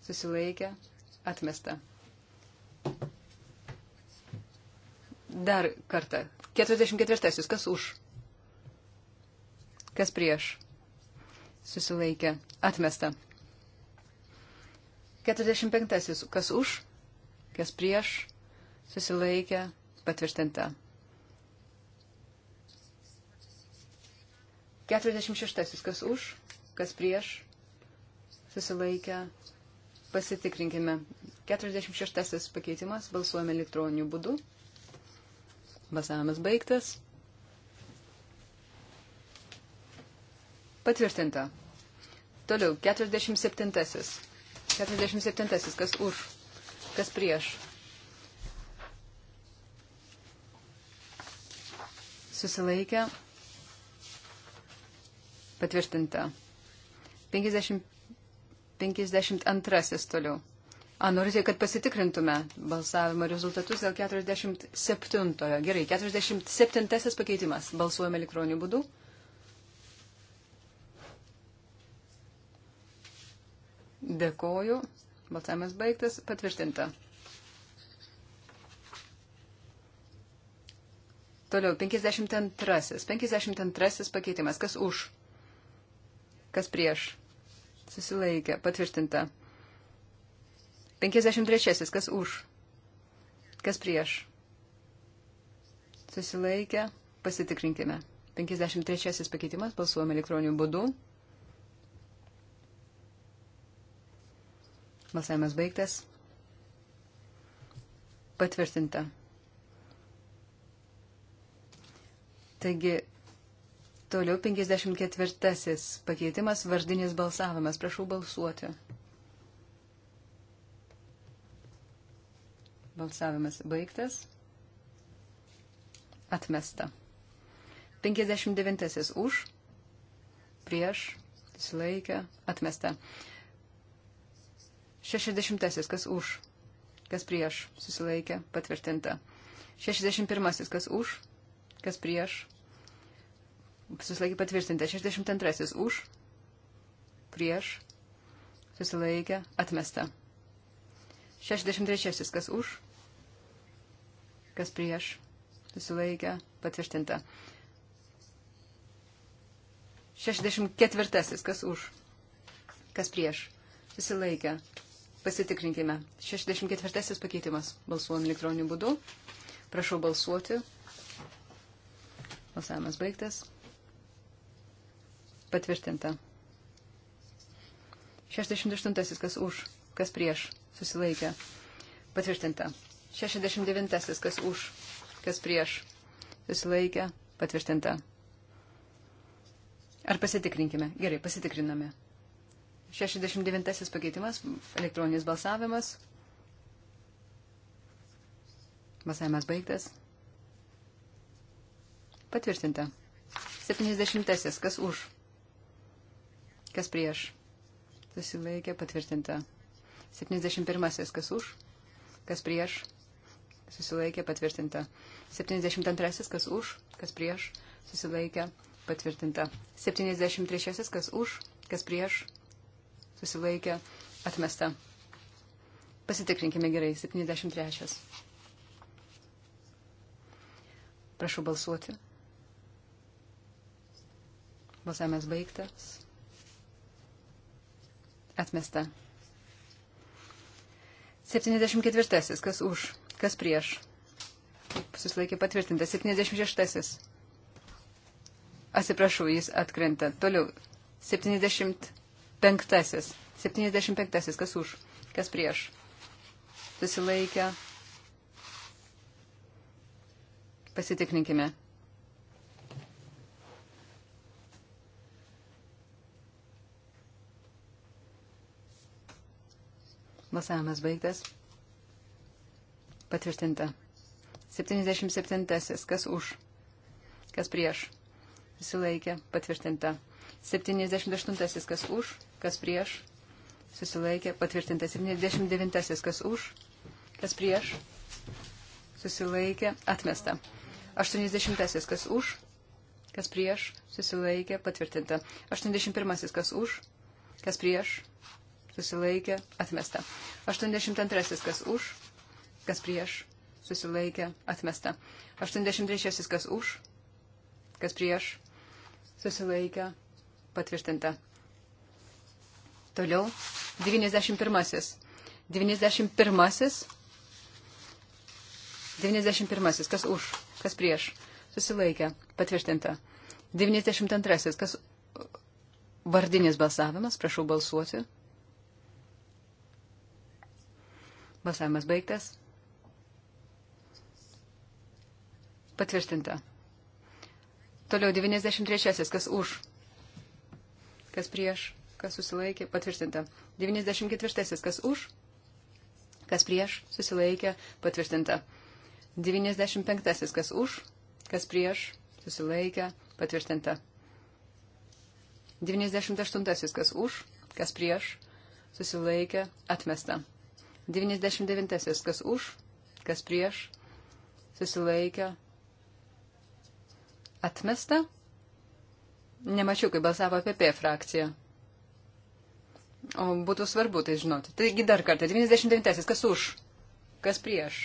susilaikė, atmesta. Dar kartą. 44. Kas už? Kas prieš? susilaikė, atmesta. 45. Kas už, kas prieš, susilaikė, patvirtinta. 46. Kas už, kas prieš, susilaikė, pasitikrinkime. 46. pakeitimas, balsuojame elektroniniu būdu. Basavimas baigtas. Patvirtinta. Toliau, 47. 47. Kas už, kas prieš. Susilaikę. Patvirtinta. 50, 52 toliau. A, norite, kad pasitikrintume balsavimo rezultatus dėl 47. Gerai, 47 pakeitimas. Balsuojame elektroniniu būdu. Dėkoju. Balsavimas baigtas. Patvirtinta. Toliau, 52. 52 pakeitimas. Kas už? Kas prieš? Susilaikė. Patvirtinta. 53. Kas už? Kas prieš? Susilaikė. Pasitikrinkime. 53 pakeitimas balsuojame elektroniniu būdu. Balsavimas baigtas. Patvirtinta. Taigi, toliau 54 pakeitimas vardinis balsavimas. Prašau balsuoti. Balsavimas baigtas. Atmesta. 59 už, prieš, susilaikę, atmesta. 60. Kas už? Kas prieš? Susilaikė. Patvirtinta. 61. Kas už? Kas prieš? Susilaikė patvirtinta. 62. Už? Prieš? Susilaikė. Atmesta. 63. Kas už? Kas prieš? Susilaikė. Patvirtinta. 64. Kas už? Kas prieš? Susilaikė. Pasitikrinkime. 64 pakeitimas. Balsuojam elektroniniu būdu. Prašau balsuoti. Balsavimas baigtas. Patvirtinta. 68. Kas už, kas prieš. Susilaikė. Patvirtinta. 69. Kas už, kas prieš. Susilaikė. Patvirtinta. Ar pasitikrinkime? Gerai, pasitikriname. 69 pakeitimas, elektroninis balsavimas. Balsavimas baigtas. Patvirtinta. 70. Kas už? Kas prieš? Susilaikė patvirtinta. 71. Kas už? Kas prieš? Susilaikė patvirtinta. 72. Kas už? Kas prieš? Susilaikė patvirtinta. 73. Kas už? Kas prieš? susilaikė, atmesta. Pasitikrinkime gerai, 73. Prašau balsuoti. Balsavimas baigtas. Atmesta. 74. Kas už, kas prieš. Susilaikė patvirtinta. 76. Atsiprašau, jis atkrenta. Toliau. 70. Penktasis. 75. Kas už? Kas prieš? Susilaikę. Pasitikrinkime. Balsavimas baigtas. Patvirtinta. 77. Kas už? Kas prieš? Susilaikė. Patvirtinta. 78 kas už, kas prieš, susilaikė, patvirtinta 79 kas už, kas prieš, susilaikė, atmesta. 80 kas už, kas prieš, susilaikė, patvirtinta. 81 kas už, kas prieš, susilaikė, atmesta. 82 kas už, kas prieš, susilaikė, atmesta. 83 kas už, kas prieš, susilaikė, Patvirtinta. Toliau. 91. 91. 91. Kas už, kas prieš. Susilaikė. Patvirtinta. 92. Kas vardinis balsavimas. Prašau balsuoti. Balsavimas baigtas. Patvirtinta. Toliau 93. Kas už, kas prieš, kas susilaikė, patvirtinta. 94. Kas už, kas prieš, susilaikė, patvirtinta. 95. Kas už, kas prieš, susilaikė, patvirtinta. 98. Kas už, kas prieš, susilaikė, atmesta. 99. Kas už, kas prieš, susilaikė, atmesta. Nemačiau, kai balsavo PP frakcija. O būtų svarbu tai žinoti. Taigi dar kartą, 99-asis, kas už, kas prieš,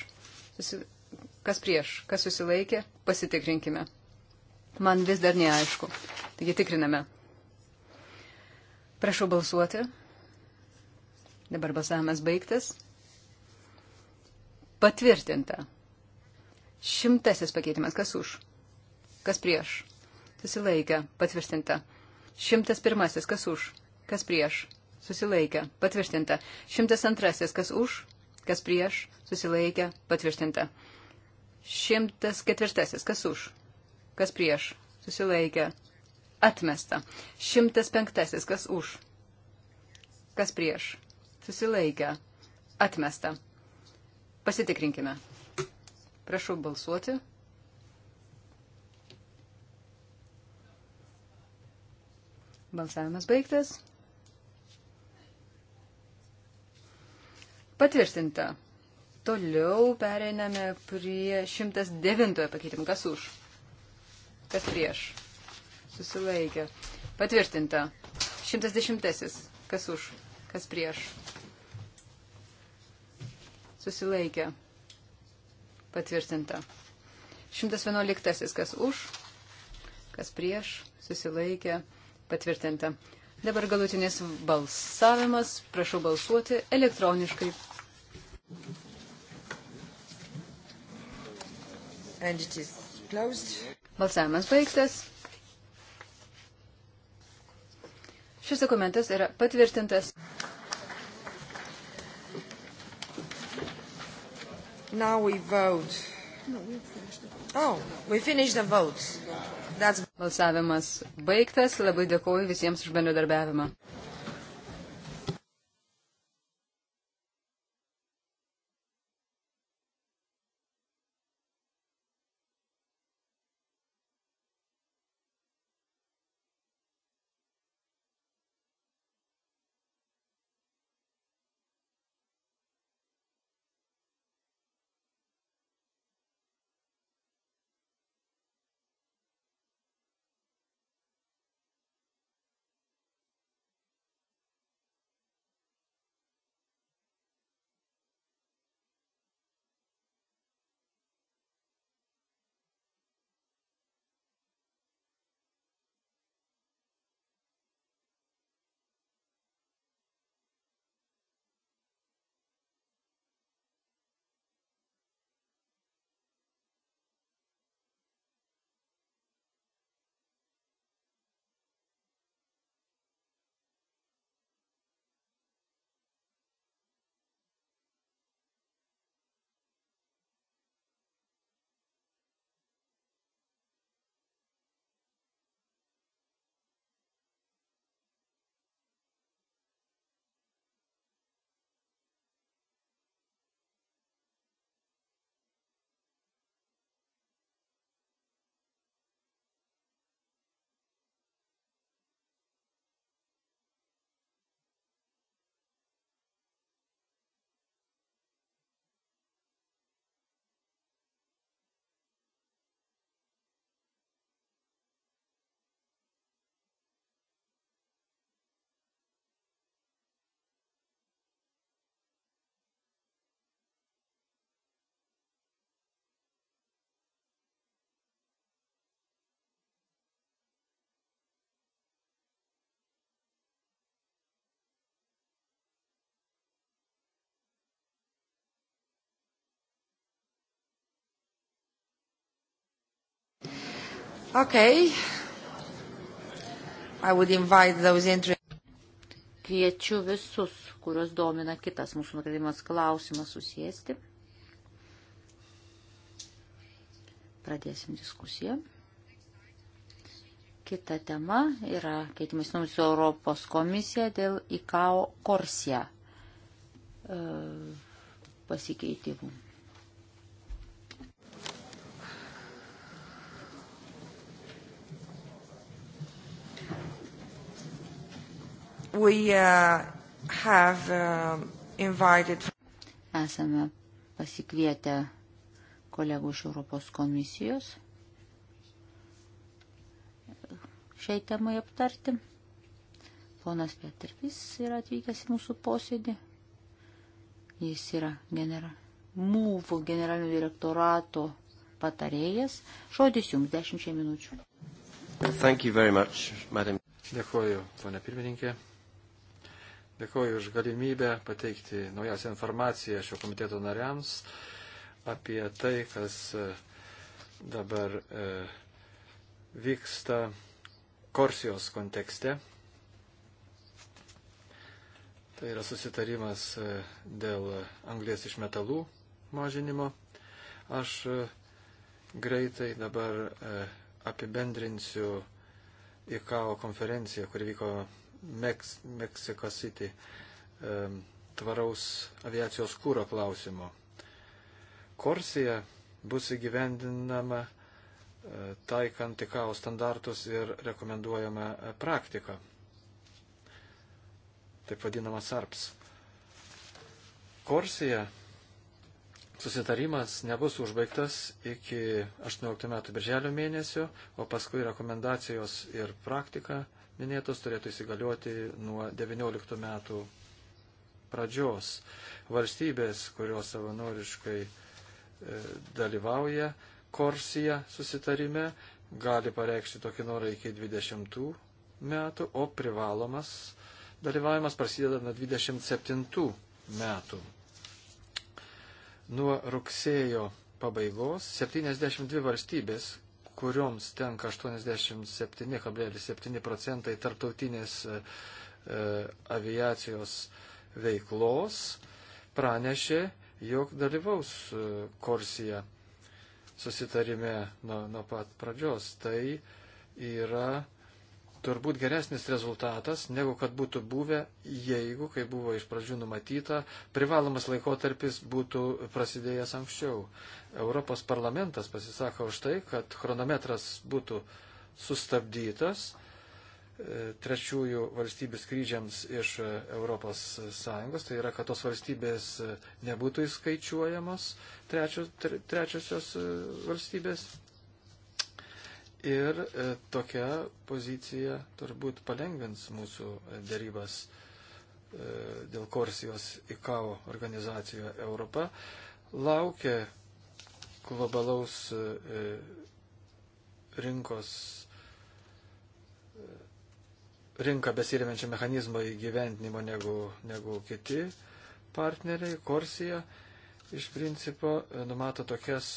Susi... kas prieš, kas susilaikė, pasitikrinkime. Man vis dar neaišku. Taigi tikriname. Prašau balsuoti. Dabar balsavimas baigtas. Patvirtinta. Šimtasis pakeitimas, kas už, kas prieš, susilaikė, patvirtinta. 101. Kas už, kas prieš, susilaikė, patvirtinta. 102. Kas už, kas prieš, susilaikė, patvirtinta. 104. Kas už, kas prieš, susilaikė, atmesta. 105. Kas už, kas prieš, susilaikė, atmesta. Pasitikrinkime. Prašau balsuoti. Balsavimas baigtas. Patvirtinta. Toliau pereiname prie 109 pakeitimų. Kas už? Kas prieš? Susilaikė. Patvirtinta. 110. Kas už? Kas prieš? Susilaikė. Patvirtinta. 111. Kas už? Kas prieš? Susilaikė. Patvirtinta. Dabar galutinis balsavimas. Prašau balsuoti elektroniškai. Balsavimas baigtas. Šis dokumentas yra patvirtintas. Now we vote. Oh, Balsavimas baigtas. Labai dėkuoju visiems už bendradarbiavimą. Okay. I would invite those interested. Kviečiu visus, kurios domina kitas mūsų nagrinėjimas klausimas, susėsti. Pradėsim diskusiją. Kita tema yra keitimas nuomis Europos komisija dėl ICAO Korsija e, pasikeitimų. We, uh, have, uh, invited... Esame pasikvietę kolegų iš Europos komisijos šiai temai aptarti. Ponas Petrpis yra atvykęs į mūsų posėdį. Jis yra general, MUV generalinio direktorato patarėjas. Žodis jums 10 minučių. Much, Dėkuoju, ponė pirmininkė. Dėkuoju už galimybę pateikti naujausią informaciją šio komiteto nariams apie tai, kas e, dabar e, vyksta Korsijos kontekste. Tai yra susitarimas e, dėl anglės iš metalų mažinimo. Aš greitai dabar apibendrinsiu IKAO konferenciją, kuri vyko Meks, Meksiko City tvaraus aviacijos kūro klausimo. Korsija bus įgyvendinama e, taikant ICAO standartus ir rekomenduojama e, praktika. Taip vadinamas ARPS. Korsija susitarimas nebus užbaigtas iki 18 metų birželio mėnesio, o paskui rekomendacijos ir praktika minėtos turėtų įsigalioti nuo 19 metų pradžios. Valstybės, kurios savanoriškai e, dalyvauja Korsija susitarime, gali pareikšti tokį norą iki 20 metų, o privalomas dalyvavimas prasideda nuo 27 metų. Nuo rugsėjo pabaigos 72 valstybės, kurioms tenka 87,7 procentai tarptautinės e, e, aviacijos veiklos, pranešė, jog dalyvaus e, Korsija susitarime nuo, nuo pat pradžios. Tai yra turbūt geresnis rezultatas, negu kad būtų buvę, jeigu, kaip buvo iš pradžių numatyta, privalomas laikotarpis būtų prasidėjęs anksčiau. Europos parlamentas pasisako už tai, kad chronometras būtų sustabdytas e, trečiųjų valstybių skrydžiams iš ES, tai yra, kad tos valstybės e, nebūtų įskaičiuojamos trečios, tre, trečiosios e, valstybės ir e, tokia pozicija turbūt palengvins mūsų darybas e, dėl Korsijos IKAO organizacijoje Europa. Laukia globalaus e, rinkos rinką besirimenčią mechanizmą įgyvendinimo negu, negu kiti partneriai. Korsija iš principo numato tokias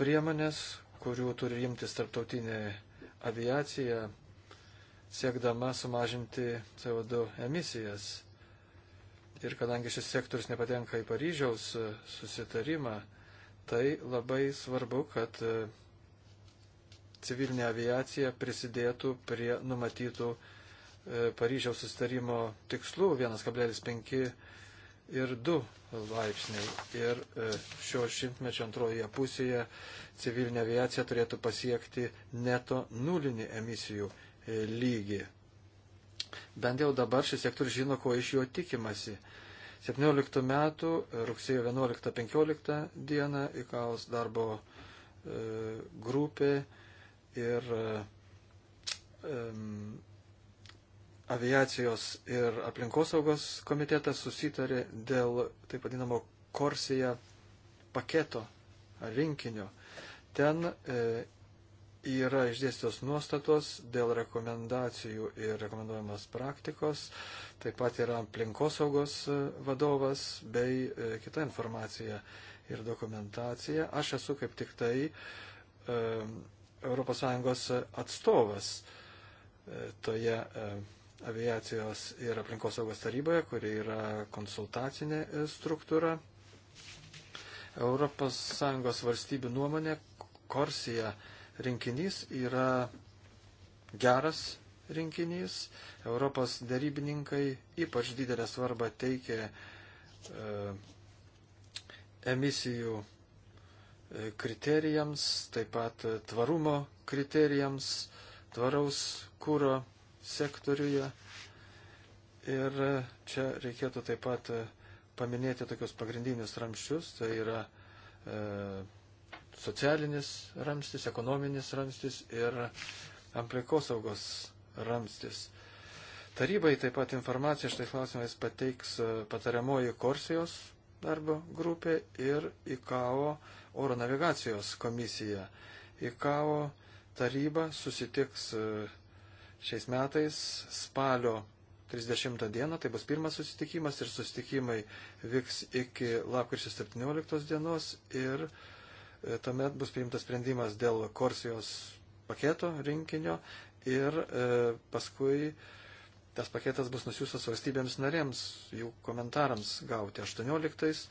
priemonės, kurių turi imtis tarptautinė aviacija, siekdama sumažinti CO2 emisijas. Ir kadangi šis sektorius nepatenka į Paryžiaus susitarimą, tai labai svarbu, kad e, civilinė aviacija prisidėtų prie numatytų e, Paryžiaus susitarimo tikslų 1,5 ir 2 laipsniai. Ir e, šio šimtmečio antroje pusėje civilinė aviacija turėtų pasiekti neto nulinį emisijų e, lygį. Bent jau dabar šis sektorius žino, ko iš jo tikimasi. 17 metų e, rugsėjo 11-15 dieną IKAOS darbo grupė ir um, aviacijos ir aplinkosaugos komitetas susitarė dėl taip vadinamo Korsija paketo ar rinkinio. Ten e, yra išdėstos nuostatos dėl rekomendacijų ir rekomenduojamos praktikos, taip pat yra aplinkosaugos e, vadovas bei e, kita informacija ir dokumentacija. Aš esu kaip tik tai e, ES atstovas e, toje. E, aviacijos ir aplinkosaugos taryboje, kuri yra konsultacinė e, struktūra. ES valstybių nuomonė Korsija rinkinys yra geras rinkinys. Europos darybininkai ypač didelę svarbą teikė e, emisijų e, kriterijams, taip pat tvarumo kriterijams, tvaraus kūro sektoriuje. Ir čia reikėtų taip pat e, paminėti tokius pagrindinius ramščius, tai yra e, socialinis ramstis, ekonominis ramstis ir aplinkosaugos ramstis. Tarybai taip pat informaciją šitais klausimais pateiks e, patariamoji Korsijos darbo grupė ir ICAO oro navigacijos komisija. ICAO taryba susitiks e, šiais metais spalio 30 dieną, tai bus pirmas susitikimas ir susitikimai vyks iki lapkričio 17 dienos ir e, tuomet bus priimtas sprendimas dėl Korsijos paketo rinkinio ir e, paskui tas paketas bus nusiūstas valstybėms narėms, jų komentarams gauti 18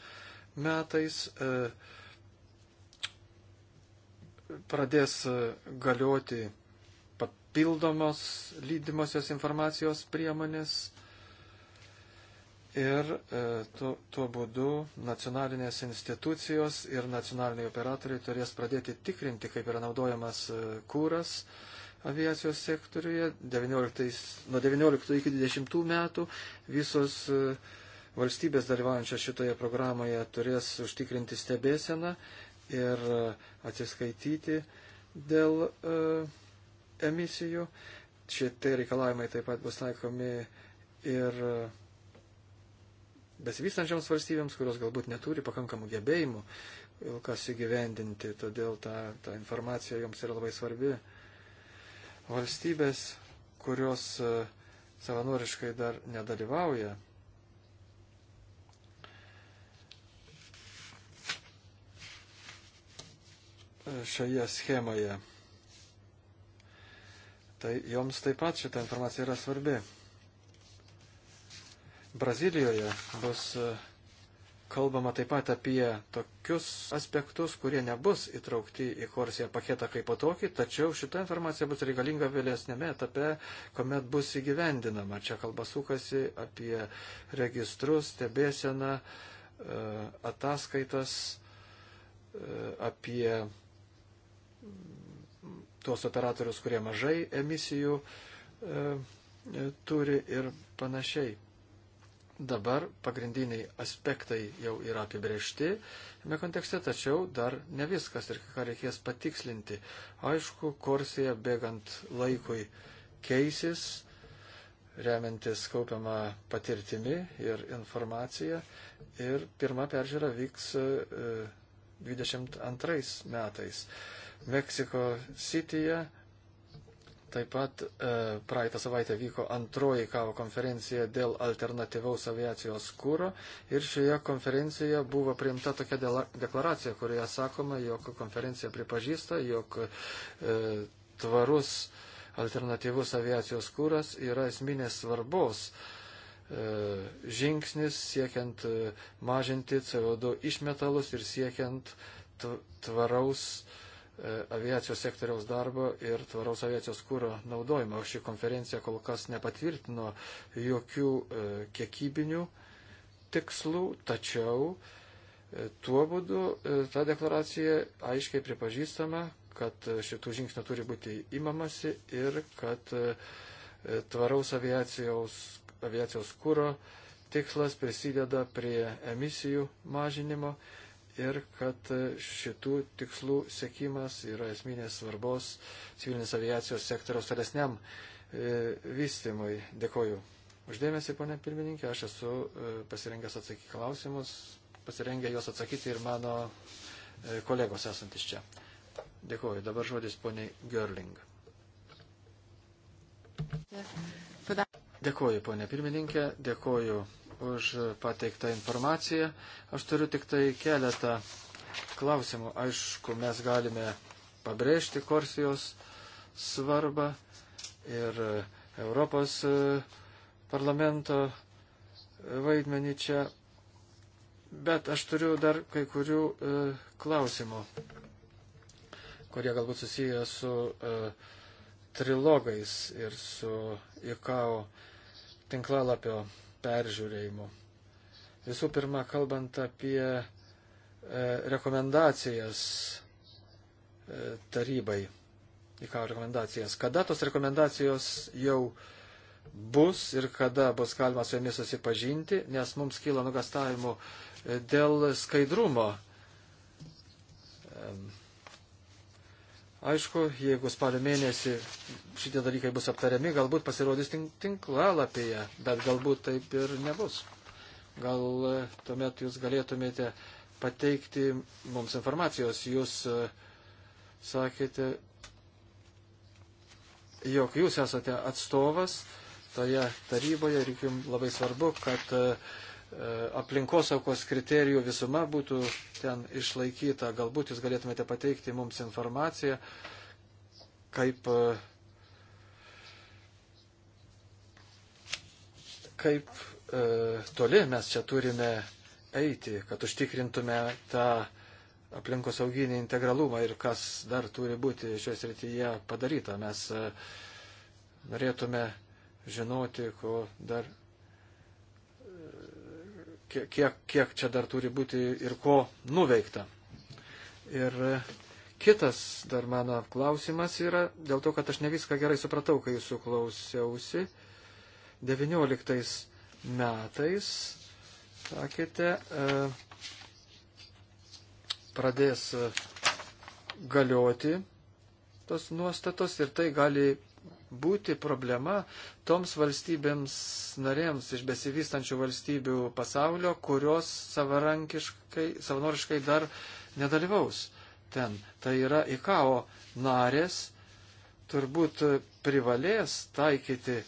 metais. E, pradės e, galioti papildomos lydimosios informacijos priemonės ir e, tuo, tuo būdu nacionalinės institucijos ir nacionaliniai operatoriai turės pradėti tikrinti, kaip yra naudojamas e, kūras aviacijos sektoriuje. 19, nuo 19 iki 20 metų visos e, valstybės dalyvaujančios šitoje programoje turės užtikrinti stebėseną ir e, atsiskaityti dėl. E, emisijų. Šitie reikalavimai taip pat bus taikomi ir besivystančiams valstybėms, kurios galbūt neturi pakankamų gebėjimų kas įgyvendinti. Todėl ta, ta informacija joms yra labai svarbi. Valstybės, kurios e, savanoriškai dar nedalyvauja e, šioje schemoje tai joms taip pat šita informacija yra svarbi. Brazilijoje bus e, kalbama taip pat apie tokius aspektus, kurie nebus įtraukti į Korsija paketą kaip tokį, tačiau šita informacija bus reikalinga vėlesnėme etape, kuomet bus įgyvendinama. Čia kalba sukasi apie registrus, stebėseną, e, ataskaitas, e, apie tuos operatorius, kurie mažai emisijų e, e, turi ir panašiai. Dabar pagrindiniai aspektai jau yra apibriešti šiame kontekste, tačiau dar ne viskas ir ką reikės patikslinti. Aišku, Korsija bėgant laikui keisis, remiantis kaupiamą patirtimi ir informaciją. Ir pirma peržiūra vyks 22 e, metais. Meksiko Cityje. Taip pat e, praeitą savaitę vyko antroji kavo konferencija dėl alternatyvaus aviacijos kūro ir šioje konferencijoje buvo priimta tokia deklaracija, kurioje sakoma, jog konferencija pripažįsta, jog e, tvarus alternatyvus aviacijos kūras yra esminės svarbos e, žingsnis siekiant e, mažinti CO2 išmetalus ir siekiant tvaraus e, E, aviacijos sektoriaus darbo ir tvaraus aviacijos kūro naudojimo. Ši konferencija kol kas nepatvirtino jokių e, kiekybinių tikslų, tačiau e, tuo būdu ta deklaracija aiškiai pripažįstama, kad šitų žingsnių turi būti įmamasi ir kad tvaraus aviacijos, aviacijos kūro tikslas prisideda prie emisijų mažinimo ir kad šitų tikslų sėkimas yra esminės svarbos civilinės aviacijos sektoriaus tolesniam e, vystimui. Dėkoju. Uždėmesi, ponė pirmininkė, aš esu e, pasirengęs atsakyti klausimus, pasirengę juos atsakyti ir mano e, kolegos esantis čia. Dėkuoju. Dabar žodis poniai Görling. Dėkuoju, ponė pirmininkė, dėkuoju už pateiktą informaciją. Aš turiu tik tai keletą klausimų. Aišku, mes galime pabrėžti Korsijos svarbą ir Europos e, parlamento vaidmenį čia. Bet aš turiu dar kai kurių e, klausimų, kurie galbūt susiję su e, trilogais ir su IKAO tinklalapio peržiūrėjimu. Visų pirma, kalbant apie e, rekomendacijas e, tarybai, į ką rekomendacijas, kada tos rekomendacijos jau bus ir kada bus galima su jomis susipažinti, nes mums kyla nugastavimų e, dėl skaidrumo. E, Aišku, jeigu spalio mėnesį šitie dalykai bus aptariami, galbūt pasirodys tinklalapyje, bet galbūt taip ir nebus. Gal e, tuomet jūs galėtumėte pateikti mums informacijos. Jūs e, sakėte, jog jūs esate atstovas toje taryboje ir jums labai svarbu, kad uh, E, aplinkosaukos kriterijų visuma būtų ten išlaikyta. Galbūt jūs galėtumėte pateikti mums informaciją, kaip, e, kaip e, toli mes čia turime eiti, kad užtikrintume tą aplinkosauginį integralumą ir kas dar turi būti šioje srityje padaryta. Mes e, norėtume žinoti, ko dar kiek, kiek čia dar turi būti ir ko nuveikta. Ir kitas dar mano klausimas yra, dėl to, kad aš ne viską gerai supratau, kai jūsų klausiausi, 19 metais, sakėte, e, pradės galioti tos nuostatos ir tai gali būti problema toms valstybėms narėms iš besivystančių valstybių pasaulio, kurios savanoriškai dar nedalyvaus ten. Tai yra IKAO narės turbūt privalės taikyti e,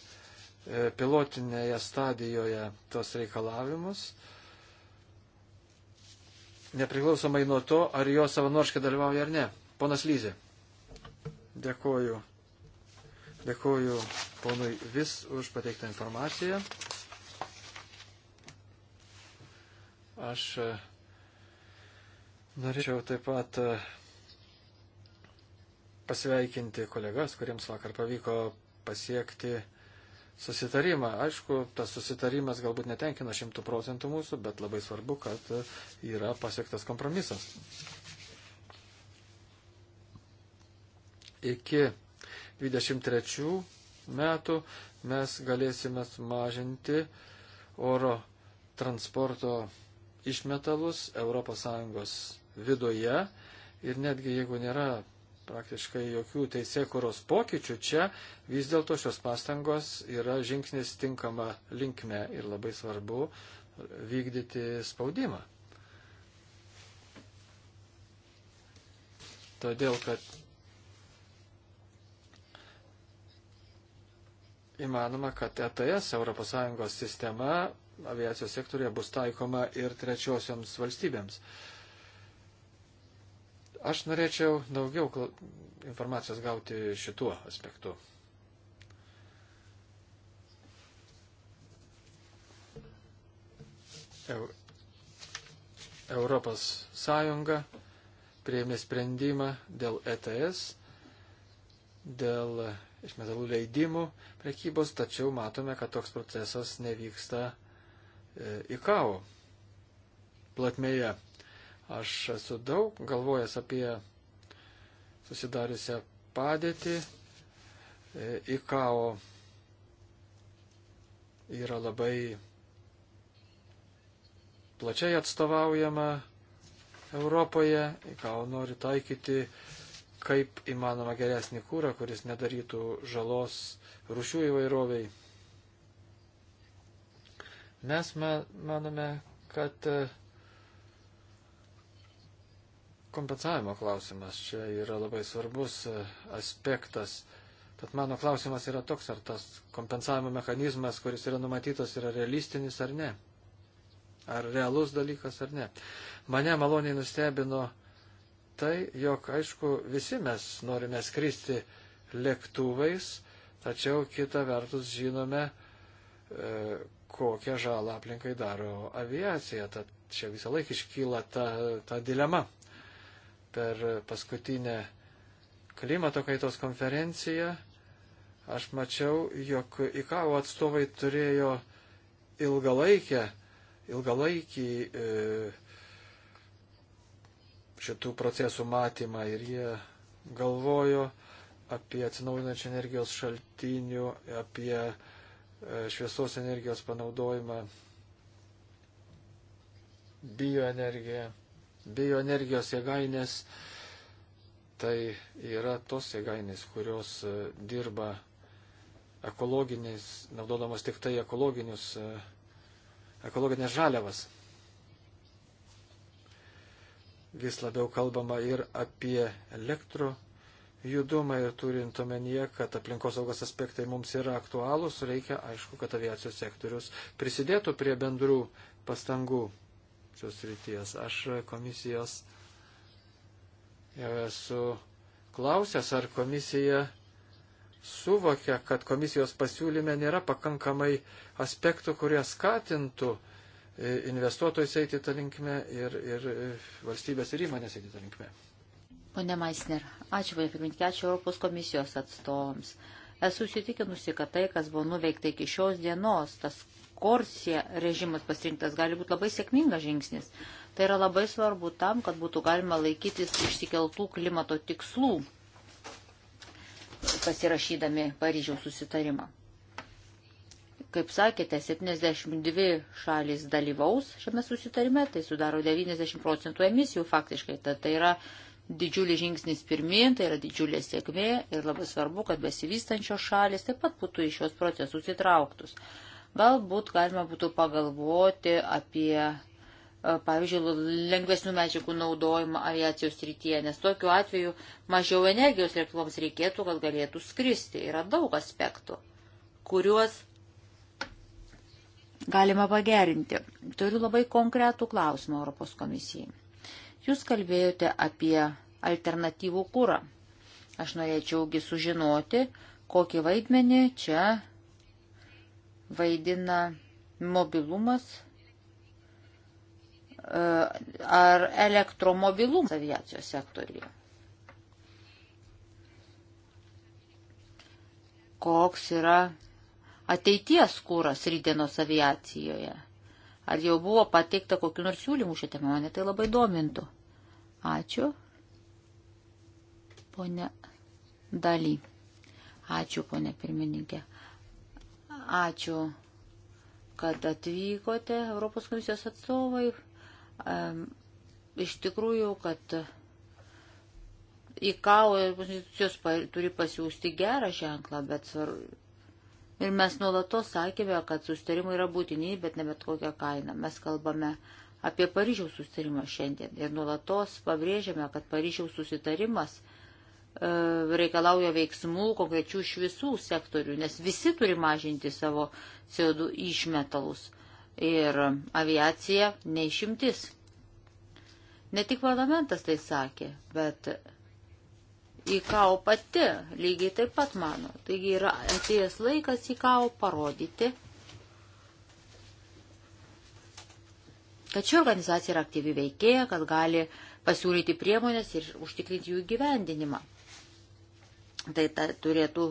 pilotinėje stadijoje tos reikalavimus, nepriklausomai nuo to, ar jo savanoriškai dalyvauja ar ne. Ponas Lyzė. Dėkuoju, Dėkuoju ponui Vis už pateiktą informaciją. Aš e, norėčiau taip pat e, pasveikinti kolegas, kuriems vakar pavyko pasiekti susitarimą. Aišku, tas susitarimas galbūt netenkina šimtų procentų mūsų, bet labai svarbu, kad e, yra pasiektas kompromisas. Iki 23 metų mes galėsime mažinti oro transporto išmetalus ES viduje ir netgi jeigu nėra praktiškai jokių teisėkuros pokyčių čia, vis dėlto šios pastangos yra žingsnis tinkama linkme ir labai svarbu vykdyti spaudimą. Todėl, kad įmanoma, kad ETS, ES sistema, aviacijos sektorija bus taikoma ir trečiosioms valstybėms. Aš norėčiau daugiau informacijos gauti šituo aspektu. Europos Sąjunga priėmė sprendimą dėl ETS, dėl išmetalų leidimų prekybos, tačiau matome, kad toks procesas nevyksta e, IKAO platmėje. Aš esu daug galvojęs apie susidariusią padėtį. E, IKAO yra labai plačiai atstovaujama Europoje, IKAO nori taikyti kaip įmanoma geresnį kūrą, kuris nedarytų žalos rušių įvairoviai. Mes manome, kad e, kompensavimo klausimas čia yra labai svarbus e, aspektas. Tad mano klausimas yra toks, ar tas kompensavimo mechanizmas, kuris yra numatytas, yra realistinis ar ne. Ar realus dalykas ar ne. Mane maloniai nustebino uh, tai, jog, aišku, visi mes norime skristi lėktuvais, tačiau kita vertus žinome, e, kokią žalą aplinkai daro aviacija. Tad čia visą laiką iškyla ta, ta dilema. Per paskutinę klimato kaitos konferenciją aš mačiau, jog IKAO atstovai turėjo ilgalaikę, ilgalaikį e, šitų procesų matymą ir jie galvojo apie atsinaujinančią energijos šaltinių, apie e, šviesos energijos panaudojimą, bioenergiją, bioenergijos jėgainės. Tai yra tos jėgainės, kurios e, dirba ekologiniais, naudodamos tik tai ekologinius, e, ekologinės žaliavas vis labiau kalbama ir apie elektro judumą ir turint omenyje, kad aplinkosaugos aspektai mums yra aktualūs, reikia, aišku, kad aviacijos sektorius prisidėtų prie bendrų pastangų šios ryties. Aš komisijos jau esu klausęs, ar komisija suvokia, kad komisijos pasiūlyme nėra pakankamai aspektų, kurie skatintų uh, investuotojus eiti tą linkmę ir, ir valstybės ir įmonės eiti tą linkmę. Pone Maisner, ačiū, ponė pirmininkė, ačiū Europos komisijos atstovams. Esu įsitikinusi, kad tai, kas buvo nuveikta iki šios dienos, tas korsija režimas pasirinktas gali būti labai sėkmingas žingsnis. Tai yra labai svarbu tam, kad būtų galima laikytis išsikeltų klimato tikslų, pasirašydami Paryžiaus susitarimą. Kaip sakėte, 72 šalis dalyvaus šiame susitarime, tai sudaro 90 procentų emisijų faktiškai. Tad tai yra didžiulis žingsnis pirmin, tai yra didžiulė sėkmė ir labai svarbu, kad besivystančios šalis taip pat būtų į šios procesus įtrauktus. Galbūt galima būtų pagalvoti apie, e, pavyzdžiui, lengvesnių medžiagų naudojimą aviacijos rytyje, nes tokiu atveju mažiau energijos lėktuvams reikėtų, kad galėtų skristi. Yra daug aspektų, kuriuos galima pagerinti. Turiu labai konkretų klausimą Europos komisijai. Jūs kalbėjote apie alternatyvų kūrą. Aš norėčiaugi sužinoti, kokį vaidmenį čia vaidina mobilumas e, ar elektromobilumas aviacijos sektoriuje. Koks yra ateities kūras rydienos aviacijoje? Ar jau buvo pateikta kokiu nors siūlymu šią temą? Mane tai labai domintų. Ačiū. Pone Daly. Ačiū, ponė pirmininkė. Ačiū, kad atvykote, Europos komisijos atstovai. Iš tikrųjų, kad į KAO institucijos turi pasiūsti gerą ženklą, bet svarbu Ir mes nuolatos sakėme, kad sustarimai yra būtini, bet ne bet kokią kainą. Mes kalbame apie Paryžiaus sustarimą šiandien ir nuolatos pabrėžiame, kad Paryžiaus susitarimas e, reikalauja veiksmų konkrečių iš visų sektorių, nes visi turi mažinti savo CO2 išmetalus ir aviacija neišimtis. Ne tik parlamentas tai sakė, bet IKAO pati lygiai taip pat mano. Taigi yra atėjęs laikas IKAO parodyti, kad ši organizacija yra aktyvi veikėja, kad gali pasiūlyti priemonės ir užtikrinti jų gyvendinimą. Tai ta, turėtų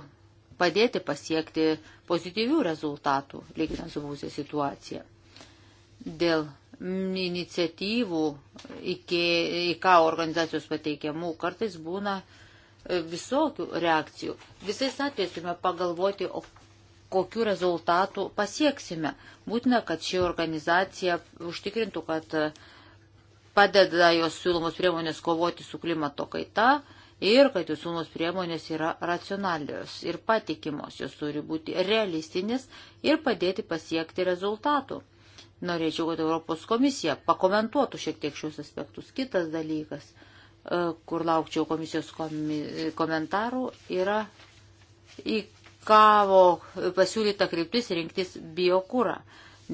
padėti pasiekti pozityvių rezultatų, lyginant su būsė situacija. Dėl iniciatyvų iki, į ką organizacijos pateikiamų kartais būna uh, visokių reakcijų. Visais atvejais turime pagalvoti, o kokiu rezultatu pasieksime. Būtina, kad ši organizacija užtikrintų, kad padeda jos siūlomos priemonės kovoti su klimato kaita ir kad jų siūlomos priemonės yra racionalios ir patikimos. Jos turi būti realistinės ir padėti pasiekti rezultatų. Norėčiau, kad Europos komisija pakomentuotų šiek tiek šios aspektus. Kitas dalykas E, kur laukčiau komisijos komi komentarų, yra į kavo pasiūlyta kryptis rinktis biokūrą.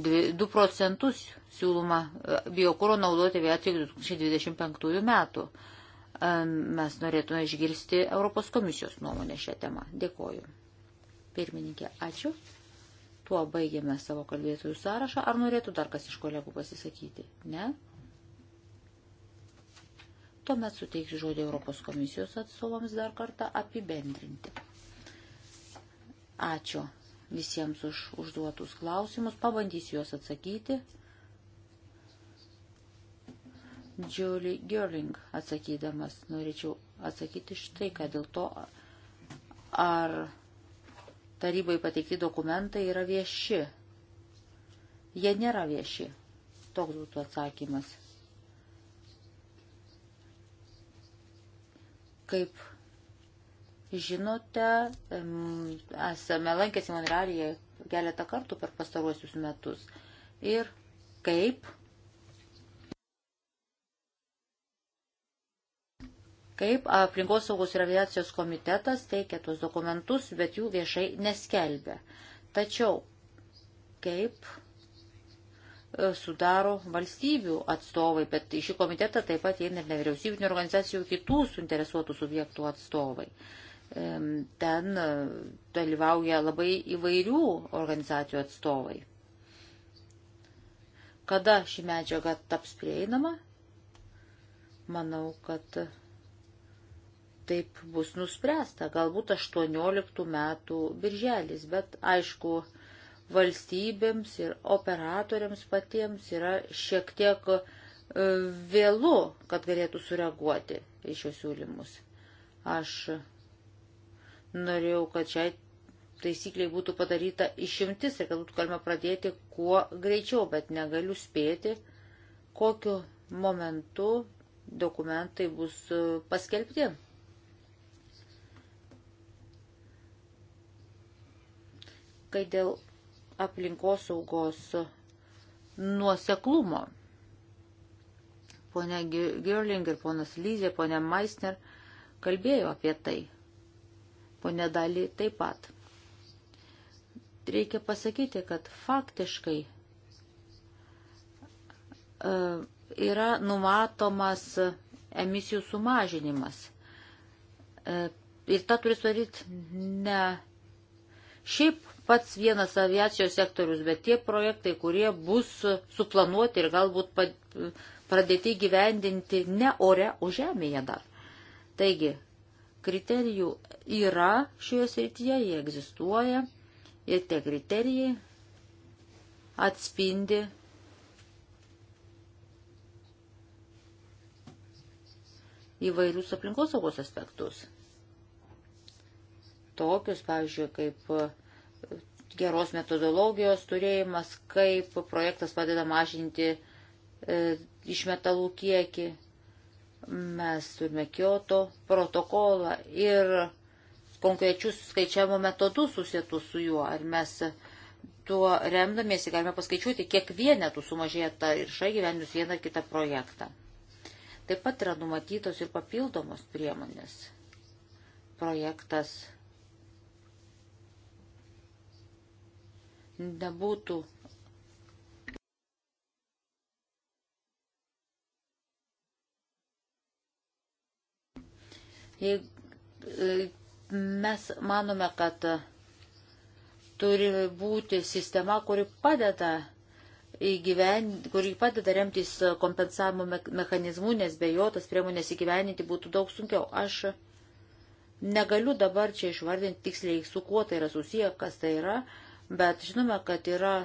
2 procentus siūloma e, biokūro naudoti vietoj 2025 metų. E, mes norėtume išgirsti Europos komisijos nuomonę šią temą. Dėkoju. Pirmininkė, ačiū. Tuo baigėme savo kalbėtojų sąrašą. Ar norėtų dar kas iš kolegų pasisakyti? Ne? Tuomet suteiksiu žodį Europos komisijos atstovams dar kartą apibendrinti. Ačiū visiems už užduotus klausimus. Pabandysiu juos atsakyti. Julie Gerling atsakydamas norėčiau atsakyti štai, kad dėl to, ar tarybai pateikti dokumentai yra vieši. Jie nėra vieši. Toks būtų atsakymas. Kaip žinote, esame lankęsi Monrealyje keletą kartų per pastaruosius metus. Ir kaip kaip aplinkosaugos ir aviacijos komitetas teikia tuos dokumentus, bet jų viešai neskelbia. Tačiau kaip E, sudaro valstybių atstovai, bet į šį komitetą taip pat įeina ir nevyriausybinio organizacijų kitų suinteresuotų subjektų atstovai. Ten e, dalyvauja labai įvairių organizacijų atstovai. Kada ši medžiaga taps prieinama? Manau, kad taip bus nuspręsta, galbūt 18 metų birželis, bet aišku, valstybėms ir operatoriams patiems yra šiek tiek e, vėlu, kad galėtų sureaguoti į šios siūlymus. Aš norėjau, kad šiai taisykliai būtų padaryta išimtis ir kad būtų galima pradėti kuo greičiau, bet negaliu spėti, kokiu momentu dokumentai bus e, paskelbti. Kai dėl aplinkosaugos nuoseklumo. Pone Girling ir ponas Lyzė, pone Meisner kalbėjo apie tai. Pone Dali taip pat. Reikia pasakyti, kad faktiškai e, yra numatomas emisijų sumažinimas. E, ir tą turi sudaryti ne šiaip pats vienas aviacijos sektorius, bet tie projektai, kurie bus suplanuoti ir galbūt pradėti gyvendinti ne ore, o žemėje dar. Taigi, kriterijų yra šioje srityje, jie egzistuoja ir tie kriterijai atspindi įvairius aplinkosaugos aspektus. Tokius, pavyzdžiui, kaip geros metodologijos turėjimas, kaip projektas padeda mažinti e, išmetalų kiekį. Mes turime Kyoto protokolą ir konkrečius skaičiavimo metodus susietų su juo. Ar mes tuo remdamiesi galime paskaičiuoti, kiek vienetų sumažėja ta irša gyvenius vieną ar kitą projektą. Taip pat yra numatytos ir papildomos priemonės. Projektas nebūtų Mes manome, kad turi būti sistema, kuri padeda įgyveninti, kuri padeda remtis kompensavimo mechanizmu, nes be jo tas priemonės įgyveninti būtų daug sunkiau. Aš negaliu dabar čia išvardinti tiksliai, su kuo tai yra susiję, kas tai yra, bet žinome, kad yra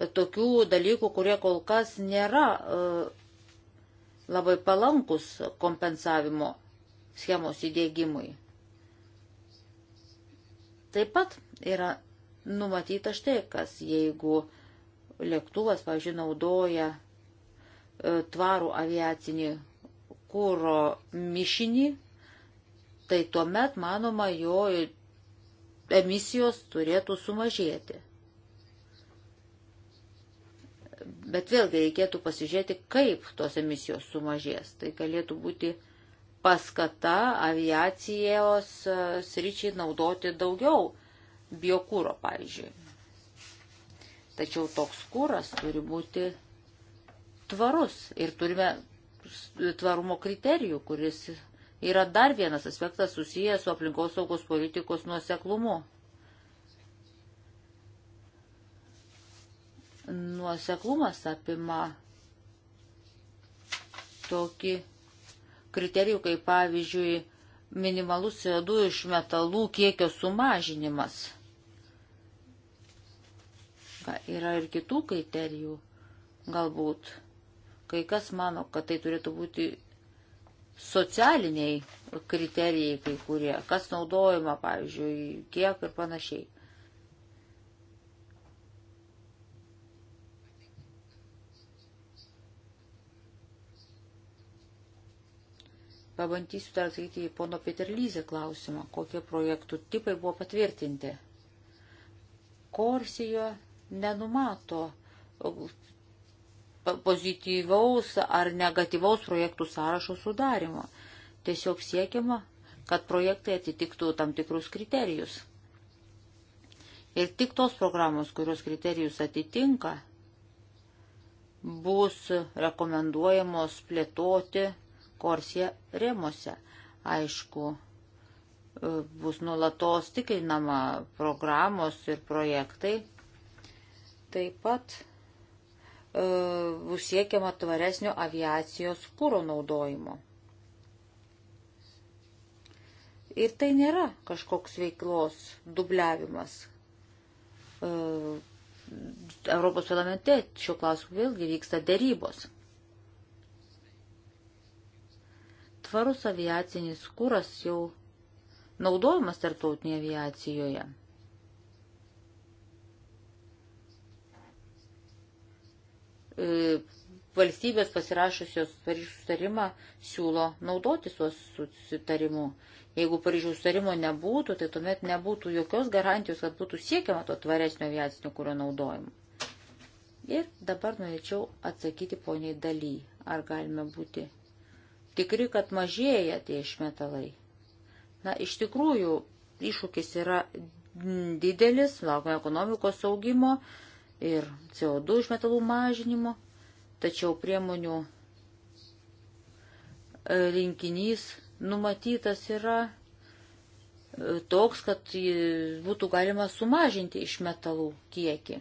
e, tokių dalykų, kurie kol kas nėra e, labai palankus kompensavimo schemos įdėgymui. Taip pat yra numatyta štai kas, jeigu lėktuvas, pavyzdžiui, naudoja e, tvarų aviacinį kūro mišinį, tai tuomet, manoma, jo emisijos turėtų sumažėti. Bet vėlgi reikėtų pasižiūrėti, kaip tos emisijos sumažės. Tai galėtų būti paskata aviacijos e, sričiai naudoti daugiau biokūro, pavyzdžiui. Tačiau toks kūras turi būti tvarus ir turime tvarumo kriterijų, kuris Yra dar vienas aspektas susijęs su aplinkosaugos politikos nuoseklumu. Nuoseklumas apima tokį kriterijų, kaip pavyzdžiui, minimalus CO2 iš metalų kiekio sumažinimas. Yra ir kitų kriterijų, galbūt. Kai kas mano, kad tai turėtų būti socialiniai kriterijai kai kurie, kas naudojama, pavyzdžiui, kiek ir panašiai. Pabandysiu dar atsakyti į pono Peterlyzę klausimą, kokie projektų tipai buvo patvirtinti. Korsijo nenumato pozityvaus ar negatyvaus projektų sąrašo sudarimo. Tiesiog siekiama, kad projektai atitiktų tam tikrus kriterijus. Ir tik tos programos, kurios kriterijus atitinka, bus rekomenduojamos plėtoti korsie rėmose. Aišku, e, bus nulatos tikrinama programos ir projektai. Taip pat E, bus siekiama tvaresnio aviacijos kūro naudojimo. Ir tai nėra kažkoks veiklos dubliavimas. E, Europos parlamente šiuo klausimu vėlgi vyksta dėrybos. Tvarus aviacinis kūras jau naudojamas tarptautinėje aviacijoje. E, valstybės pasirašusios Paryžiaus sutarimą siūlo naudotis tuos sutarimu. Jeigu Paryžiaus sutarimo nebūtų, tai tuomet nebūtų jokios garantijos, kad būtų siekiama to tvaresnio aviacinio kūrio naudojimo. Ir dabar norėčiau atsakyti poniai daly, ar galime būti tikri, kad mažėja tie išmetalai. Na, iš tikrųjų, iššūkis yra didelis, laukime ekonomikos saugimo, ir CO2 išmetalų mažinimo, tačiau priemonių e, rinkinys numatytas yra e, toks, kad būtų galima sumažinti išmetalų kiekį.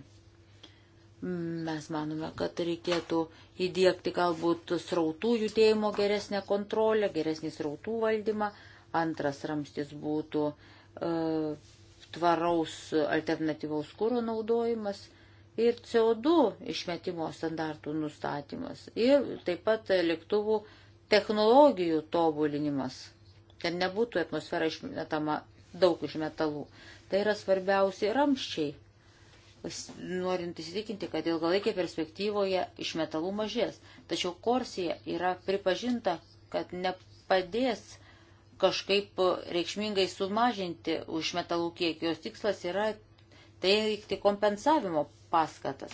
Mes manome, kad reikėtų įdėkti galbūt srautų judėjimo geresnę kontrolę, geresnį srautų valdymą. Antras ramstis būtų e, tvaraus alternatyvaus kūro naudojimas ir CO2 išmetimo standartų nustatymas ir taip pat lėktuvų technologijų tobulinimas, kad nebūtų atmosfera išmetama daug iš metalų. Tai yra svarbiausi ramščiai, norint įsitikinti, kad ilgalaikė perspektyvoje iš metalų mažės. Tačiau Korsija yra pripažinta, kad nepadės kažkaip reikšmingai sumažinti už metalų kiekį. Jos tikslas yra teikti kompensavimo paskatas.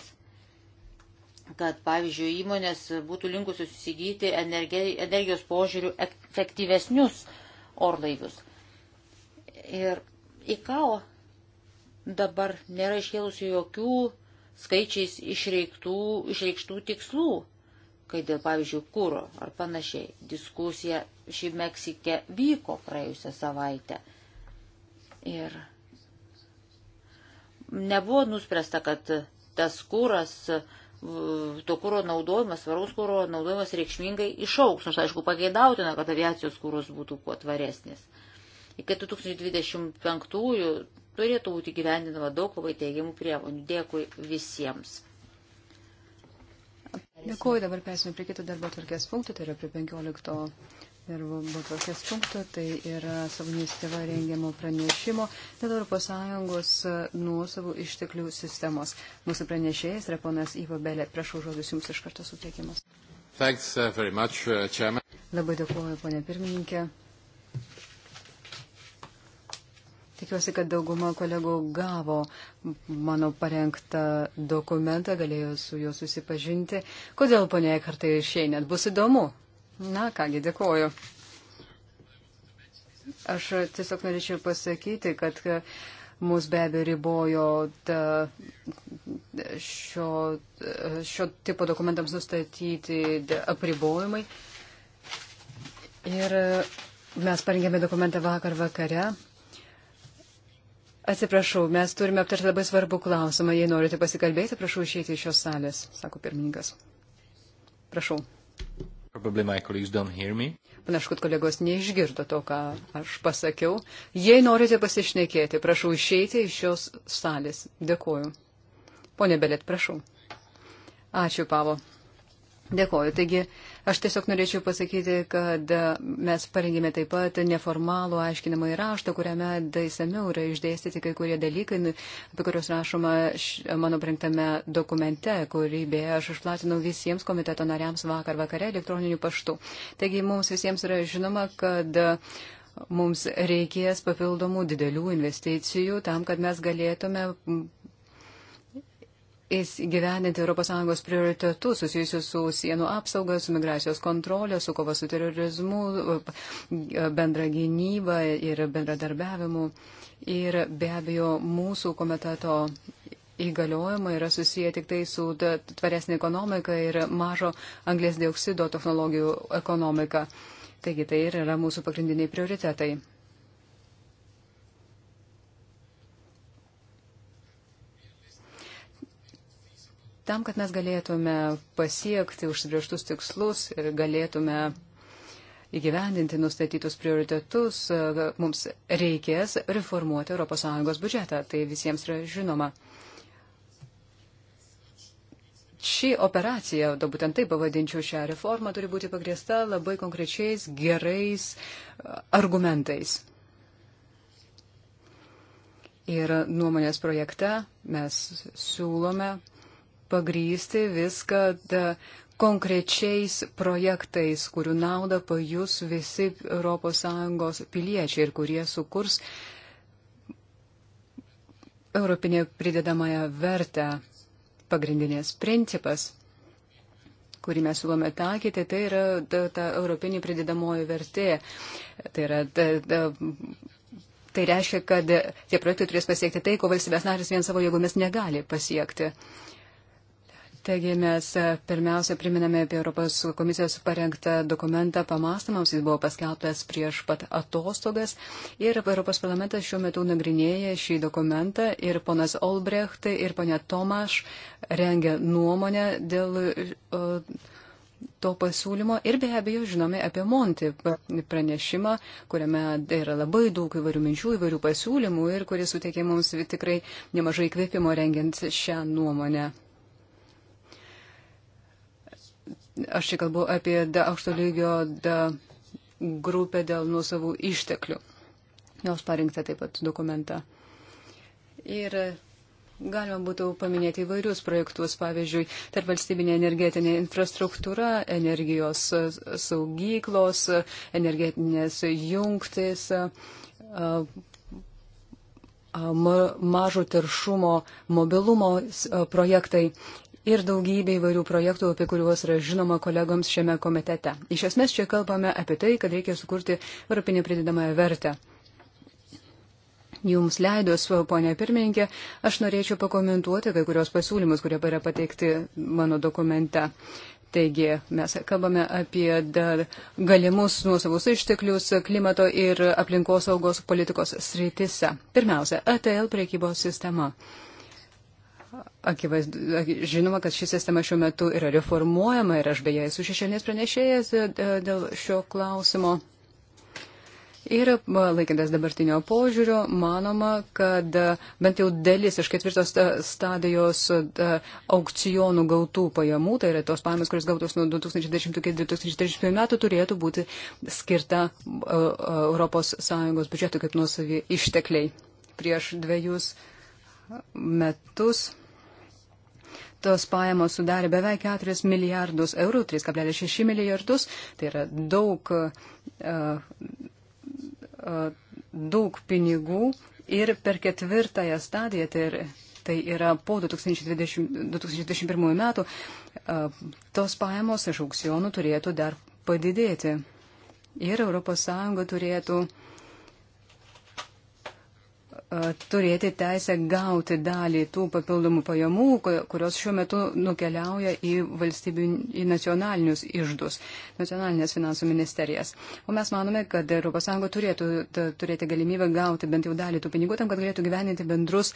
Kad, pavyzdžiui, įmonės būtų linkusios įsigyti energijos požiūrių efektyvesnius orlaivius. Ir ICAO dabar nėra iškėlusi jokių skaičiais išreiktų, išreikštų tikslų, kai dėl, pavyzdžiui, kūro ar panašiai. Diskusija šį Meksikę vyko praėjusią savaitę. Ir nebuvo nuspręsta, kad tas kūras, to kūro naudojimas, svaraus kūro naudojimas reikšmingai išauks, nors aišku pageidautina, kad aviacijos kūros būtų kuo tvaresnis. Iki 2025-ųjų turėtų būti gyvendinama daug labai teigiamų priemonių. Dėkui visiems. Dėkuoju, dabar persime prie kito darbo tvarkės punktų, tai yra prie 15 darbo tvarkės punktų, tai yra savo iniciatyva rengiamo pranešimo dėl ES e, nuosavų išteklių sistemos. Mūsų pranešėjas yra ponas Ivo Belė. Prašau žodis jums iš karto suteikimas. Thanks uh, very much, uh, Chairman. Labai dėkuoju, ponė pirmininkė. Tikiuosi, kad dauguma kolegų gavo mano parengtą dokumentą, galėjo su juo susipažinti. Kodėl, ponė, kartai išėjai, net bus įdomu. Na kągi, dėkoju. Aš tiesiog norėčiau pasakyti, kad e, mus be abejo ribojo ta, šio, e, šio tipo dokumentams nustatyti apribojimai. Ir e, mes parengėme dokumentą vakar vakare. Atsiprašau, mes turime aptarti labai svarbų klausimą. Jei norite pasikalbėti, prašau išėti iš šios salės, sako pirmininkas. Prašau. Panašu, kad kolegos neišgirdo to, ką aš pasakiau. Jei norite pasišnekėti, prašau išeiti iš šios salės. Dėkuoju. Pone Belėt, prašau. Ačiū, Pavo. Dėkuoju. Taigi, uh, Aš tiesiog norėčiau pasakyti, kad mes parengėme taip pat neformalų aiškinimą į raštą, kuriame daisamiau yra išdėstyti kai kurie dalykai, nu, apie kuriuos rašoma mano brinktame dokumente, kurį beje aš išplatinau visiems komiteto nariams vakar vakare elektroniniu paštu. Taigi mums visiems yra žinoma, kad mums reikės papildomų didelių investicijų tam, kad mes galėtume įgyvendinti ES prioritetus susijusius su sienų apsauga, su migracijos kontrolė, su kova su terorizmu, bendra gynyba ir bendradarbiavimu. Ir be abejo, mūsų komiteto įgaliojimai yra susiję tik tai su tvaresnė ekonomika ir mažo anglės dioksido technologijų ekonomika. Taigi tai ir yra mūsų pagrindiniai prioritetai. tam, kad mes galėtume pasiekti užsibrieštus tikslus ir galėtume įgyvendinti nustatytus prioritetus, mums reikės reformuoti ES biudžetą. Tai visiems yra žinoma. Ši operacija, da būtent taip pavadinčiau šią reformą, turi būti pagrėsta labai konkrečiais gerais e, argumentais. Ir nuomonės projekte mes siūlome pagrysti viską da, konkrečiais projektais, kurių naudą pajus visi ES piliečiai ir kurie sukurs Europinė pridedamąją vertę. Pagrindinės principas, kurį mes siūlome taikyti, tai yra ta, ta europinė pridedamoji vertė. Tai yra ta, ta, Tai reiškia, kad tie projektai turės pasiekti tai, ko valstybės narės vien savo jėgomis negali pasiekti. Uh, Taigi mes e, pirmiausia priminame apie Europos komisijos parengtą dokumentą pamastymams, jis buvo paskelbtas prieš pat atostogas ir Europos parlamentas šiuo metu nagrinėja šį dokumentą ir ponas Olbrecht ir ponė Tomaš rengia nuomonę dėl e, to pasiūlymo ir be abejo žinome apie Monti pranešimą, kuriame yra labai daug įvairių minčių, įvairių pasiūlymų ir kuris suteikė mums tikrai nemažai kvėpimo rengiant šią nuomonę. Aš čia kalbu apie aukšto lygio grupę dėl nuosavų išteklių. Jos parinkta taip pat dokumentą. Ir galima būtų paminėti įvairius projektus, pavyzdžiui, tarp valstybinė energetinė infrastruktūra, energijos e, saugyklos, energetinės jungtis, e, mažo teršumo mobilumo projektai ir daugybė įvairių projektų, apie kuriuos yra žinoma kolegoms šiame komitete. Iš esmės čia kalbame apie tai, kad reikia sukurti europinį pridedamąją vertę. Jums leidus, ponė pirmininkė, aš norėčiau pakomentuoti kai kurios pasiūlymus, kurie yra pateikti mano dokumente. Taigi mes kalbame apie galimus nuosavus išteklius klimato ir aplinkosaugos politikos srityse. Pirmiausia, ATL priekybos sistema. Akivaizdu, žinoma, kad ši sistema šiuo metu yra reformuojama ir aš beje esu šešėlės pranešėjas e, dėl šio klausimo. Ir e, laikintas dabartinio požiūrio, manoma, kad e, bent jau dalis iš ketvirtos stadijos aukcionų gautų pajamų, tai yra tos pajamos, kuris gautos nuo 2010 iki 2030 metų, turėtų būti skirta ES biudžetui kaip nuosavį ištekliai. Prieš dviejus metus tos pajamos sudarė beveik 4 milijardus eurų, 3,6 milijardus, tai yra daug, e, e, daug pinigų ir per ketvirtąją stadiją, tai yra, tai yra po 2020, 2021 metų, e, tos pajamos iš aukcionų turėtų dar padidėti. Ir ES turėtų uh, turėti teisę gauti dalį tų papildomų pajamų, kurios šiuo metu nukeliauja į valstybių, į nacionalinius išdus, nacionalinės finansų ministerijas. O mes manome, kad ES turėtų turėti galimybę gauti bent jau dalį tų pinigų tam, kad galėtų gyveninti bendrus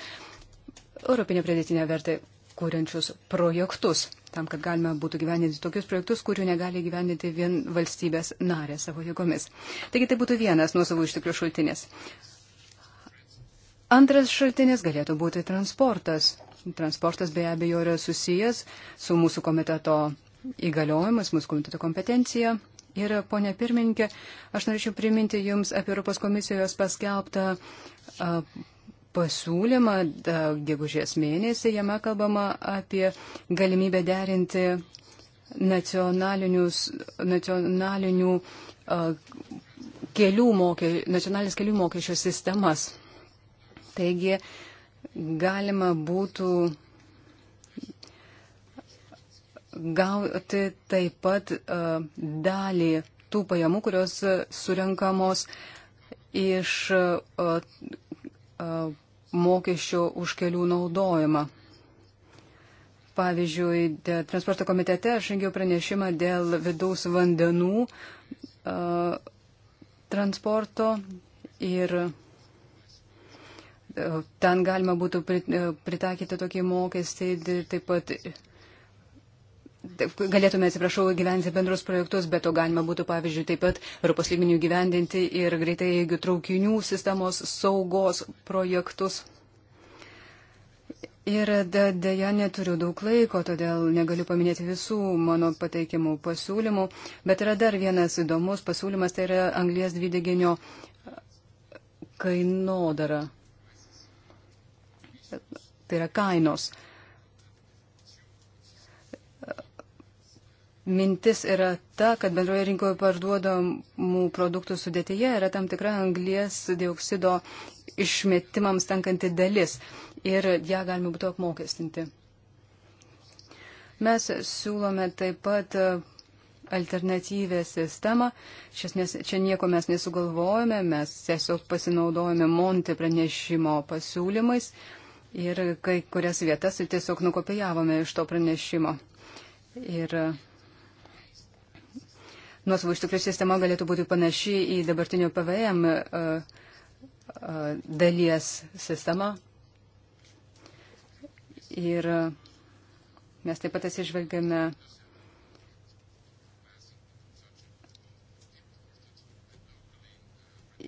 Europinę pridėtinę vertę kuriančius projektus, tam, kad galima būtų gyveninti tokius projektus, kurių negali gyveninti vien valstybės narė savo jėgomis. Taigi tai būtų vienas nuosavų išteklių šaltinis. Antras šaltinis galėtų būti transportas. Transportas be abejo yra susijęs su mūsų komiteto įgaliojimas, mūsų komiteto kompetencija. Ir, ponė pirmininkė, aš norėčiau priminti Jums apie Europos komisijos paskelbtą a, pasiūlymą a, gegužės mėnesį. Jame kalbama apie galimybę derinti nacionalinių a, kelių mokė, nacionalinės kelių mokesčio sistemas. Taigi galima būtų gauti taip pat uh, dalį tų pajamų, kurios surinkamos iš uh, uh, mokesčio už kelių naudojimą. Pavyzdžiui, transporto komitete aš rengiau pranešimą dėl vidaus vandenų transporto ir Ten galima būtų e, pritaikyti tokį mokestį, taip pat galėtume, atsiprašau, gyventi bendrus projektus, bet to galima būtų, pavyzdžiui, taip pat Europos lygmenių gyvendinti ir greitai traukinių sistemos saugos projektus. Ir dėja neturiu daug laiko, todėl negaliu paminėti visų mano pateikimų pasiūlymų, bet yra dar vienas įdomus pasiūlymas, tai yra anglės dvideginio kainodara tai yra kainos. Mintis yra ta, kad bendroje rinkoje parduodamų produktų sudėtyje yra tam tikra anglies dioksido išmetimams tenkanti dalis ir ją galima būtų apmokestinti. Mes siūlome taip pat alternatyvę sistemą. Iš esmės, čia nieko mes nesugalvojame, mes tiesiog pasinaudojame Monti pranešimo pasiūlymais. Uh, ir kai kurias vietas tiesiog nukopijavome iš to pranešimo. Ir nuosavų išteklių sistema galėtų būti panaši į dabartinio PVM e, e, dalies sistemą. Ir mes taip pat atsižvelgiame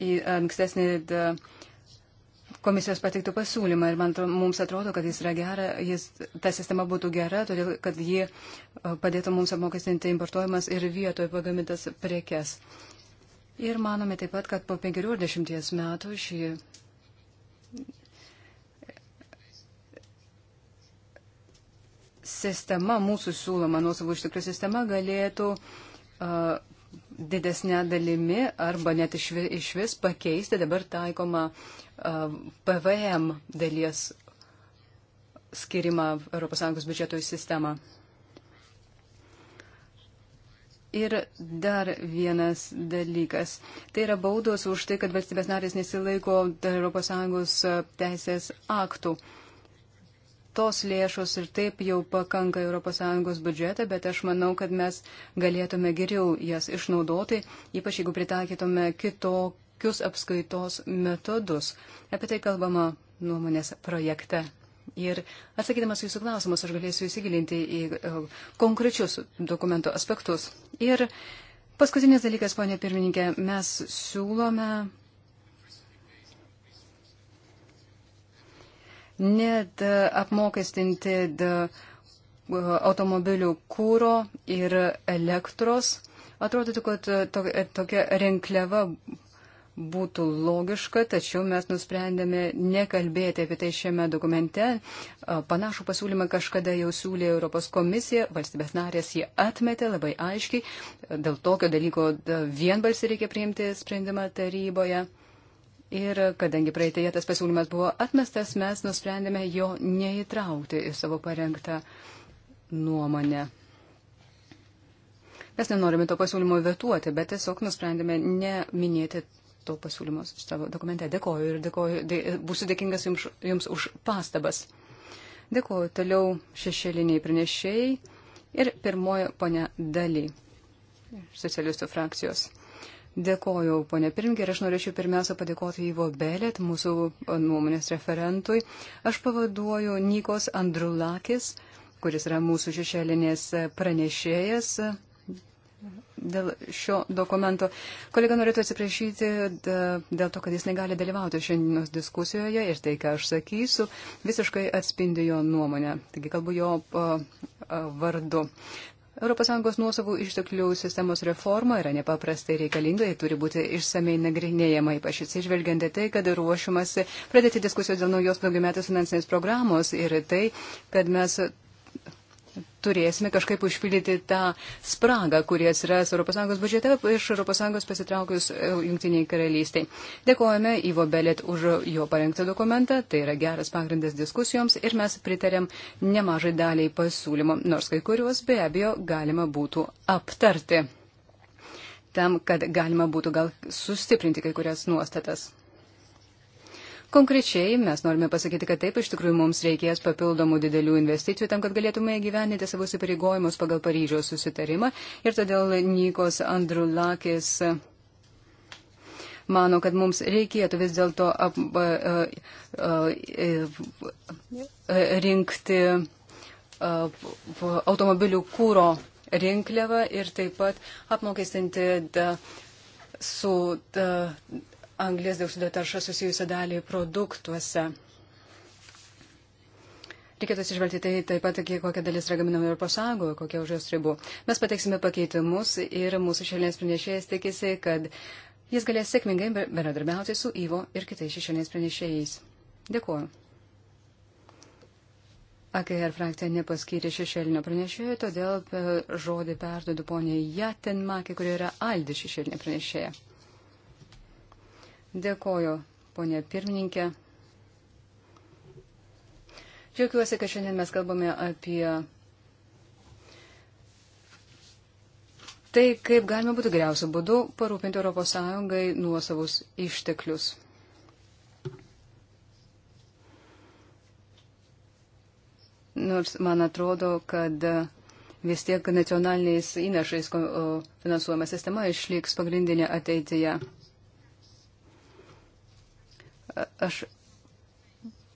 į ankstesnį e, komisijos pateiktų pasiūlymą ir man, mums atrodo, kad jis yra gera, jis, ta sistema būtų gera, todėl kad ji e, padėtų mums apmokestinti importuojamas ir vietoje pagamintas prekes. Ir manome taip pat, kad po penkerių ar dešimties metų šį sistema, mūsų siūloma nuosavų išteklių sistema galėtų uh, didesnė dalimi arba net iš, iš vis pakeisti dabar taikomą uh, PVM dalies skirimą ES biudžeto į sistemą. Ir dar vienas dalykas. Tai yra baudos už tai, kad valstybės narės nesilaiko ES teisės aktų. Tos lėšos ir taip jau pakanka ES biudžetą, bet aš manau, kad mes galėtume geriau jas išnaudoti, ypač jeigu pritaikytume kitok kokius apskaitos metodus. Apie tai kalbama nuomonės projekte. Ir atsakydamas jūsų klausimus, aš galėsiu įsigilinti į e, konkrečius dokumento aspektus. Ir paskutinis dalykas, ponė pirmininkė, mes siūlome net apmokestinti automobilių kūro ir elektros. Atrodytų, kad tokia renkliava būtų logiška, tačiau mes nusprendėme nekalbėti apie tai šiame dokumente. Panašų pasiūlymą kažkada jau siūlė Europos komisija, valstybės narės jį atmetė labai aiškiai. Dėl tokio dalyko vienbalsiai reikia priimti sprendimą taryboje. Ir kadangi praeitėje tas pasiūlymas buvo atmestas, mes nusprendėme jo neįtraukti į savo parengtą nuomonę. Mes nenorime to pasiūlymo vetuoti, bet tiesiog nusprendėme neminėti to pasiūlymo savo dokumente. Dėkoju ir dėkoju, dė, būsiu dėkingas jums, jums už pastabas. Dėkoju toliau šešėliniai pranešėjai ir pirmoji ponia daly socialistų frakcijos. Dėkoju, ponė Pirmininkė, ir aš norėčiau pirmiausia padėkoti Ivo Belėt, mūsų nuomonės referentui. Aš pavaduoju Nikos Andrulakis, kuris yra mūsų šešėlinės pranešėjas dėl šio dokumento. Kolega norėtų atsiprašyti dėl to, kad jis negali dalyvauti šiandienos diskusijoje ir tai, ką aš sakysiu, visiškai atspindi jo nuomonę. Taigi kalbu jo vardu. ES nuosavų išteklių sistemos reforma yra nepaprastai reikalinga ir turi būti išsamei nagrinėjama, ypač atsižvelgiant į tai, kad ruošiamasi pradėti diskusijos dėl naujos daugiametės finansinės programos ir tai, kad mes turėsime kažkaip užpildyti tą spragą, kurie atsiras ES biudžete iš ES pasitraukus e, Junktiniai karalystiai. Dėkojame Ivo Belet už jo parengtą dokumentą, tai yra geras pagrindas diskusijoms ir mes pritarėm nemažai daliai pasiūlymų, nors kai kuriuos be abejo galima būtų aptarti tam, kad galima būtų gal sustiprinti kai kurias nuostatas. Konkrečiai mes norime pasakyti, kad taip iš tikrųjų mums reikės papildomų didelių investicijų tam, kad galėtume įgyveninti savo įsipareigojimus pagal Paryžiaus susitarimą. Ir todėl Nikos Andrulakis mano, kad mums reikėtų vis dėlto rinkti automobilių kūro rinkliavą ir taip pat apmokestinti da, su da, anglės dioksido taršą susijusią dalį produktuose. Reikėtų atsižvelgti tai taip pat, kokia dalis yra gaminama Europos Sąjungoje, kokia už jos ribų. Mes pateiksime pakeitimus ir mūsų šalies pranešėjas tikisi, kad jis galės sėkmingai bendradarbiauti su Ivo ir kitais šalies pranešėjais. Dėkuoju. AKR frakcija nepaskyrė šešėlinio pranešėjo, todėl e, žodį perdodu poniai Jatenmakė, kuri yra Aldė šešėlinė pranešėja. Dėkoju, ponė pirmininkė. Džiaugiuosi, kad šiandien mes kalbame apie tai, kaip galima būtų geriausių būdų parūpinti ES nuosavus išteklius. Nors man atrodo, kad vis tiek nacionaliniais įnašais finansuojama sistema išliks pagrindinė ateityje aš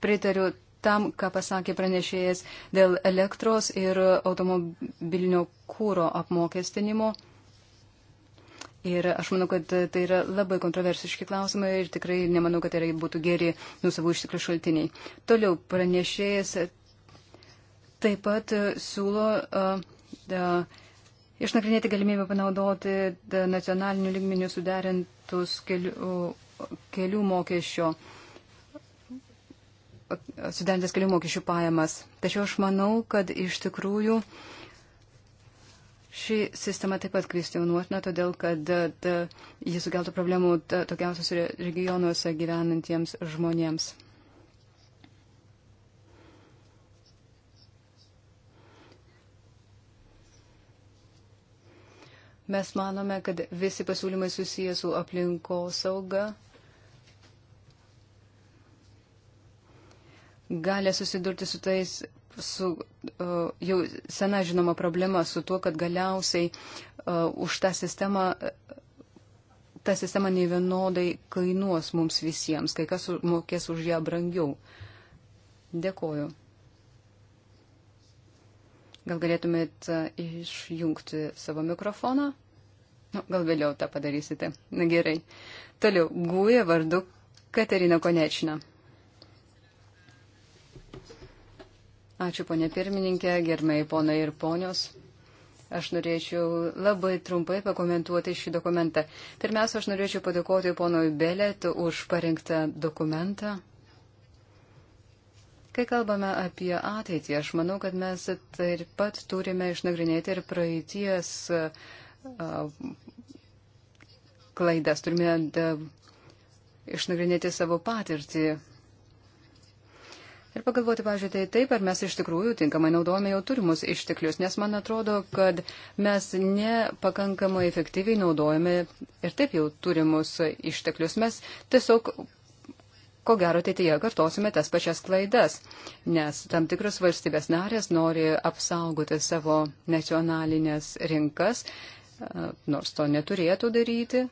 pritariu tam, ką pasakė pranešėjas dėl elektros ir automobilinio kūro apmokestinimo. Ir aš manau, kad tai yra labai kontroversiški klausimai ir tikrai nemanau, kad tai būtų geri nusavų išteklių šaltiniai. Toliau pranešėjas taip pat e, siūlo uh, uh, išnagrinėti galimybę panaudoti nacionalinių lygmenių suderintus kelių, kelių mokesčio, sudarintas kelių mokesčių pajamas. Tačiau aš manau, kad iš tikrųjų ši sistema taip pat kvestionuotina, todėl kad e, jis sukeltų problemų tokiausios regionuose gyvenantiems žmonėms. Mes manome, kad visi pasiūlymai susijęs su aplinkosauga gali susidurti su tais, su uh, jau sena žinoma problema, su tuo, kad galiausiai uh, už tą sistemą. Uh, ta sistema nevienodai kainuos mums visiems, kai kas mokės už ją brangiau. Dėkoju. Gal galėtumėt uh, išjungti savo mikrofoną? Nu, gal vėliau tą padarysite. Na gerai. Toliau, guja vardu Katerina Konečina. Ačiū, ponė pirmininkė, germai ponai ir ponios. Aš norėčiau labai trumpai pakomentuoti šį dokumentą. Pirmiausia, aš norėčiau padėkoti ponui Belėt už parengtą dokumentą. Kai kalbame apie ateitį, aš manau, kad mes taip pat turime išnagrinėti ir praeities klaidas, turime išnagrinėti savo patirtį Ir pagalvoti, pavyzdžiui, tai taip, ar mes iš tikrųjų tinkamai naudojame jau turimus išteklius, nes man atrodo, kad mes nepakankamai efektyviai naudojame ir taip jau turimus išteklius. Mes tiesiog, ko gero, ateityje kartosime tas pačias klaidas, nes tam tikros valstybės narės nori apsaugoti savo nacionalinės rinkas, nors to neturėtų daryti.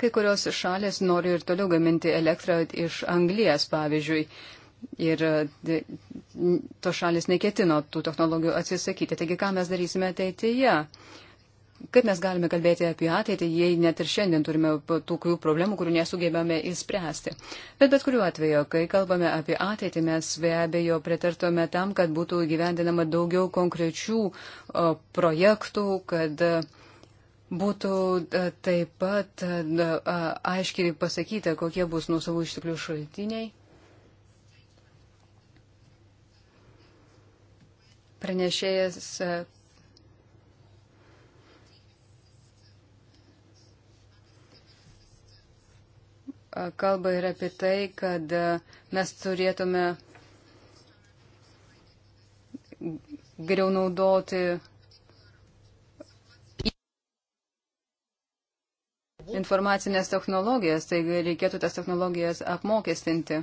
Kai kurios šalės nori ir toliau gaminti elektrą iš anglijas, pavyzdžiui. Ir e, tos šalis neketino tų technologijų atsisakyti. Taigi, ką mes darysime ateityje? Kaip mes galime kalbėti apie ateitį, jei net ir šiandien turime tokių problemų, kurių nesugebame įspręsti. Bet bet kuriuo atveju, kai kalbame apie ateitį, mes be abejo pritartume tam, kad būtų gyvendinama daugiau konkrečių o, projektų, kad o, būtų e, taip pat e, aiškiai pasakyta, kokie bus nuosavų išteklių šaltiniai. Pranešėjas e, kalba ir apie tai, kad mes turėtume geriau naudoti informacinės technologijas, taigi reikėtų tas technologijas apmokestinti.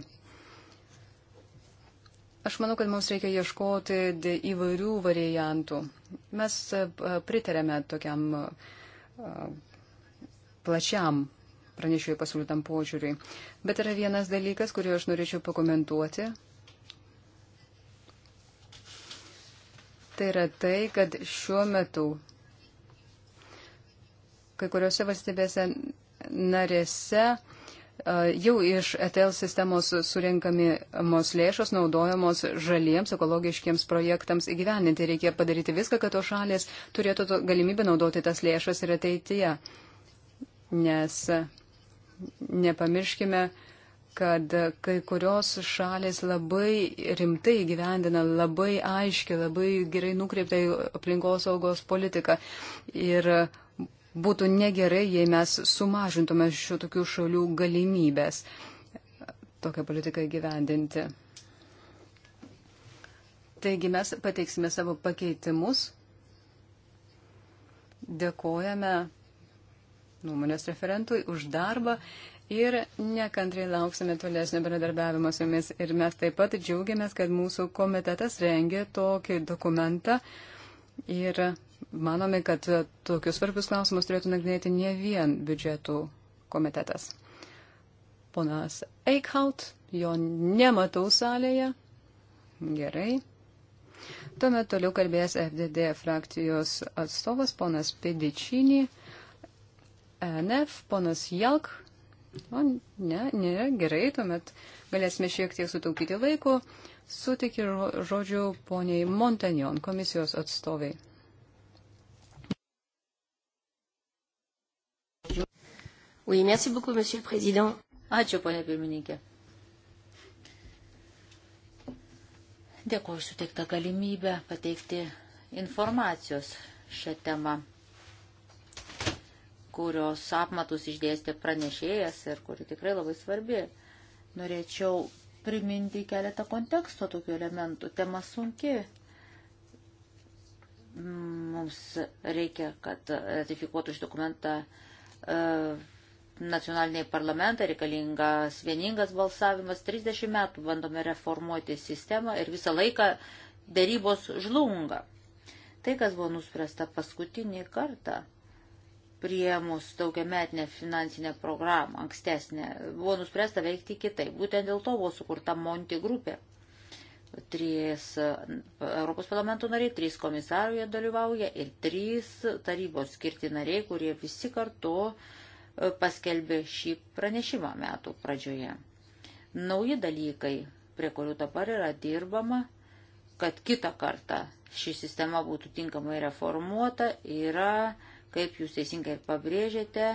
Aš manau, kad mums reikia ieškoti įvairių variantų. Mes e, pritarėme tokiam e, plačiam pranešėjų pasiūlytam požiūriui. Bet yra vienas dalykas, kurį aš norėčiau pakomentuoti. Tai yra tai, kad šiuo metu kai kuriuose valstybėse narėse e, jau iš ETL sistemos surinkamos lėšos naudojamos žaliems ekologiškiems projektams įgyveninti. Reikia padaryti viską, kad to šalis turėtų galimybę naudoti tas lėšas ir ateityje. Nes nepamirškime, kad kai kurios šalis labai rimtai gyvendina, labai aiški, labai gerai nukreipta aplinkosaugos politika. Ir būtų negerai, jei mes sumažintume šių tokių šalių galimybės tokią politiką įgyvendinti. Taigi mes pateiksime savo pakeitimus. Dėkojame nuomonės referentui už darbą ir nekantriai lauksime tolesnio bendradarbiavimo su jumis. Ir mes taip pat džiaugiamės, kad mūsų komitetas rengia tokį dokumentą. Ir manome, kad tokius svarbius klausimus turėtų nagrinėti ne vien biudžetų komitetas. Ponas Eichhaut, jo nematau salėje. Gerai. Tuomet toliau kalbės FDD frakcijos atstovas ponas Pedičinį, NF, ponas Jalk. O ne, ne, gerai, tuomet galėsime šiek tiek sutaupyti laiko. Sutikiu žodžiu poniai Montanion, komisijos atstoviai. Oui, merci beaucoup, monsieur le président. Ačiū, ponė pirmininkė. Dėkuoju suteiktą galimybę pateikti informacijos šią temą, kurios apmatus išdėstė pranešėjas ir kuri tikrai labai svarbi. Norėčiau priminti keletą konteksto tokių elementų. Tema sunki. Mums reikia, kad ratifikuotų šį dokumentą. Uh, nacionaliniai parlamentai reikalingas vieningas balsavimas. 30 metų bandome reformuoti sistemą ir visą laiką dėrybos žlunga. Tai, kas buvo nuspręsta paskutinį kartą priemus daugiametinę finansinę programą, ankstesnę, buvo nuspręsta veikti kitaip. Būtent dėl to buvo sukurta Monti grupė. Trys e, Europos parlamento nariai, trys komisaroje dalyvauja ir trys tarybos skirti nariai, kurie visi kartu uh, paskelbė šį pranešimą metų pradžioje. Nauji dalykai, prie kurių dabar yra dirbama, kad kitą kartą ši sistema būtų tinkamai reformuota, yra, kaip jūs teisingai ir pabrėžėte,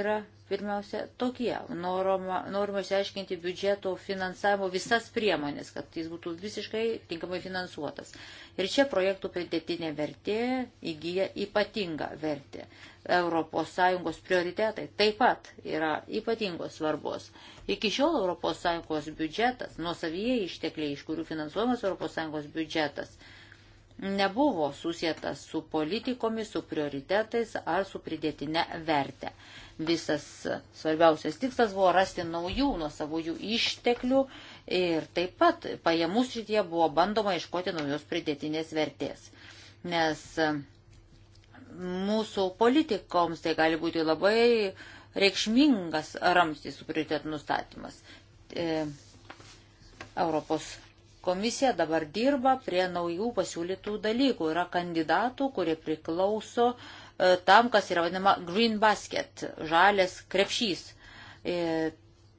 yra Pirmiausia, tokie. Noroma, norima išsiaiškinti biudžeto finansavimo visas priemonės, kad jis būtų visiškai tinkamai finansuotas. Ir čia projektų pridėtinė vertė įgyja ypatingą vertę. ES prioritetai taip pat yra ypatingos svarbos. Iki šiol ES biudžetas, nuosavieji ištekliai, iš kurių finansuojamas ES biudžetas, nebuvo susijęta su politikomis, su prioritetais ar su pridėtinė vertė. Visas svarbiausias tikslas buvo rasti naujų nuo savųjų išteklių ir taip pat pajamų srityje buvo bandoma iškoti naujos pridėtinės vertės. Nes e, mūsų politikoms tai gali būti labai reikšmingas ramstis su prioritetų nustatymas. E, Europos Komisija dabar dirba prie naujų pasiūlytų dalykų. Yra kandidatų, kurie priklauso e, tam, kas yra vadinama green basket, žalės krepšys. E,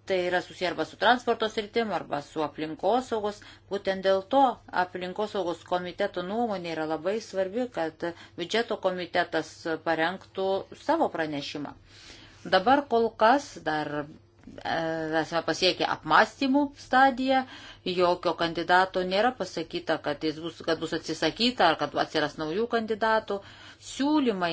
tai yra susiję arba su transporto sritim, arba su aplinkosaugos. Būtent dėl to aplinkosaugos komiteto nuomonė yra labai svarbi, kad biudžeto komitetas parengtų savo pranešimą. Dabar kol kas dar esame pasiekę apmastymų stadiją, jokio kandidato nėra pasakyta, kad, bus, kad bus atsisakyta ar kad atsiras naujų kandidatų. Siūlymai,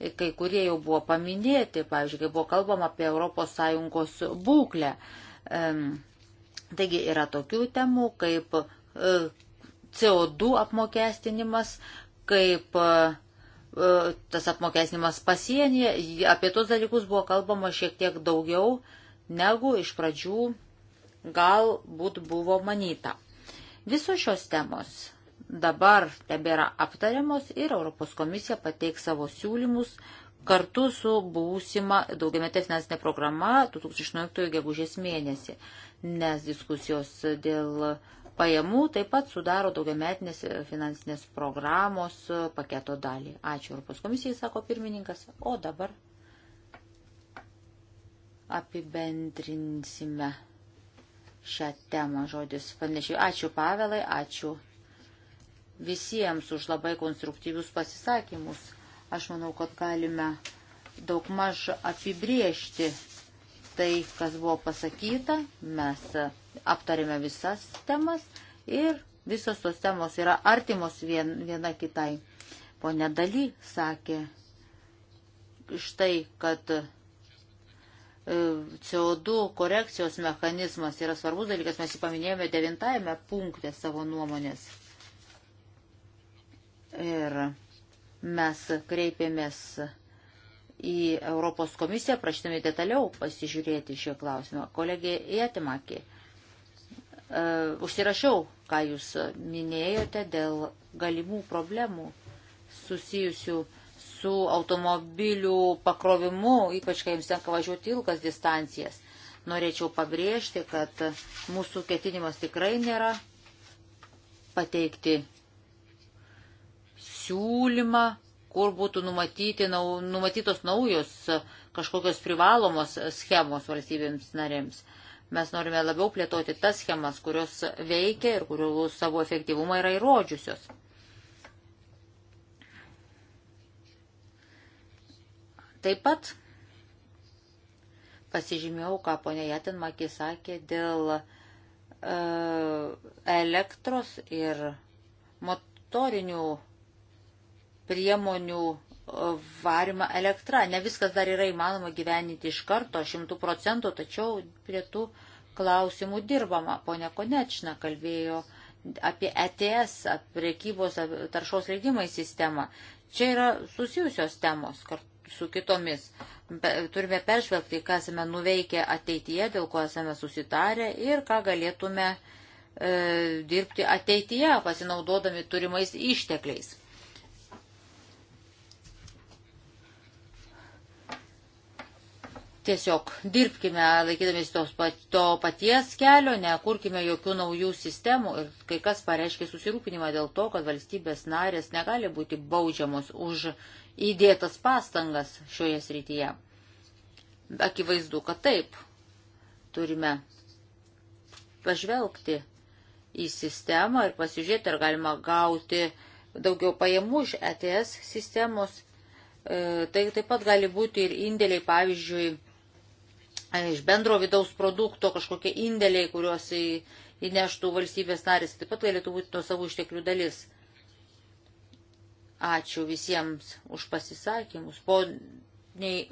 e, kai kurie jau buvo paminėti, pavyzdžiui, kai buvo kalbama apie ES būklę. Taigi yra tokių temų kaip e, CO2 apmokestinimas, kaip e, E, tas apmokesnimas pasienyje, apie tos dalykus buvo kalbama šiek tiek daugiau, negu iš pradžių galbūt buvo manyta. Visos šios temos dabar tebėra aptariamos ir Europos komisija pateiks savo siūlymus kartu su būsima daugiametė finansinė programa 2019 gegužės mėnesį, nes diskusijos dėl pajamų taip pat sudaro daugiametinės finansinės programos paketo dalį. Ačiū Europos komisijai, sako pirmininkas. O dabar apibendrinsime šią temą žodis. Panešiu, ačiū Pavelai, ačiū visiems už labai konstruktyvius pasisakymus. Aš manau, kad galime daug maž apibriežti tai, kas buvo pasakyta, mes aptarėme visas temas ir visos tos temos yra artimos vien, viena kitai. Pone Daly sakė štai, kad e, CO2 korekcijos mechanizmas yra svarbus dalykas, mes jį paminėjome devintajame punkte savo nuomonės. Ir mes kreipėmės į Europos komisiją, prašydami detaliau pasižiūrėti šio klausimą. Kolegė Jėtimakė, e, užsirašiau, ką jūs minėjote dėl galimų problemų susijusių su automobilių pakrovimu, ypač kai jums tenka važiuoti ilgas distancijas. Norėčiau pabrėžti, kad mūsų ketinimas tikrai nėra pateikti siūlymą kur būtų numatyti, nau, numatytos naujos kažkokios privalomos schemos valstybėms narėms. Mes norime labiau plėtoti tas schemas, kurios veikia ir kurių savo efektyvumą yra įrodžiusios. Taip pat pasižymėjau, ką ponia Jatinmakė sakė dėl uh, elektros ir motorinių uh, priemonių varimą elektrą. Ne viskas dar yra įmanoma gyveninti iš karto, šimtų procentų, tačiau prie tų klausimų dirbama. Pone Konečna kalbėjo apie ETS, apie priekybos taršos leidimai sistemą. Čia yra susijusios temos su kitomis. Turime peržvelgti, ką esame nuveikę ateityje, dėl ko esame susitarę ir ką galėtume e, dirbti ateityje, pasinaudodami turimais ištekliais. Tiesiog dirbkime, laikydamės to, to paties kelio, nekurkime jokių naujų sistemų ir kai kas pareiškia susirūpinimą dėl to, kad valstybės narės negali būti baudžiamos už įdėtas pastangas šioje srityje. Akivaizdu, kad taip. Turime pažvelgti į sistemą ir pasižiūrėti, ar galima gauti daugiau pajamų iš ETS sistemos. E, tai taip pat gali būti ir indėliai, pavyzdžiui, iš bendro vidaus produkto kažkokie indėliai, kuriuos įneštų valstybės narės, taip pat galėtų būti to savo išteklių dalis. Ačiū visiems už pasisakymus. Poniai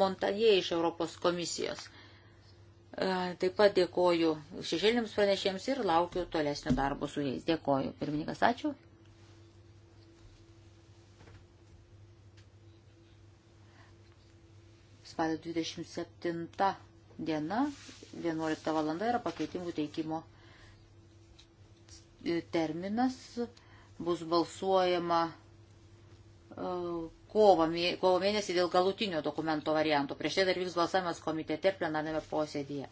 Montanė iš Europos komisijos. Taip pat dėkoju šešėlėms pranešėjams ir laukiu tolesnio darbo su jais. Dėkoju. Pirmininkas, ačiū. Spalio 27 diena, 11 valanda yra pakeitimų teikimo terminas. Bus balsuojama e, kovo, mė, kovo mėnesį dėl galutinio dokumento varianto. Prieš tai dar vyks balsavimas komitete ir plenarnėme posėdėje.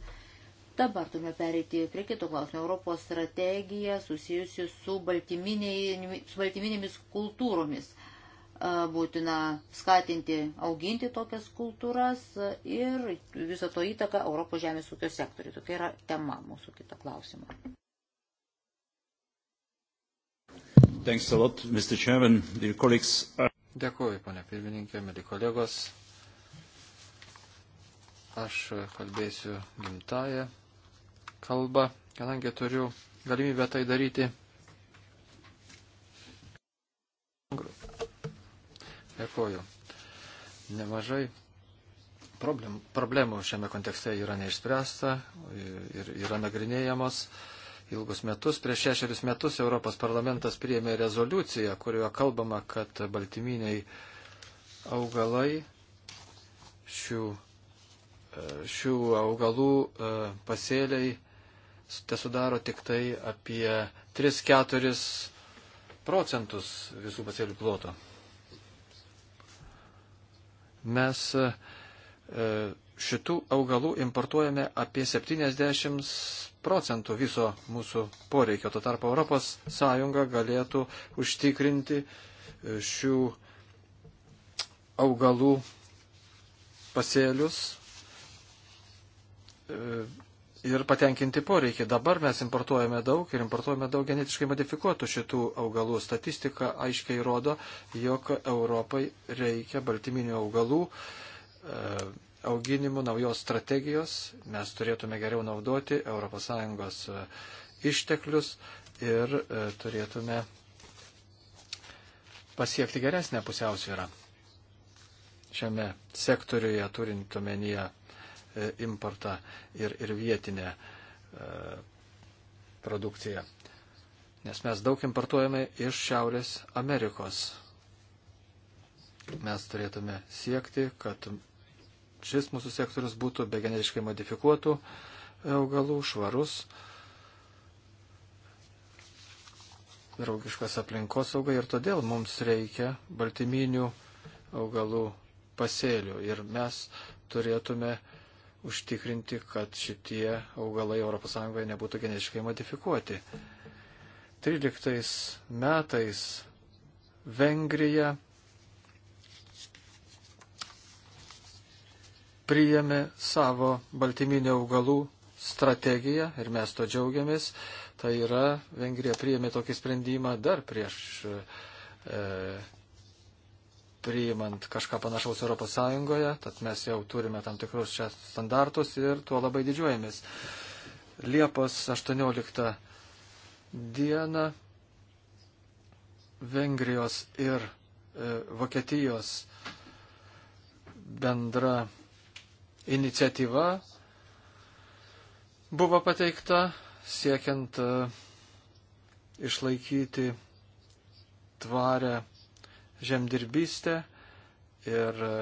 Dabar turime pereiti prie kito klausimo. Europos strategija susijusi su baltyminėmis kultūromis būtina skatinti auginti tokias kultūras ir viso to įtaka Europos žemės ūkio sektoriui. Tokia yra tema mūsų kito klausimo. Lot, Chairman, Dėkuoju, ponė pirmininkė, mėly kolegos. Aš kalbėsiu gimtają kalbą, kadangi turiu galimybę tai daryti Dėkuoju. Nemažai problem, problemų šiame kontekste yra neišspręsta ir yra nagrinėjamos. Ilgus metus, prieš šešerius metus Europos parlamentas priėmė rezoliuciją, kurioje kalbama, kad baltyminiai augalai šių, šių augalų e, pasėliai te sudaro tik tai apie 3-4 procentus visų pasėlių ploto mes e, e, šitų augalų importuojame apie 70 procentų viso mūsų poreikio. Tuo tarpu ES galėtų užtikrinti e, šių augalų pasėlius ir patenkinti poreikį. Dabar mes importuojame daug ir importuojame daug genetiškai modifikuotų šitų augalų. Statistika aiškiai rodo, jog Europai reikia baltyminių augalų e, auginimų naujos strategijos. Mes turėtume geriau naudoti ES e, išteklius ir e, turėtume pasiekti geresnę pusiausvyrą šiame sektoriuje turint omenyje E, importą ir, ir vietinę e, produkciją. Nes mes daug importuojame iš Šiaurės Amerikos. Mes turėtume siekti, kad šis mūsų sektorius būtų be genetiškai modifikuotų e, augalų, švarus, draugiškas aplinkosaugai ir todėl mums reikia baltyminių augalų pasėlių ir mes turėtume uh, užtikrinti, kad šitie augalai ES nebūtų genetiškai modifikuoti. 13 metais Vengrija priėmė savo baltyminio augalų strategiją ir mes to džiaugiamės. Tai yra, Vengrija priėmė tokį sprendimą dar prieš e, priimant kažką panašaus Europos Sąjungoje, tad mes jau turime tam tikrus čia standartus ir tuo labai didžiuojamės. Liepos 18 dieną Vengrijos ir e, Vokietijos bendra iniciatyva buvo pateikta siekiant e, išlaikyti tvarę žemdirbystę ir e,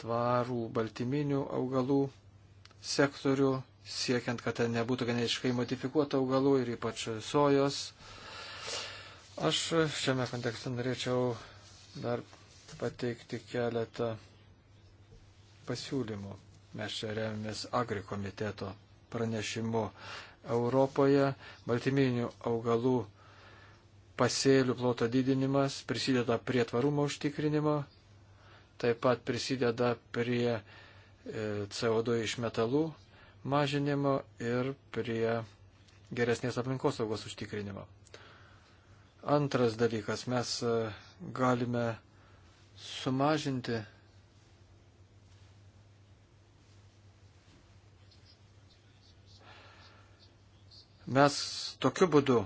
tvarų baltyminių augalų sektorių, siekiant, kad ten nebūtų genetiškai modifikuota augalų ir ypač sojos. Aš šiame kontekste norėčiau dar pateikti keletą pasiūlymų. Mes čia remiamės agrikomiteto pranešimu. Europoje baltyminių augalų pasėlių ploto didinimas prisideda prie tvarumo užtikrinimo, taip pat prisideda prie e, CO2 iš metalų mažinimo ir prie geresnės aplinkosaugos užtikrinimo. Antras dalykas, mes e, galime sumažinti Mes tokiu būdu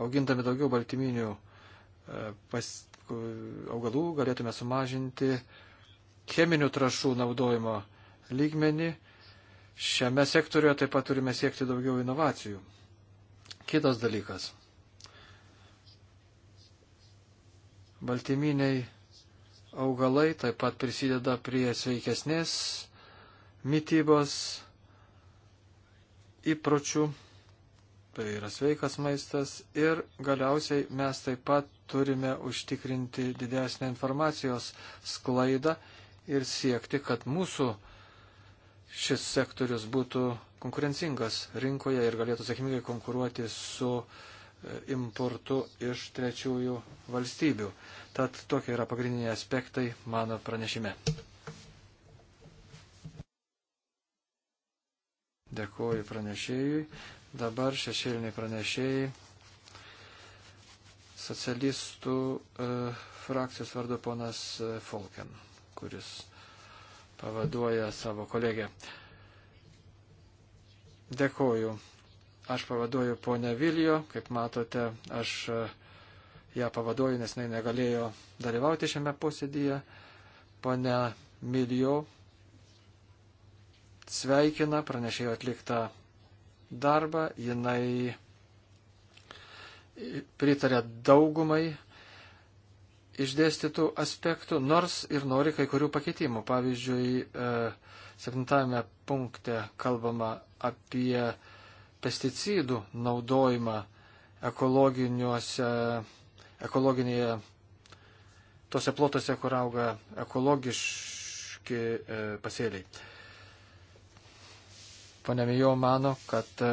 augindami daugiau baltyminių e, pas, augalų galėtume sumažinti cheminių trašų naudojimo lygmenį. Šiame sektoriuje taip pat turime siekti daugiau inovacijų. Kitas dalykas. Baltyminiai augalai taip pat prisideda prie sveikesnės mytybos įpročių tai yra sveikas maistas ir galiausiai mes taip pat turime užtikrinti didesnę informacijos sklaidą ir siekti, kad mūsų šis sektorius būtų konkurencingas rinkoje ir galėtų sėkmingai konkuruoti su e, importu iš trečiųjų valstybių. Tad tokie yra pagrindiniai aspektai mano pranešime. Dėkuoju pranešėjui. Dabar šešėliniai pranešėjai socialistų e, frakcijos vardu ponas e, Folken, kuris pavaduoja savo kolegę. Dėkoju. Aš pavaduoju ponę Vilijo, kaip matote, aš e, ją pavaduoju, nes jinai negalėjo dalyvauti šiame posėdyje. Pone Milijo sveikina pranešėjo atliktą darbą, jinai pritarė daugumai išdėstytų aspektų, nors ir nori kai kurių pakeitimų. Pavyzdžiui, e, septintame punkte kalbama apie pesticidų naudojimą ekologinėje, tose plotose, kur auga ekologiški e, pasėliai. Pane Mijo mano, kad e,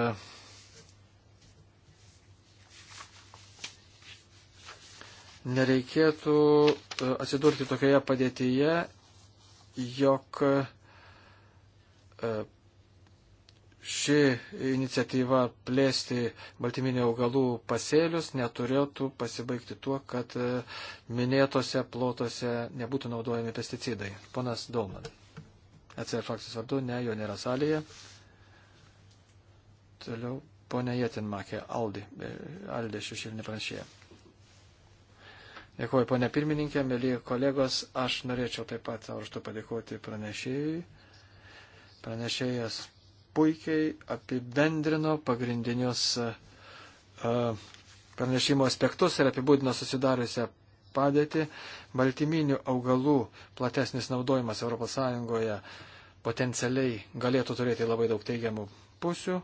nereikėtų e, atsidurti tokioje padėtyje, jog e, ši iniciatyva plėsti baltyminio augalų pasėlius neturėtų pasibaigti tuo, kad minėtose plotose nebūtų naudojami pesticidai. Ponas Dauman. ECR frakcijos vardu, ne, jo nėra salėje. Toliau ponia Jėtinmakė, Aldi, Aldė šešilinė pranešėja. Dėkuoju, ponia pirmininkė, mėly kolegos, aš norėčiau taip pat savo tai raštu padėkoti pranešėjui. Pranešėjas puikiai apibendrino pagrindinius uh, pranešimo aspektus ir apibūdino susidariusią padėtį. Baltyminių augalų platesnis naudojimas ES potencialiai galėtų turėti labai daug teigiamų pusių.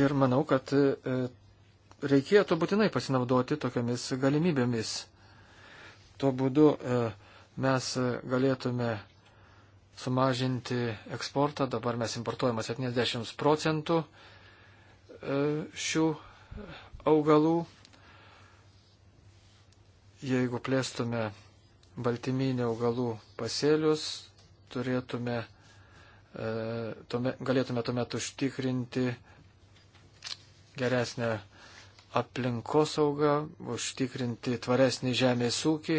Ir manau, kad e, reikėtų būtinai pasinaudoti tokiamis galimybėmis. Tuo būdu e, mes galėtume sumažinti eksportą, dabar mes importuojame 70 procentų e, šių augalų. Jeigu plėstume baltyminį augalų pasėlius, turėtume, tuome, galėtume tuomet užtikrinti geresnę aplinkosaugą, užtikrinti tvaresnį žemės ūkį.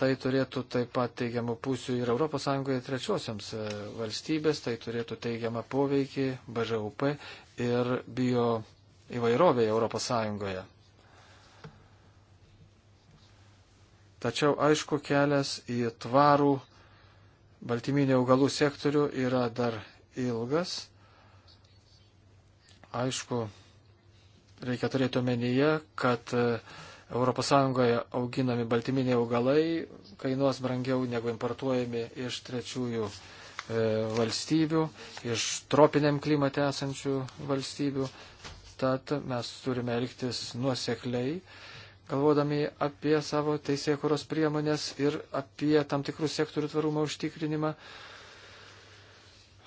Tai turėtų taip pat teigiamų pusių ir ES trečiosiams e, valstybės, tai turėtų teigiamą poveikį BŽUP ir bio įvairovėje ES. Tačiau aišku, kelias į tvarų baltyminį augalų sektorių yra dar ilgas. Aišku, Reikia turėti omenyje, kad ES auginami baltyminiai augalai kainuos brangiau negu importuojami iš trečiųjų e, valstybių, iš tropiniam klimate esančių valstybių. Tad mes turime elgtis nuosekliai galvodami apie savo teisėkuros priemonės ir apie tam tikrų sektorių tvarumo užtikrinimą.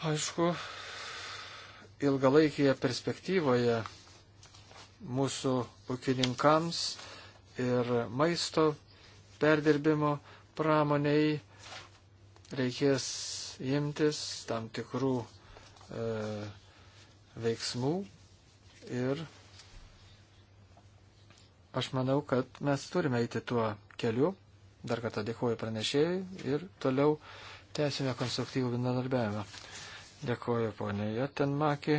Aišku, ilgalaikėje perspektyvoje mūsų ūkininkams ir maisto perdirbimo pramoniai reikės imtis tam tikrų e, veiksmų ir aš manau, kad mes turime eiti tuo keliu. Dar kartą dėkuoju pranešėjai ir toliau tęsime konstruktyvų bendradarbiavimą. Dėkuoju poniai Jotenmaki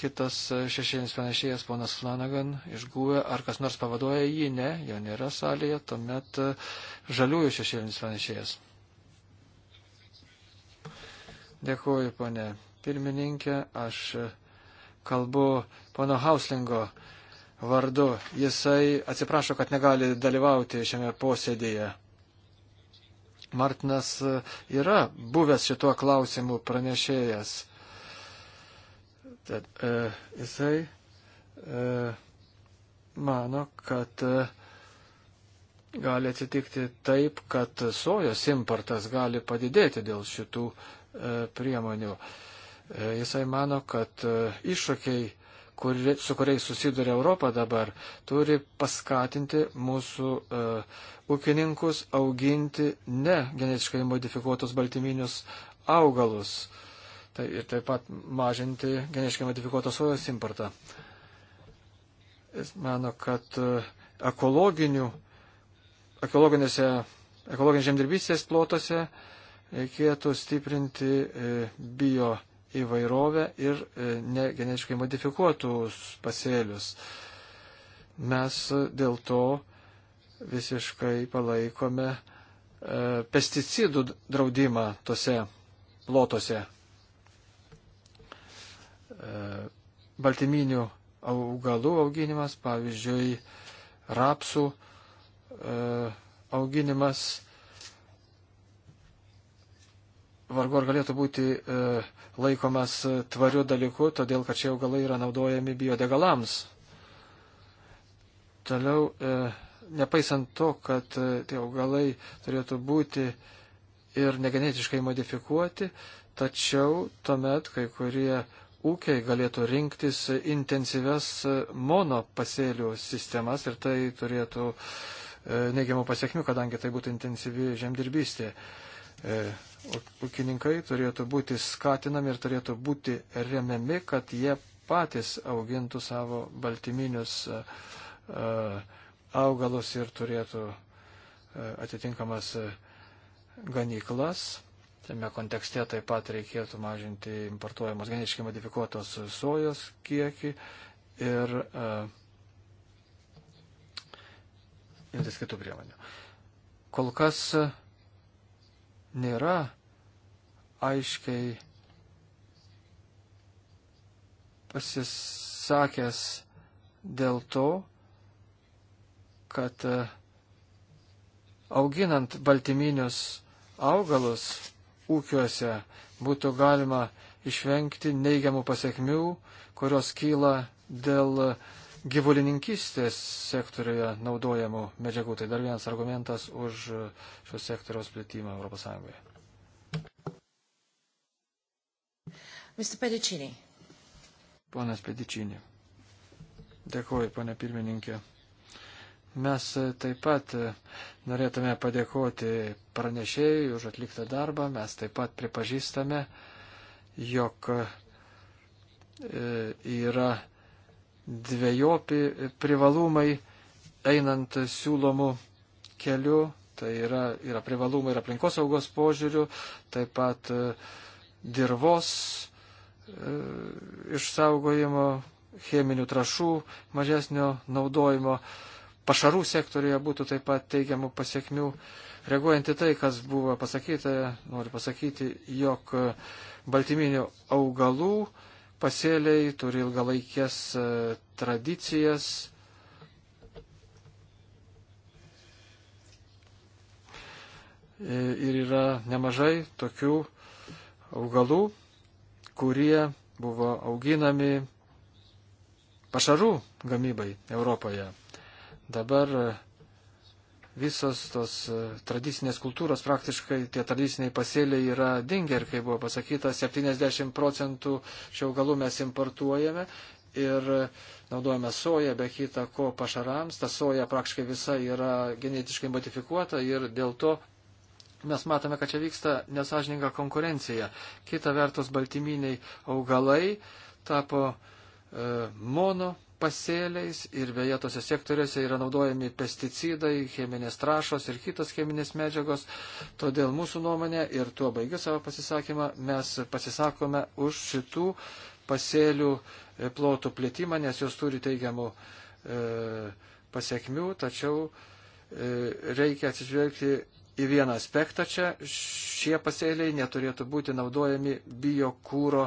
kitas e, šešėlis panašėjas ponas Flanagan iš Gūvė, e. ar kas nors pavaduoja jį, ne, jo nėra salėje, tuomet e, žaliųjų šešėlis panašėjas. Dėkuoju, ponė pirmininkė, aš kalbu pono Hauslingo vardu. Jisai atsiprašo, kad negali dalyvauti šiame posėdėje. Martinas yra buvęs šituo klausimu pranešėjas Tad e, jisai e, mano, kad e, gali atsitikti taip, kad sojos importas gali padidėti dėl šitų e, priemonių. E, jisai mano, kad e, iššūkiai, kur, su kuriais susiduria Europa dabar, turi paskatinti mūsų e, ūkininkus auginti ne genetiškai modifikuotus baltyminius augalus. E, tai ir taip pat mažinti geniškai modifikuotos sojos importą. Jis mano, kad e, ekologinėse, ekologinės žemdirbystės plotose reikėtų stiprinti e, bio įvairovę ir e, ne genetiškai modifikuotus pasėlius. Mes dėl to visiškai palaikome pesticidų draudimą tose plotose. E, baltyminių augalų auginimas, pavyzdžiui, rapsų e, auginimas vargu ar galėtų būti e, laikomas tvariu dalyku, todėl kad šie augalai yra naudojami biodegalams. Toliau, e, nepaisant to, kad e, tie augalai turėtų būti ir negenetiškai modifikuoti, tačiau tuomet kai kurie ūkiai galėtų rinktis intensyves monopasėlių sistemas ir tai turėtų e, neigiamų pasiekmių, kadangi tai būtų intensyvi žemdirbystė. E, ūkininkai turėtų būti skatinami ir turėtų būti remiami, kad jie patys augintų savo baltyminius e, augalus ir turėtų atitinkamas ganyklas. Tame kontekste taip pat reikėtų mažinti importuojamos geniškai modifikuotos sojos kiekį ir uh, e, imtis kitų priemonių. Kol kas nėra aiškiai pasisakęs dėl to, kad e, auginant baltyminius augalus ūkiuose būtų galima išvengti neigiamų pasiekmių, kurios kyla dėl gyvulininkistės sektoriuje naudojamų medžiagų. Tai dar vienas argumentas už šios sektoriaus plėtimą ES. Mr. Pedicini. Ponas Pedicini. Dėkuoju, ponė pirmininkė. Mes taip pat norėtume padėkoti pranešėjui už atliktą darbą. Mes taip pat pripažįstame, jog e, yra dviejopi privalumai einant siūlomu keliu. Tai yra, yra privalumai ir aplinkosaugos požiūrių, taip pat e, dirvos e, išsaugojimo, cheminių trašų mažesnio naudojimo. E, pašarų sektoriuje būtų taip pat teigiamų pasiekmių. Reaguojant į tai, kas buvo pasakyta, noriu pasakyti, jog baltyminių augalų pasėliai turi ilgalaikės e, tradicijas. E, ir yra nemažai tokių augalų, kurie buvo auginami pašarų gamybai Europoje. Dabar e, visos tos e, tradicinės kultūros praktiškai tie tradiciniai pasėliai yra dingę ir, kaip buvo pasakyta, 70 procentų šių augalų mes importuojame ir e, naudojame soją, be kita ko pašarams. Ta soja praktiškai visa yra genetiškai modifikuota ir dėl to mes matome, kad čia vyksta nesažininga konkurencija. Kita vertus, baltyminiai augalai tapo e, mono pasėliais ir beje tose sektoriuose yra naudojami pesticidai, cheminės trašos ir kitos cheminės medžiagos. Todėl mūsų nuomonė ir tuo baigiu savo pasisakymą, mes pasisakome už šitų pasėlių e, plotų plėtimą, nes jos turi teigiamų e, pasiekmių, tačiau e, reikia atsižvelgti į vieną aspektą čia. Šie pasėliai neturėtų būti naudojami biokūro kūro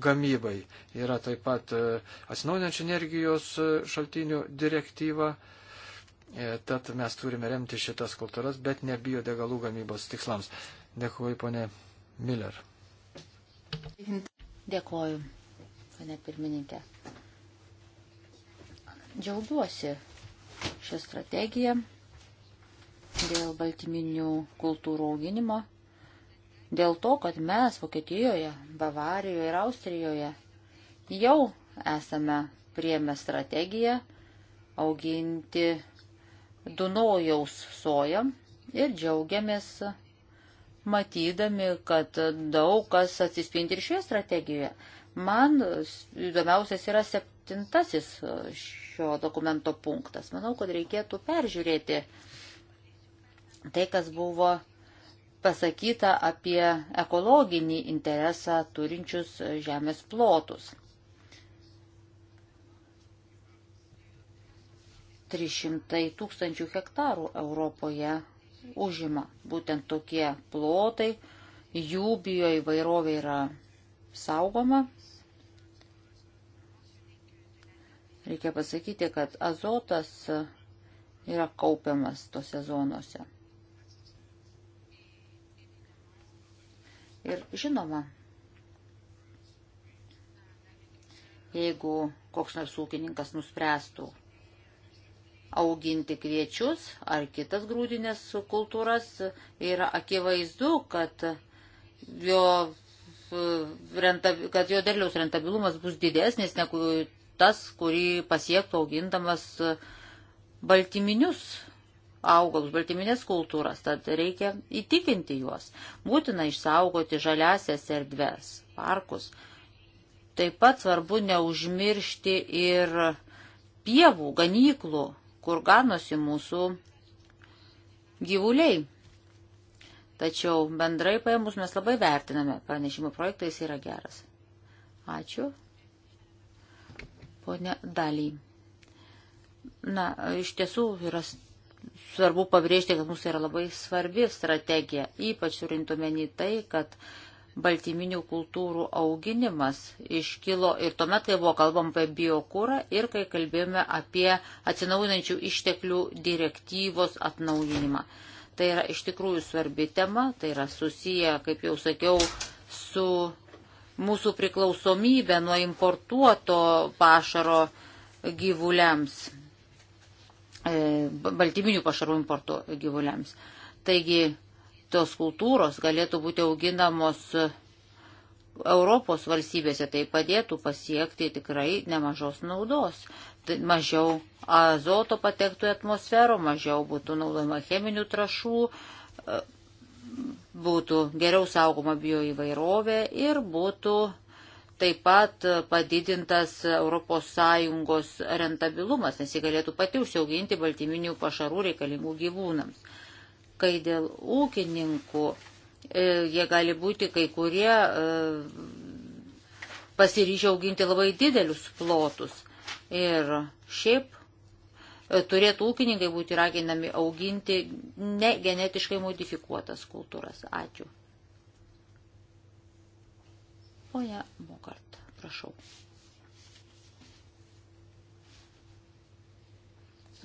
gamybai. Yra taip pat e, atsinaujinančių energijos e, šaltinių direktyva. E, tad mes turime remti šitas kultūras, bet ne biodegalų gamybos tikslams. Dėkuoju, ponė Miller. Dėkuoju, ponė pirmininkė. Džiaugiuosi šią strategiją dėl baltyminių kultūrų auginimo dėl to, kad mes Vokietijoje, Bavarijoje ir Austrijoje jau esame priemę strategiją auginti Dunojaus soją ir džiaugiamės matydami, kad daug kas atsispindi ir šioje strategijoje. Man įdomiausias yra septintasis šio dokumento punktas. Manau, kad reikėtų peržiūrėti tai, kas buvo pasakyta apie ekologinį interesą turinčius žemės plotus. 300 tūkstančių hektarų Europoje užima būtent tokie plotai, jų bioįvairovė yra saugoma. Reikia pasakyti, kad azotas yra kaupiamas tose zonose. Ir žinoma, jeigu koks nors ūkininkas nuspręstų auginti kviečius ar kitas grūdinės kultūras, yra akivaizdu, kad jo, kad jo derliaus rentabilumas bus didesnis negu tas, kurį pasiektų augindamas baltyminius augalus, baltyminės kultūras, tad reikia įtikinti juos. Būtina išsaugoti žaliasias erdves, parkus. Taip pat svarbu neužmiršti ir pievų, ganyklų, kur ganosi mūsų gyvuliai. Tačiau bendrai paėmus mes labai vertiname, pranešimo projektais yra geras. Ačiū. Pone Daly. Na, iš tiesų yra svarbu pabrėžti, kad mums tai yra labai svarbi strategija, ypač turintumenį tai, kad baltyminių kultūrų auginimas iškilo ir tuomet, kai buvo kalbam apie biokūrą ir kai kalbėjome apie atsinaujinančių išteklių direktyvos atnaujinimą. Tai yra iš tikrųjų svarbi tema, tai yra susiję, kaip jau sakiau, su mūsų priklausomybė nuo importuoto pašaro gyvuliams E, baltyminių pašarų importo gyvuliams. Taigi tos kultūros galėtų būti auginamos Europos valstybėse, tai padėtų pasiekti tikrai nemažos naudos. Tai mažiau azoto patektų į atmosferą, mažiau būtų naudojama cheminių trašų, e, būtų geriau saugoma bioįvairovė ir būtų taip pat padidintas ES rentabilumas, nes jie galėtų pati užsiauginti baltyminių pašarų reikalingų gyvūnams. Kai dėl ūkininkų e, jie gali būti kai kurie e, pasiryžę auginti labai didelius plotus. Ir šiaip e, turėtų ūkininkai būti raginami auginti ne genetiškai modifikuotas kultūras. Ačiū. Ponia Bokart, prašau.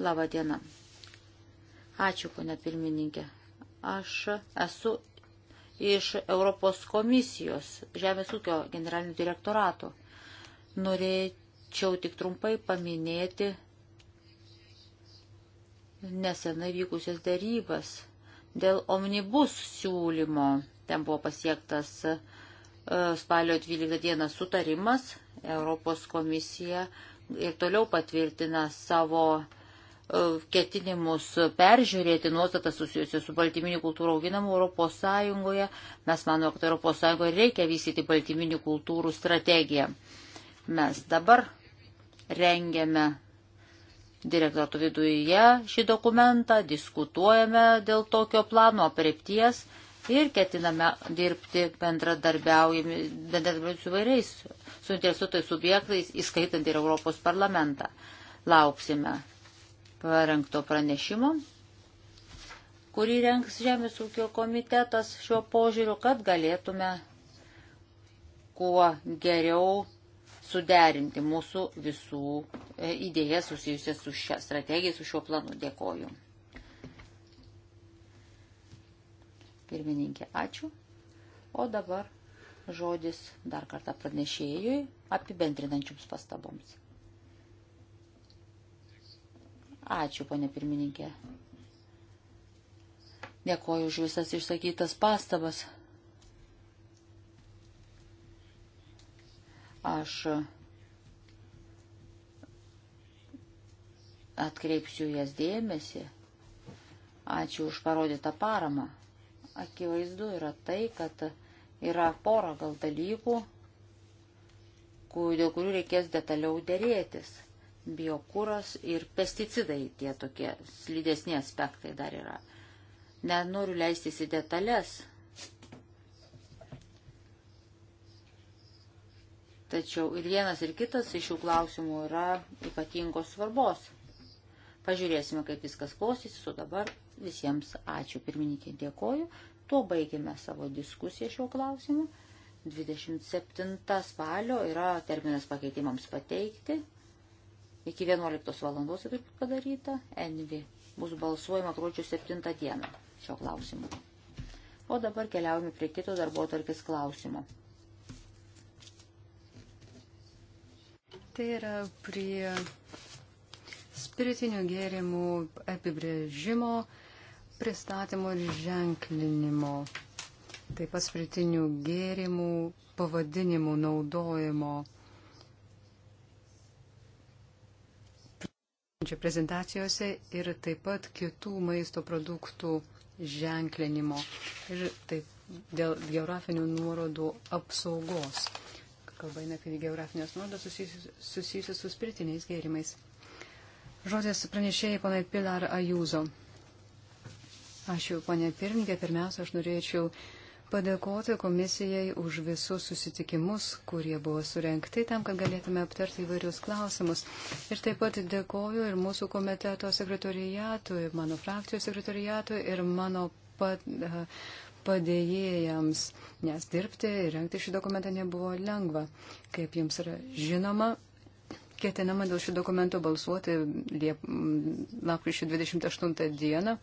Labą dieną. Ačiū, ponia pirmininkė. Aš esu iš Europos komisijos Žemės ūkio generalinių direktorato. Norėčiau tik trumpai paminėti nesenai vykusias darybas dėl omnibus siūlymo. Ten buvo pasiektas uh, spalio 12 dieną sutarimas, Europos komisija ir toliau patvirtina savo e, ketinimus peržiūrėti nuostatas susijusios su baltyminių kultūrų auginamu Europos Sąjungoje. Mes manome, kad Europos Sąjungoje reikia vystyti baltyminių kultūrų strategiją. Mes dabar rengiame direktorato viduje šį dokumentą, diskutuojame dėl tokio plano apriepties ir ketiname dirbti bendradarbiaujami, bendradarbiaujami su vairiais suinteresuotais subjektais, įskaitant ir Europos parlamentą. Lauksime parengto pranešimo, kurį rengs Žemės ūkio komitetas šiuo požiūriu, kad galėtume kuo geriau suderinti mūsų visų e, idėjas susijusias su šią strategiją, su šiuo planu. Dėkoju. Pirmininkė, ačiū. O dabar žodis dar kartą pranešėjui apibendrinančiams pastaboms. Ačiū, ponė pirmininkė. Dėkoju už visas išsakytas pastabas. Aš atkreipsiu jas dėmesį. Ačiū už parodytą paramą akivaizdu yra tai, kad yra pora gal dalykų, dėl kurių reikės detaliau dėrėtis. Biokūras ir pesticidai tie tokie slidesni aspektai dar yra. Nenoriu leistis į detalės. Tačiau ir vienas ir kitas iš šių klausimų yra ypatingos svarbos. Pažiūrėsime, kaip viskas klostysis, o dabar visiems ačiū pirmininkė, dėkoju. Tuo baigėme savo diskusiją šiuo klausimu. 27 spalio yra terminas pakeitimams pateikti. Iki 11 valandos tai turi padaryta. Envi bus balsuojama gruodžio 7 dieną šio klausimu. O dabar keliaujame prie kito darbo tarkis klausimo. Tai yra prie spiritinių gėrimų apibrėžimo, pristatymo ir ženklinimo, taip pat spiritinių gėrimų pavadinimų naudojimo. Čia prezentacijose ir taip pat kitų maisto produktų ženklinimo ir taip dėl geografinių nuorodų apsaugos. Kalba eina apie geografinės nuorodas susijusias su spiritiniais gėrimais. Žodis pranešėjai panai Pilar Ajūzo. Ačiū, panė pirmininkė. Pirmiausia, aš norėčiau padėkoti komisijai už visus susitikimus, kurie buvo surenkti tam, kad galėtume aptarti įvairius klausimus. Ir taip pat dėkoju ir mūsų komiteto sekretoriatui, mano frakcijos sekretoriatui ir mano pat, padėjėjams, nes dirbti ir renkti šį dokumentą nebuvo lengva. Kaip jums yra žinoma, Ketinama dėl šio dokumento balsuoti liep, lapkričio 28 dieną.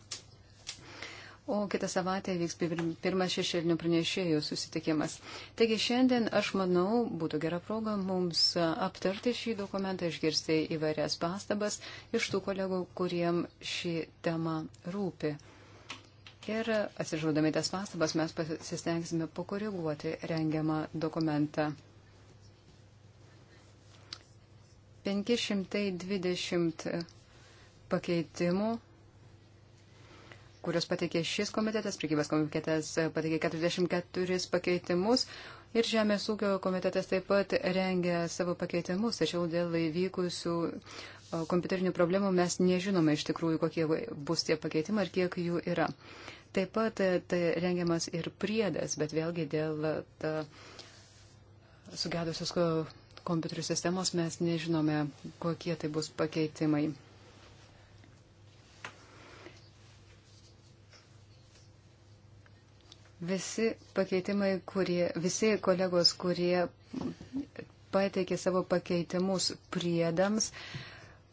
O kitą savaitę vyks pirmas šešėlinių pranešėjų susitikimas. Taigi šiandien, aš manau, būtų gera proga mums aptarti šį dokumentą, išgirsti įvairias pastabas iš tų kolegų, kuriem ši tema rūpi. Ir atsižaudami tas pastabas mes pasistengsime pakoreguoti rengiamą dokumentą. 520 pakeitimų, kurios pateikė šis komitetas, prikybės komitetas pateikė 44 pakeitimus ir Žemės ūkio komitetas taip pat rengia savo pakeitimus, tačiau dėl įvykusių kompiuterinių problemų mes nežinome iš tikrųjų, kokie bus tie pakeitimai ir kiek jų yra. Taip pat e, tai rengiamas ir priedas, bet vėlgi dėl sugedusios kompiuterių sistemos mes nežinome, kokie tai bus pakeitimai. Visi pakeitimai, kurie, visi kolegos, kurie pateikė savo pakeitimus priedams,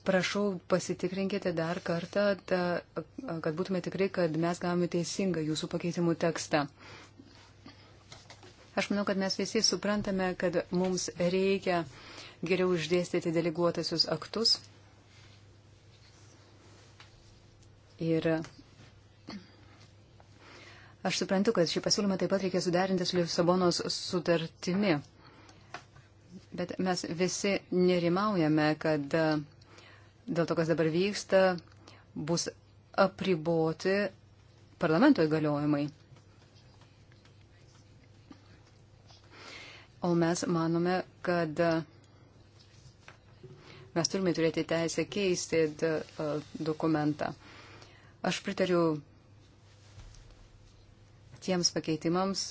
prašau pasitikrinkite dar kartą, ta, kad būtume tikrai, kad mes gavome teisingą jūsų pakeitimų tekstą. Uh, Aš manau, kad mes visi suprantame, kad mums reikia geriau išdėstyti deleguotasius aktus. Ir aš suprantu, kad šį pasiūlymą taip pat reikia suderinti su Lisabonos sutartimi. Bet mes visi nerimaujame, kad dėl to, kas dabar vyksta, bus apriboti parlamento įgaliojimai. O mes manome, kad e, mes turime turėti teisę keisti e, dokumentą. Aš pritariu tiems pakeitimams,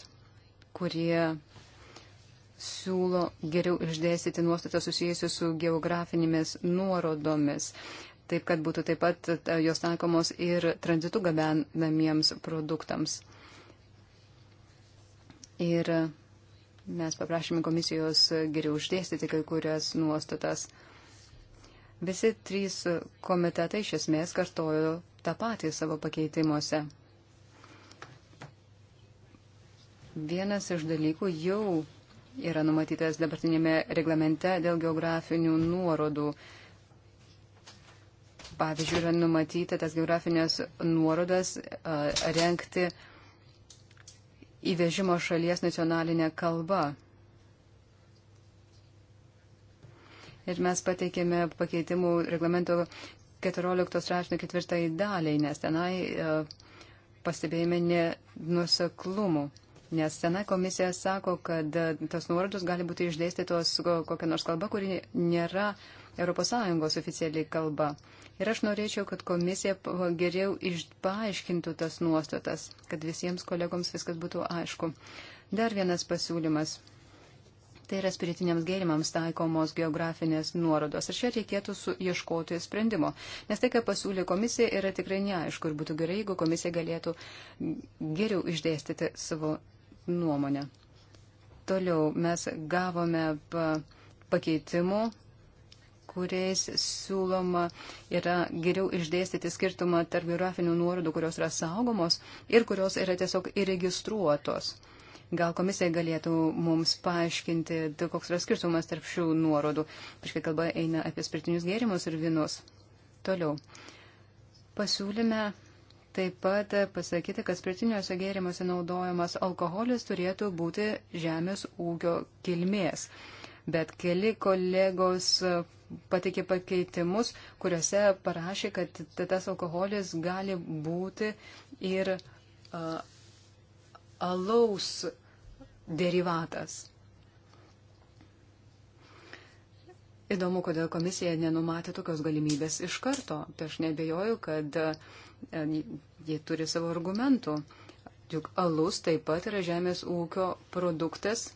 kurie siūlo geriau išdėstyti nuostatą susijusiu su geografinėmis nuorodomis, taip kad būtų taip pat e, jos taikomos ir tranzitų gabenamiems produktams. Ir Mes paprašėme komisijos geriau uždėstyti kai kurias nuostatas. Visi trys komitetai iš esmės kartojo tą patį savo pakeitimuose. Vienas iš dalykų jau yra numatytas dabartinėme reglamente dėl geografinių nuorodų. Pavyzdžiui, yra numatyta tas geografinės nuorodas renkti įvežimo šalies nacionalinę kalbą. Ir mes pateikėme pakeitimų reglamento 14 straipsnio ketvirtai daliai, nes tenai uh, pastebėjome nenusaklumų. Nes sena komisija sako, kad e, tas nuorodus gali būti išdėstytos kokią nors kalbą, kuri nėra uh, ES oficialiai kalba. Ir aš norėčiau, kad komisija geriau išpaaiškintų tas nuostatas, kad visiems kolegoms viskas būtų aišku. Dar vienas pasiūlymas. Tai yra spiritiniams gėrimams taikomos geografinės nuorodos. Ir čia reikėtų ieškoti sprendimo. Nes tai, ką pasiūlė komisija, yra tikrai neaišku. Ir būtų gerai, jeigu komisija galėtų geriau išdėstyti savo nuomonę. Toliau mes gavome pakeitimų kuriais siūloma yra geriau išdėstyti skirtumą tarp geografinių nuorodų, kurios yra saugomos ir kurios yra tiesiog įregistruotos. Gal komisija galėtų mums paaiškinti, tai koks yra skirtumas tarp šių nuorodų, prieš kai kalba eina apie spirtinius gėrimus ir vinus. Toliau. Pasiūlyme Taip pat pasakyti, kad spritiniuose gėrimuose naudojamas alkoholis turėtų būti žemės ūkio kilmės bet keli kolegos e, pateikė pakeitimus, kuriuose parašė, kad tas alkoholis gali būti ir uh, alaus derivatas. Įdomu, kodėl komisija nenumatė tokios galimybės iš karto. Tai aš nebejoju, kad e, jie turi savo argumentų. Juk alus taip pat yra žemės ūkio produktas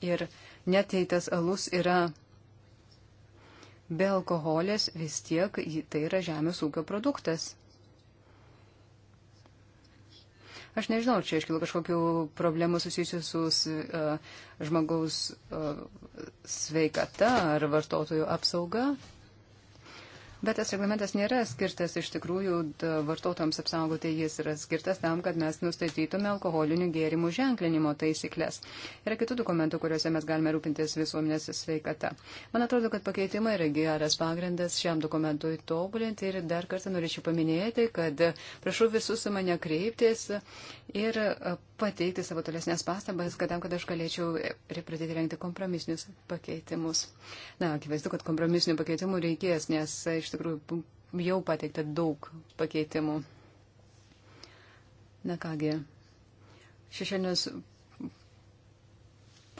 ir uh, net jei tas alus yra be alkoholės, vis tiek tai yra žemės ūkio produktas. Aš nežinau, čia iškilo kažkokių problemų susijusių su uh, žmogaus uh, sveikata ar vartotojų apsauga. Bet tas reglamentas nėra skirtas iš tikrųjų vartotojams apsaugoti, jis yra skirtas tam, kad mes nustatytume alkoholinių gėrimų ženklinimo taisyklės. Yra kitų dokumentų, kuriuose mes galime rūpintis visuomenės sveikata. Man atrodo, kad pakeitimai yra geras pagrindas šiam dokumentui tobulinti ir dar kartą norėčiau paminėti, kad prašau visus į mane kreiptis ir pateikti savo tolesnės pastabas, kad tam, kad aš galėčiau e, pradėti rengti kompromisinius pakeitimus. Na, akivaizdu, kad kompromisinių pakeitimų reikės, nes iš iš tikrųjų jau pateikta daug pakeitimų. Na kągi, šešėlinis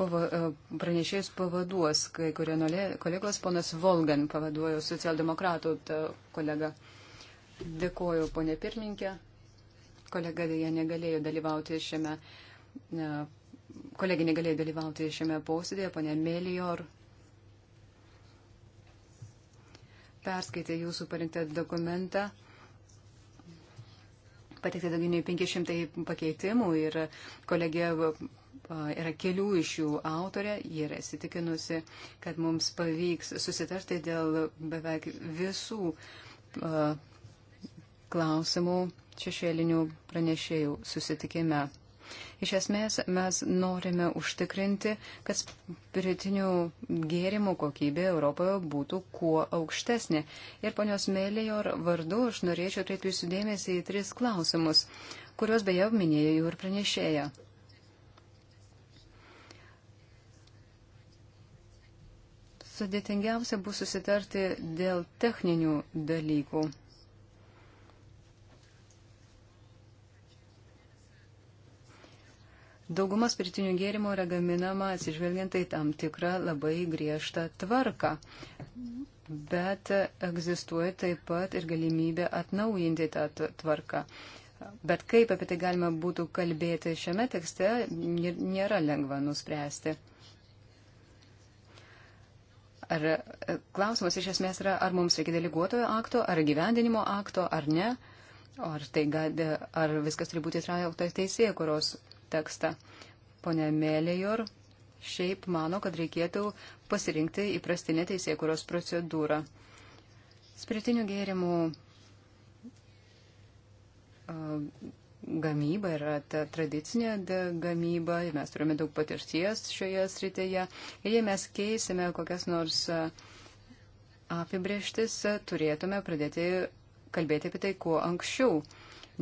pava, e, pranešėjus pavaduos, kai kurie kolegos ponas Volgan pavaduojo socialdemokratų kolegą. Dėkoju, ponė pirmininkė. Kolega dėja negalėjo dalyvauti šiame, kolegė negalėjo dalyvauti šiame posėdėje, ponė Melior perskaitė jūsų parinktą dokumentą. Pateikta daugiau nei 500 pakeitimų ir kolegė yra kelių iš jų autorė. Ji yra įsitikinusi, kad mums pavyks susitarti dėl beveik visų klausimų šešėlinių pranešėjų susitikime. Iš esmės mes norime užtikrinti, kad spiritinių gėrimų kokybė Europoje būtų kuo aukštesnė. Ir ponios Mėlėjor vardu aš norėčiau atkreipti jūsų dėmesį į tris klausimus, kuriuos beje minėjo jau ir pranešėja. Sudėtingiausia bus susitarti dėl techninių dalykų. Daugumas spiritinių gėrimų yra gaminama atsižvelgiant į tam tikrą labai griežtą tvarką. Bet egzistuoja taip pat ir galimybė atnaujinti tą tvarką. Bet kaip apie tai galima būtų kalbėti šiame tekste, nėra lengva nuspręsti. Ar e, klausimas iš esmės yra, ar mums reikia deleguotojo akto, ar gyvendinimo akto, ar ne, ar, tai gali, ar viskas turi būti įtraukta teisėje, kurios tekstą. Pone Melior šiaip mano, kad reikėtų pasirinkti įprastinę teisėkuros procedūrą. Spiritinių gėrimų gamyba yra ta tradicinė gamyba, mes turime daug patirties šioje srityje ir jei mes keisime kokias nors apibrieštis, turėtume pradėti kalbėti apie tai kuo anksčiau,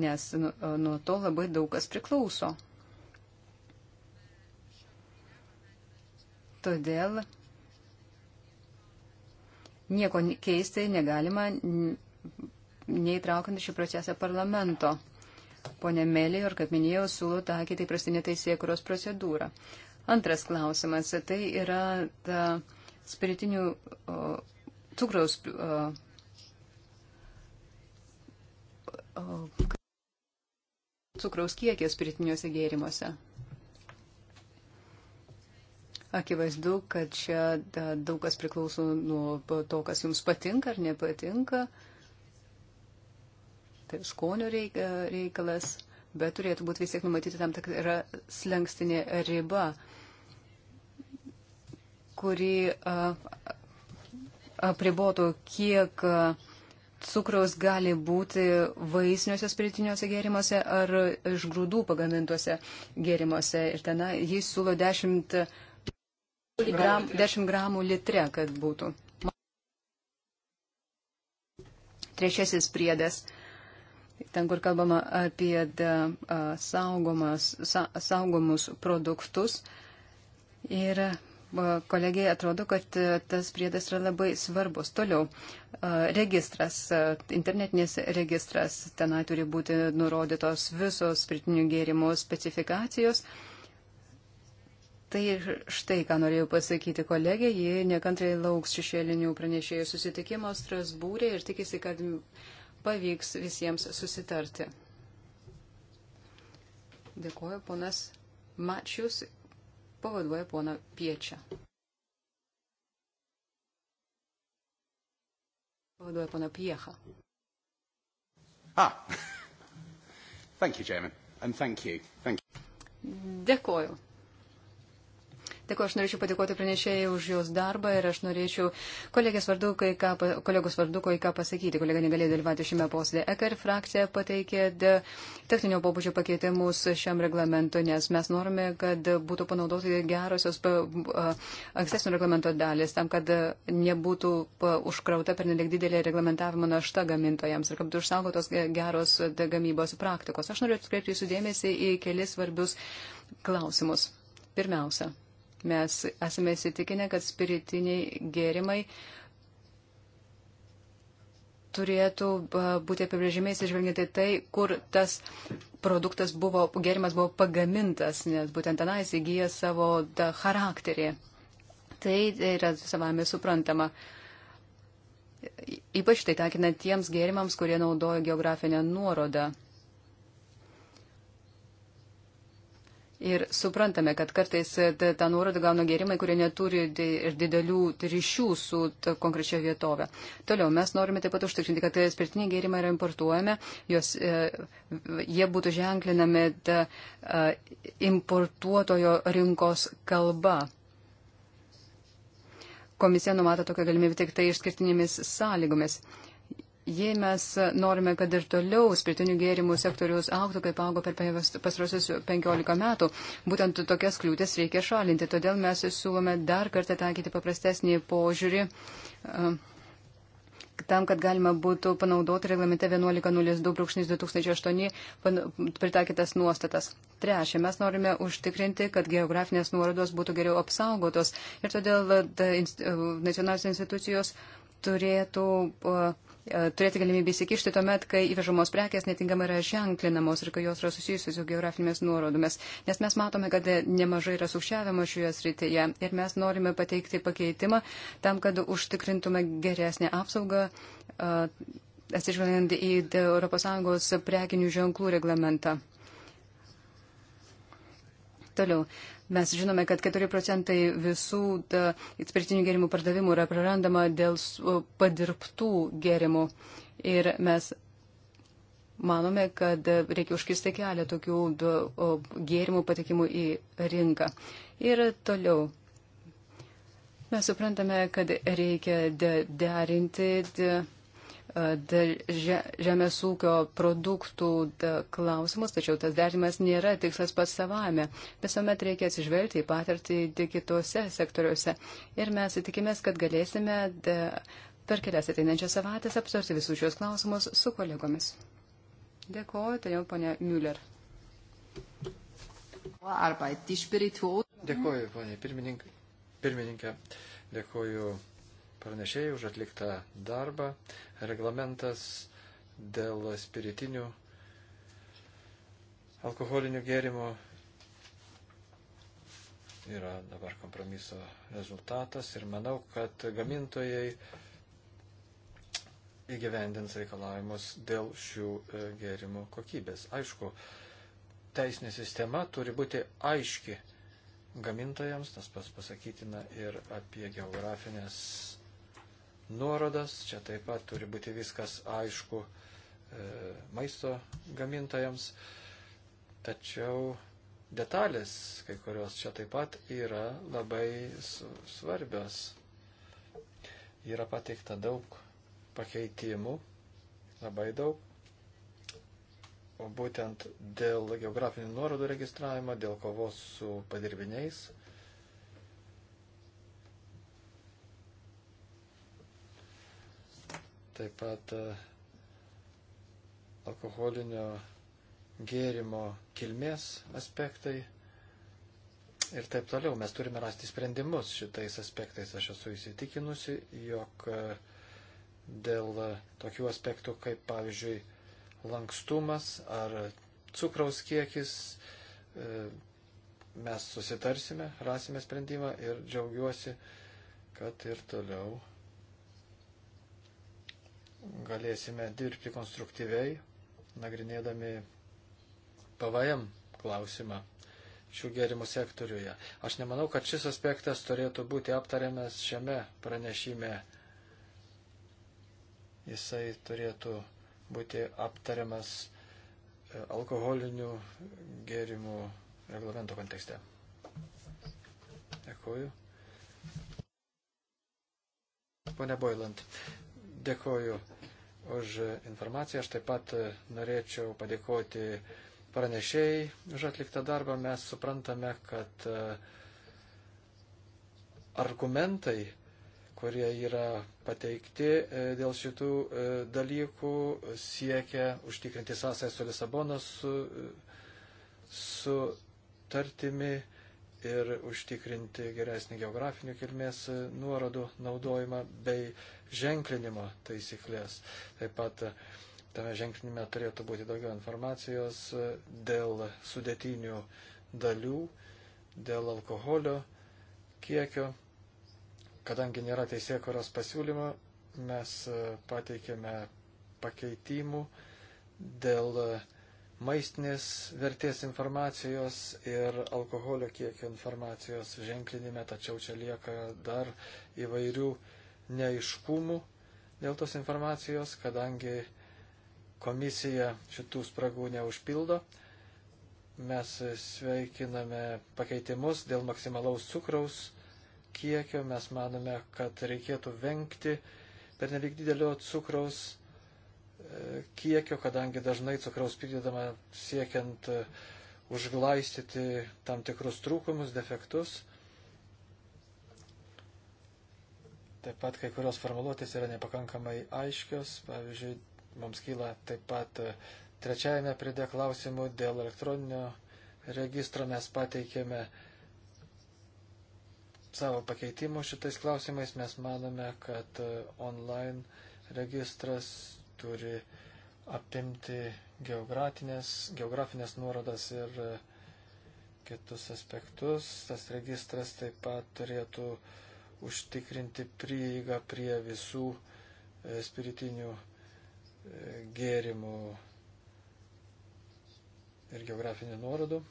nes nu, nuo to labai daug kas priklauso. Todėl nieko keisti negalima neįtraukiant šį procesą parlamento. Pone Melė, ir kaip minėjau, siūlo taikyti įprastinę teisėkuros procedūrą. Antras klausimas - tai yra ta spiritinių o, cukraus. O, o, cukraus kiekio spiritiniuose gėrimuose. Akivaizdu, kad čia daug kas priklauso nuo to, kas jums patinka ar nepatinka. Tai skonio reikalas, bet turėtų būti vis tiek numatyti tam tikra slengstinė riba, kuri apribotų, kiek cukraus gali būti vaisiniuose spiritiniuose gėrimuose ar iš grūdų pagamintuose gėrimuose. Ir ten jis siūlo 10 Gram, 10 gramų litre, kad būtų. Trečiasis priedas. Ten, kur kalbama apie da, saugomas, sa, saugomus produktus. Ir kolegijai atrodo, kad tas priedas yra labai svarbus. Toliau, registras, internetinės registras, tenai turi būti nurodytos visos pritinių gėrimų specifikacijos. Tai štai, ką norėjau pasakyti kolegė, ji nekantrai lauks šešėlinių pranešėjų susitikimo Strasbūrė ir tikisi, kad pavyks visiems susitarti. Dėkuoju, ponas Mačius pavaduoja poną Piečią. Pavaduoja poną Piechą. Ah. [laughs] Thank you, Chairman. And thank you. Thank you. Dėkuoju. Dėkui, aš norėčiau padėkoti pranešėjai už jos darbą ir aš norėčiau kolegės vardu, kai ką, kolegos vardu, kai ką pasakyti. Kolega negalėjo dalyvauti šiame posėdė. EKR frakcija pateikė techninio pobūdžio pakeitimus šiam reglamentui, nes mes norime, kad būtų panaudoti gerosios ankstesnio reglamento dalis, tam, kad nebūtų užkrauta per nelik didelė reglamentavimo našta gamintojams ir kad būtų išsaugotos geros gamybos praktikos. Aš noriu atkreipti jūsų dėmesį į kelis svarbius klausimus. Pirmiausia, Mes esame įsitikinę, kad spiritiniai gėrimai turėtų būti apibrėžimai atsižvelgiant į tai, kur tas produktas buvo, gėrimas buvo pagamintas, nes būtent tenai jis įgyja savo da, charakterį. Tai yra savame suprantama. Ypač tai takina tiems gėrimams, kurie naudoja geografinę nuorodą. Ir suprantame, kad kartais e, tą nuorodą gauna gėrimai, kurie neturi ir didelių ryšių su konkrečia vietove. Toliau mes norime taip pat užtikrinti, kad spirtiniai gėrimai yra importuojami, jos, e, jie būtų ženklinami ta, e, importuotojo rinkos kalba. Komisija numato tokią galimybę tik tai išskirtinėmis sąlygomis. Uh, Jei mes norime, kad ir toliau spiritinių gėrimų sektorius auktų, kaip augo per pastarosius 15 metų, būtent tokias kliūtis reikia šalinti. Todėl mes siūlome dar kartą taikyti paprastesnį požiūrį e, tam, kad galima būtų panaudoti reglamente 1102-2008 pritaikytas nuostatas. Trečia, mes norime užtikrinti, kad geografinės nuorodos būtų geriau apsaugotos ir todėl e, e, nacionalinės institucijos turėtų uh, E, turėti galimybę įsikišti tuomet, kai įvežamos prekės netinkamai yra ženklinamos ir kai jos yra susijusios su geografinėmis nuorodomis. Nes mes matome, kad nemažai yra sukčiavimo šioje srityje ir mes norime pateikti pakeitimą tam, kad užtikrintume geresnę apsaugą. E, atsižvelgiant į ES prekinių ženklų reglamentą. Toliau, Mes žinome, kad 4 procentai visų spiritinių gėrimų pardavimų yra prarandama dėl padirbtų gėrimų. Ir mes manome, kad reikia užkisti kelią tokių gėrimų patekimų į rinką. Ir toliau. Mes suprantame, kad reikia derinti. De, žemės ūkio produktų klausimus, tačiau tas derinimas nėra tikslas pats savame. Visuomet reikia atsižvelgti į patirtį kitose sektoriuose. Ir mes tikimės, kad galėsime per kelias ateinančias savaitės aptarti visus šios klausimus su kolegomis. Dėkuoju, tai jau ponia Müller. Dėkuoju, ponia pirmininkė. Dėkuoju pranešėjai už atliktą darbą. Reglamentas dėl spiritinių alkoholinių gėrimų yra dabar kompromiso rezultatas ir manau, kad gamintojai įgyvendins reikalavimus dėl šių e, gėrimų kokybės. Aišku, teisinė sistema turi būti aiški gamintojams, tas pas pasakytina ir apie geografinės nuorodas, čia taip pat turi būti viskas aišku e, maisto gamintojams, tačiau detalės, kai kurios čia taip pat yra labai svarbios. Yra pateikta daug pakeitimų, labai daug. O būtent dėl geografinių nuorodų registravimo, dėl kovos su padirbiniais taip pat e, alkoholinio gėrimo kilmės aspektai ir taip toliau. Mes turime rasti sprendimus šitais aspektais. Aš esu įsitikinusi, jog e, dėl e, tokių aspektų kaip, pavyzdžiui, lankstumas ar cukraus kiekis, mes susitarsime, rasime sprendimą ir džiaugiuosi, kad ir toliau galėsime dirbti konstruktyviai, nagrinėdami PVM klausimą šių gėrimų sektoriuje. Aš nemanau, kad šis aspektas turėtų būti aptariamas šiame pranešime. Jisai turėtų būti aptariamas e, alkoholinių gėrimų reglamento kontekste. Dėkuoju. Pone Boiland, dėkuoju už informaciją. Aš taip pat norėčiau padėkoti pranešėjai už atliktą darbą. Mes suprantame, kad e, argumentai, kurie yra pateikti e, dėl šitų e, dalykų, siekia užtikrinti sąsąją su Lisabonos su, su tartimi ir užtikrinti geresnį geografinių kilmės nuorodų naudojimą bei ženklinimo taisyklės. Taip pat tame ženklinime turėtų būti daugiau informacijos dėl sudėtinių dalių, dėl alkoholio kiekio. Kadangi nėra teisėkuros pasiūlymo, mes pateikėme pakeitimų dėl maistinės vertės informacijos ir alkoholio kiekio informacijos ženklinime, tačiau čia lieka dar įvairių neiškumų dėl tos informacijos, kadangi komisija šitų spragų neužpildo. Mes sveikiname pakeitimus dėl maksimalaus cukraus kiekio. Mes manome, kad reikėtų vengti per nelik didelio cukraus kiekio, kadangi dažnai cukraus pridedama siekiant e, užglaistyti tam tikrus trūkumus, defektus. Taip pat kai kurios formuluotės yra nepakankamai aiškios. Pavyzdžiui, mums kyla taip pat e, trečiajame pridė klausimų dėl elektroninio registro mes pateikėme savo pakeitimų šitais klausimais. Mes manome, kad e, online registras turi apimti geografinės nuorodas ir e, kitus aspektus. Tas registras taip pat turėtų užtikrinti prieigą prie visų e, spiritinių e, gėrimų ir geografinių nuorodų.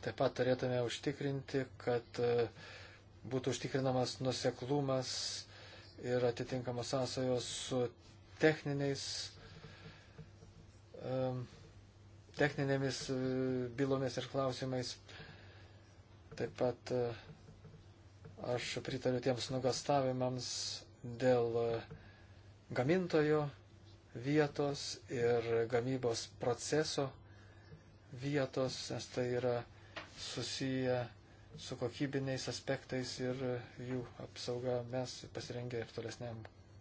Taip pat turėtume užtikrinti, kad būtų užtikrinamas nuseklumas ir atitinkamos sąsajos su techniniais, techninėmis e, bylomis ir klausimais. Taip pat e, aš pritariu tiems nugastavimams dėl e, gamintojo vietos ir gamybos proceso vietos, nes tai yra susiję su kokybiniais aspektais ir e, jų apsauga mes pasirengę ir tolesniam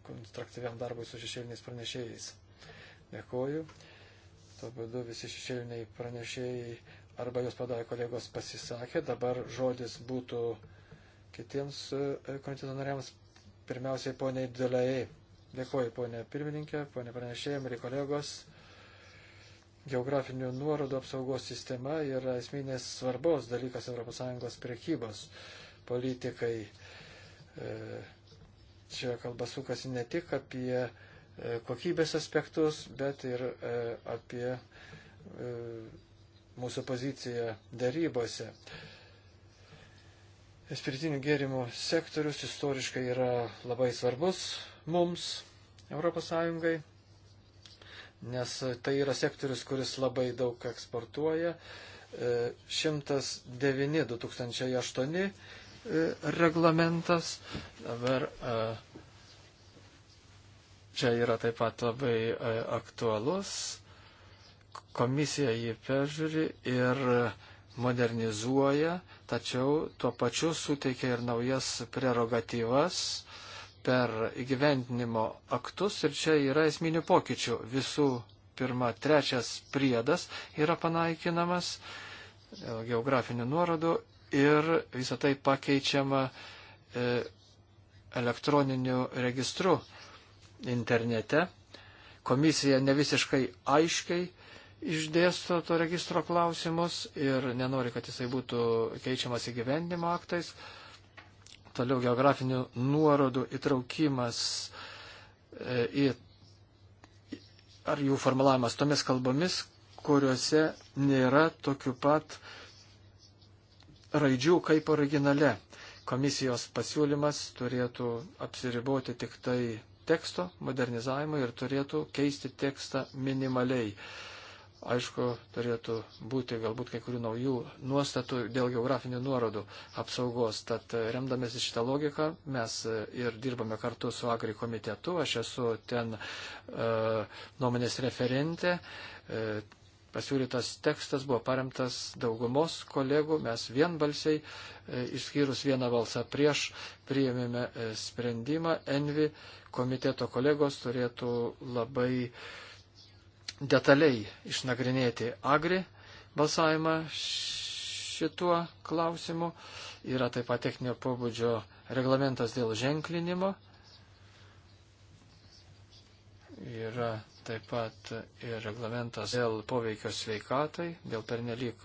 konstruktyviam darbui su šešėliniais pranešėjais. Dėkoju. Tuo būdu visi šešėliniai pranešėjai arba jos padavė kolegos pasisakė. Dabar žodis būtų kitiems e, komiteto nariams. Pirmiausiai poniai Dėlėjai. Dėkoju ponė pirmininkė, ponė pranešėjai, mėly kolegos geografinių nuorodų apsaugos sistema yra esminės svarbos dalykas ES priekybos politikai. E, čia kalba sukasi ne tik apie e, kokybės aspektus, bet ir e, apie mūsų poziciją darybose. Espiritinių gėrimų sektorius istoriškai yra labai svarbus mums, ES nes tai yra sektorius, kuris labai daug eksportuoja. 109 e, 2008 e, reglamentas. Dabar e, čia yra taip pat labai aktualus. Komisija jį peržiūri ir modernizuoja, tačiau tuo pačiu suteikia ir naujas prerogatyvas uh, per įgyvendinimo aktus ir čia yra esminių pokyčių. Visų pirma, trečias priedas yra panaikinamas e, geografinių nuorodų ir visą tai pakeičiama e, elektroniniu registru internete. Komisija ne visiškai aiškiai išdėsto to registro klausimus ir nenori, kad jisai būtų keičiamas įgyvendimo aktais. E, Toliau geografinių nuorodų įtraukimas e, į ar jų formulavimas tomis kalbomis, kuriuose nėra tokių pat raidžių kaip originale. Komisijos pasiūlymas turėtų apsiriboti tik tai teksto modernizavimą ir turėtų keisti tekstą minimaliai. E, Aišku, turėtų būti galbūt kai kurių naujų nuostatų dėl geografinių nuorodų apsaugos. Tad e, remdamėsi šitą logiką, mes e, ir dirbame kartu su Agri komitetu. Aš esu ten e, nuomonės referentė. E, pasiūlytas tekstas buvo paremtas daugumos kolegų. Mes vienbalsiai, e, išskyrus vieną balsą prieš, priėmėme e, sprendimą. Envi komiteto kolegos turėtų labai. E, detaliai išnagrinėti agri balsavimą šituo klausimu. Yra taip pat techninio pobūdžio reglamentas dėl ženklinimo. Yra taip pat ir reglamentas dėl poveikio sveikatai, dėl pernelyg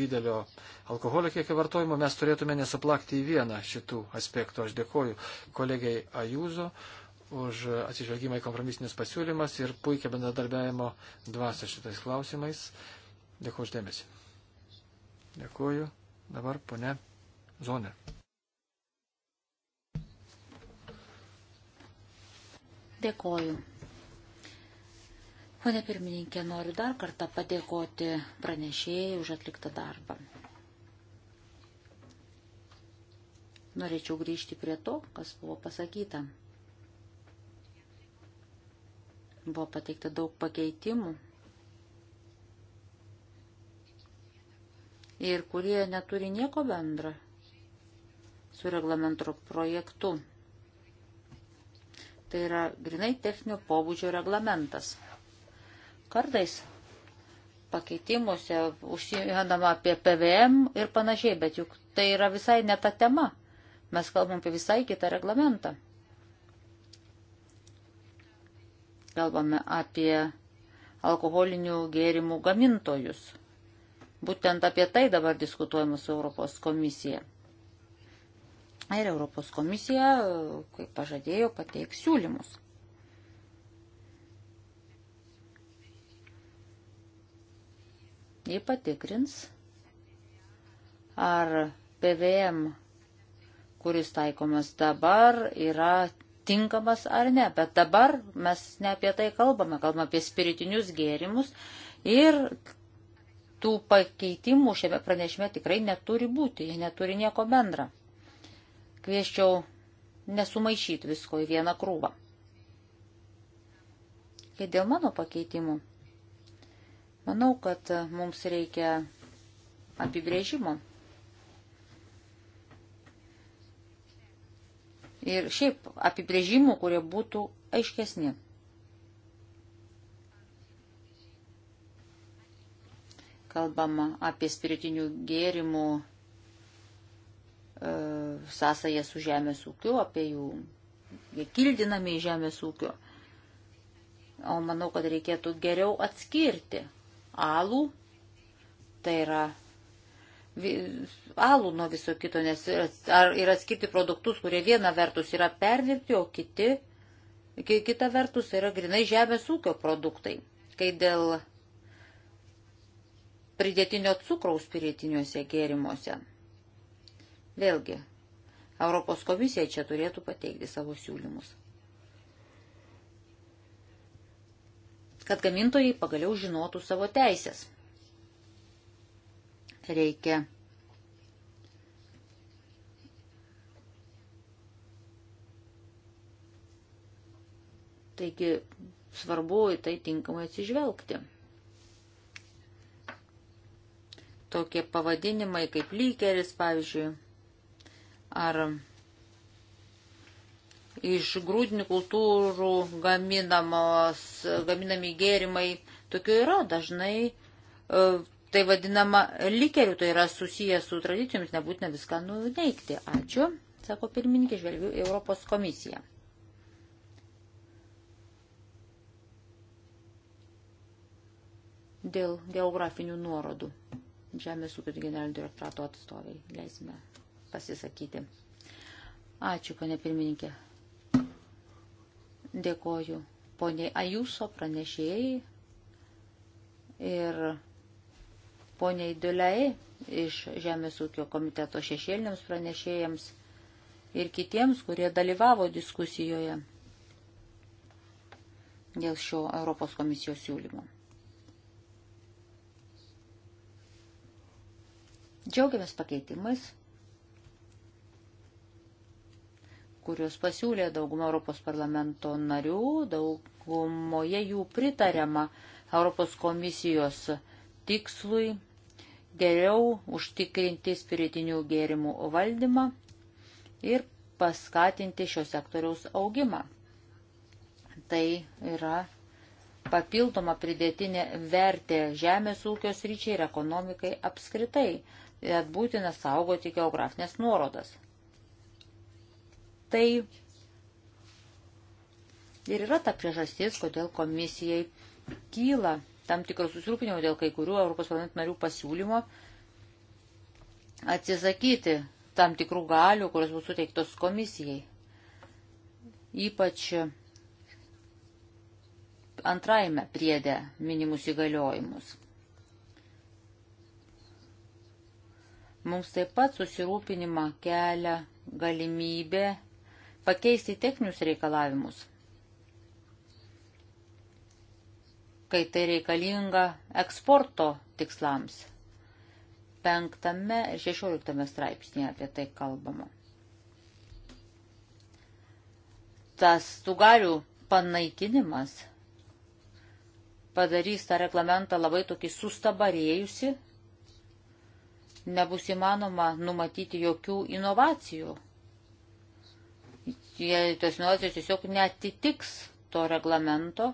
didelio alkoholio kiekio vartojimo. Mes turėtume nesuplakti į vieną šitų aspektų. Aš dėkoju kolegiai Ajūzo už atsižvelgimą į kompromisinius pasiūlymas ir puikia bendradarbiavimo dvasia šitais klausimais. Dėkuoju uždėmesi. Dėkuoju. Dabar pone Zonė. Dėkuoju. Pone pirmininkė, noriu dar kartą padėkoti pranešėjai už atliktą darbą. Norėčiau grįžti prie to, kas buvo pasakyta. Buvo pateikta daug pakeitimų. Ir kurie neturi nieko bendra su reglamento projektu. Tai yra grinai techninio pobūdžio reglamentas. Kartais pakeitimuose užsimenama apie PVM ir panašiai, bet juk tai yra visai ne ta tema. Mes kalbam apie visai kitą reglamentą. Kalbame apie alkoholinių gėrimų gamintojus. Būtent apie tai dabar diskutuojama su Europos komisija. Ir Europos komisija, kaip pažadėjo, pateiks siūlymus. Jį patikrins, ar PVM, kuris taikomas dabar, yra tinkamas ar ne. Bet dabar mes ne apie tai kalbame, kalbame apie spiritinius gėrimus ir tų pakeitimų šiame pranešime tikrai neturi būti, jie neturi nieko bendra. Kvieščiau nesumaišyti visko į vieną krūvą. Kai dėl mano pakeitimų, manau, kad mums reikia apibrėžimo ir šiaip apibrėžimų, kurie būtų aiškesni. Kalbama apie spiritinių gėrimų e, sąsają su žemės ūkiu, apie jų kildinami į žemės ūkio. O manau, kad reikėtų geriau atskirti alų, tai yra alų nuo viso kito, nes ar yra skirti produktus, kurie viena vertus yra perdirbti, o kiti, kita vertus yra grinai žemės ūkio produktai. Kai dėl pridėtinio cukraus pirietiniuose gėrimuose. Vėlgi, Europos komisija čia turėtų pateikti savo siūlymus. Kad gamintojai pagaliau žinotų savo teisės reikia Taigi svarbu į tai tinkamai atsižvelgti. Tokie pavadinimai kaip lykeris, pavyzdžiui, ar iš grūdinių kultūrų gaminamos, gaminami gėrimai, tokių yra dažnai e, tai vadinama likeriu, tai yra susijęs su tradicijomis, nebūtina viską nuveikti. Ačiū, sako pirmininkė, žvelgiu į Europos komisiją. Dėl geografinių nuorodų. Žemės ūkio generalinio direktorato atstoviai leisime pasisakyti. Ačiū, ponė pirmininkė. Dėkoju poniai Ajuso pranešėjai ir poniai Duliai iš Žemės ūkio komiteto šešėliniams pranešėjams ir kitiems, kurie dalyvavo diskusijoje dėl šio Europos komisijos siūlymo. Džiaugiamės pakeitimais, kuriuos pasiūlė dauguma Europos parlamento narių, daugumoje jų pritariama Europos komisijos tikslui geriau užtikrinti spiritinių gėrimų valdymą ir paskatinti šio sektoriaus augimą. Tai yra papildoma pridėtinė vertė žemės ūkio sryčiai ir ekonomikai apskritai, bet būtina saugoti geografinės nuorodas. Tai ir yra ta priežastis, kodėl komisijai kyla tam tikro susirūpinimo dėl kai kurių Europos parlamento narių pasiūlymo atsisakyti tam tikrų galių, kurios bus suteiktos komisijai. Ypač antrajame priedė minimus įgaliojimus. Mums taip pat susirūpinimą kelia galimybė pakeisti techninius reikalavimus. kai tai reikalinga eksporto tikslams. Penktame ir šešioliktame straipsnėje apie tai kalbama. Tas tų galių panaikinimas padarys tą reglamentą labai tokį sustabarėjusi, nebus įmanoma numatyti jokių inovacijų. Jie tos inovacijos tiesiog netitiks to reglamento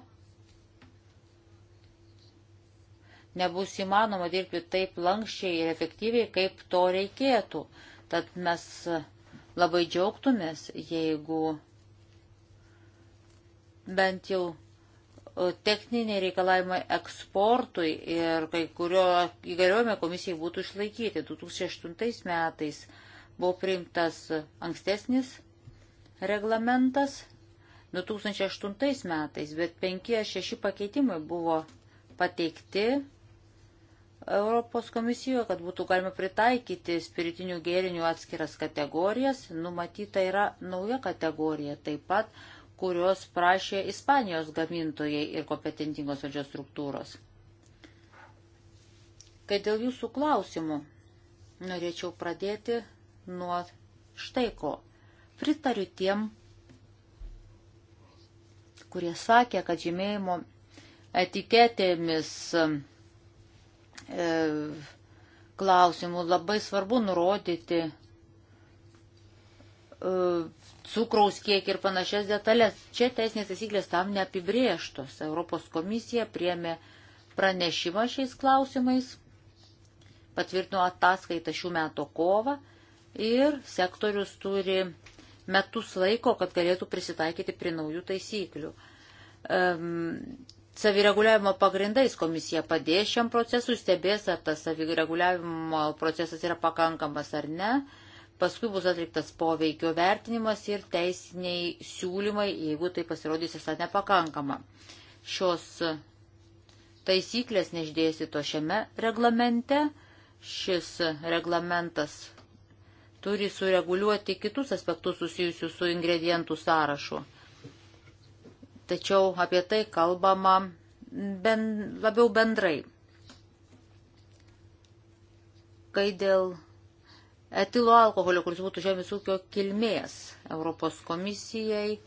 nebus įmanoma dirbti taip lankščiai ir efektyviai, kaip to reikėtų. Tad mes labai džiaugtumės, jeigu bent jau e, techniniai reikalavimai eksportui ir kai kurio įgaliojimai komisijai būtų išlaikyti. 2008 metais buvo priimtas ankstesnis reglamentas, 2008 metais, bet 5-6 pakeitimai buvo pateikti Europos komisijoje, kad būtų galima pritaikyti spiritinių gėrinių atskiras kategorijas. Numatyta yra nauja kategorija taip pat, kurios prašė Ispanijos gamintojai ir kompetentingos valdžios struktūros. Kai dėl jūsų klausimų norėčiau pradėti nuo štai ko. Pritariu tiem, kurie sakė, kad žymėjimo etiketėmis E, klausimų labai svarbu nurodyti e, cukraus kiekį ir panašias detalės. Čia teisinės taisyklės tam neapibrieštos. Europos komisija priemė pranešimą šiais klausimais, patvirtino ataskaitą šių metų kovą ir sektorius turi metus laiko, kad galėtų prisitaikyti prie naujų taisyklių. Um, savireguliavimo pagrindais komisija padės šiam procesui, stebės, ar tas savireguliavimo procesas yra pakankamas ar ne. Paskui bus atliktas poveikio vertinimas ir teisiniai siūlymai, jeigu tai pasirodys esą nepakankama. Šios taisyklės neišdėsito šiame reglamente. Šis reglamentas turi sureguliuoti kitus aspektus susijusius su ingredientų sąrašu tačiau apie tai kalbama ben, labiau bendrai. Kai dėl etilo alkoholio, kuris būtų žemės ūkio kilmės, Europos komisijai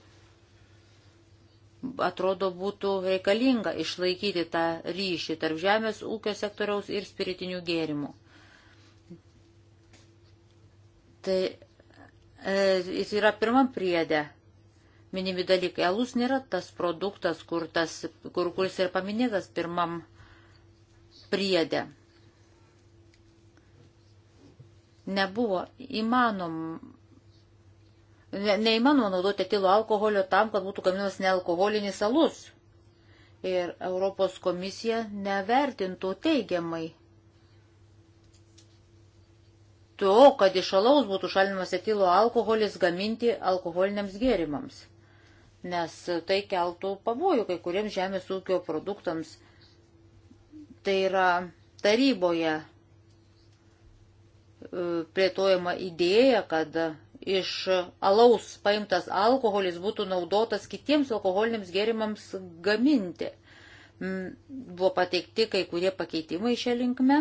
atrodo būtų reikalinga išlaikyti tą ryšį tarp žemės ūkio sektoriaus ir spiritinių gėrimų. Tai e, jis yra pirmam priedė minimi dalykai. Alus nėra tas produktas, kur tas, kur, kuris ir paminėtas pirmam priedė. Nebuvo įmanom, ne, neįmanoma naudoti etilo alkoholio tam, kad būtų gaminamas nealkoholinis alus. Ir Europos komisija nevertintų teigiamai to, kad iš alaus būtų šalinamas etilo alkoholis gaminti alkoholiniams gėrimams nes tai keltų pavojų kai kuriems žemės ūkio produktams. Tai yra taryboje e, plėtojama idėja, kad iš alaus paimtas alkoholis būtų naudotas kitiems alkoholiniams gėrimams gaminti. Buvo pateikti kai kurie pakeitimai šią linkmę.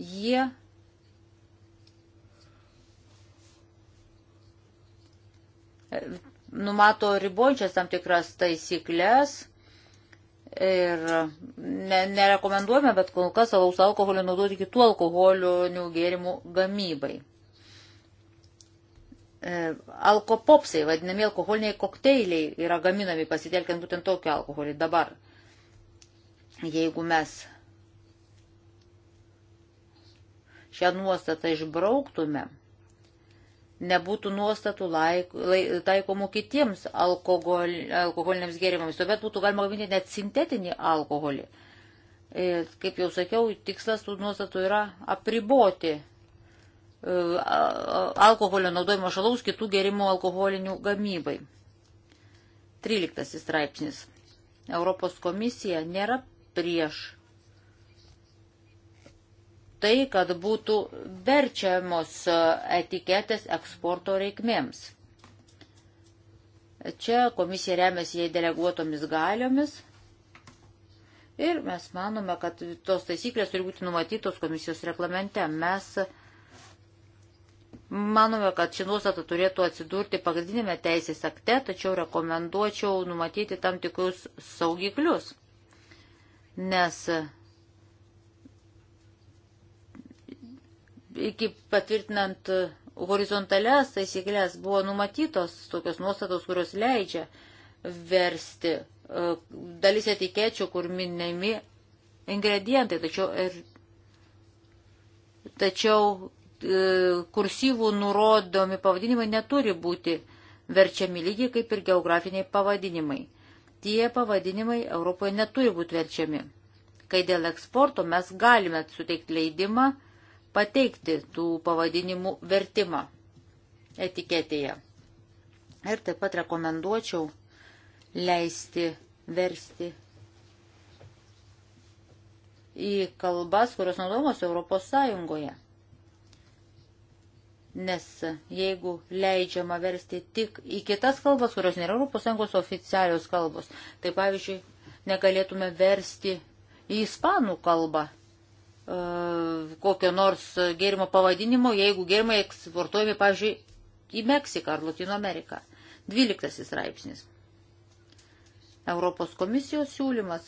Jie numato ribončias tam tikras taisyklės ir ne, nerekomenduojame, bet kol kas alaus alkoholio naudoti kitų alkoholinių gėrimų gamybai. E, alkopopsai, vadinami alkoholiniai kokteiliai, yra gaminami pasitelkiant būtent tokį alkoholį. Dabar, jeigu mes šią nuostatą išbrauktume, nebūtų nuostatų laik, lai, taikomų kitiems alkohol, alkoholiniams gėrimams. Tuomet būtų galima gaminti net sintetinį alkoholį. Ir, kaip jau sakiau, tikslas tų nuostatų yra apriboti e, alkoholio naudojimo šalaus kitų gėrimų alkoholinių gamybai. 13 straipsnis. Europos komisija nėra prieš tai, kad būtų verčiamos e, etiketės eksporto reikmėms. Čia komisija remiasi jai deleguotomis galiomis ir mes manome, kad tos taisyklės turi būti numatytos komisijos reglamente. Mes Manome, kad ši nuostata turėtų atsidurti pagrindinėme teisės akte, tačiau rekomenduočiau numatyti tam tikrus saugiklius, nes iki patvirtinant horizontalias taisyklės buvo numatytos tokios nuostatos, kurios leidžia versti e, dalis etikečių, kur minimi ingredientai, tačiau, ir, tačiau e, kursyvų nurodomi pavadinimai neturi būti verčiami lygiai kaip ir geografiniai pavadinimai. Tie pavadinimai Europoje neturi būti verčiami. Kai dėl eksporto mes galime suteikti leidimą pateikti tų pavadinimų vertimą etiketėje. Ir taip pat rekomenduočiau leisti versti į kalbas, kurios naudojamos Europos Sąjungoje. Nes jeigu leidžiama versti tik į kitas kalbas, kurios nėra Europos Sąjungos oficialios kalbos, tai pavyzdžiui, negalėtume versti į ispanų kalbą E, kokio nors gėrimo pavadinimo, jeigu gėrimai eksportuojami, pavyzdžiui, į Meksiką ar Latino Ameriką. 12 straipsnis. Europos komisijos siūlymas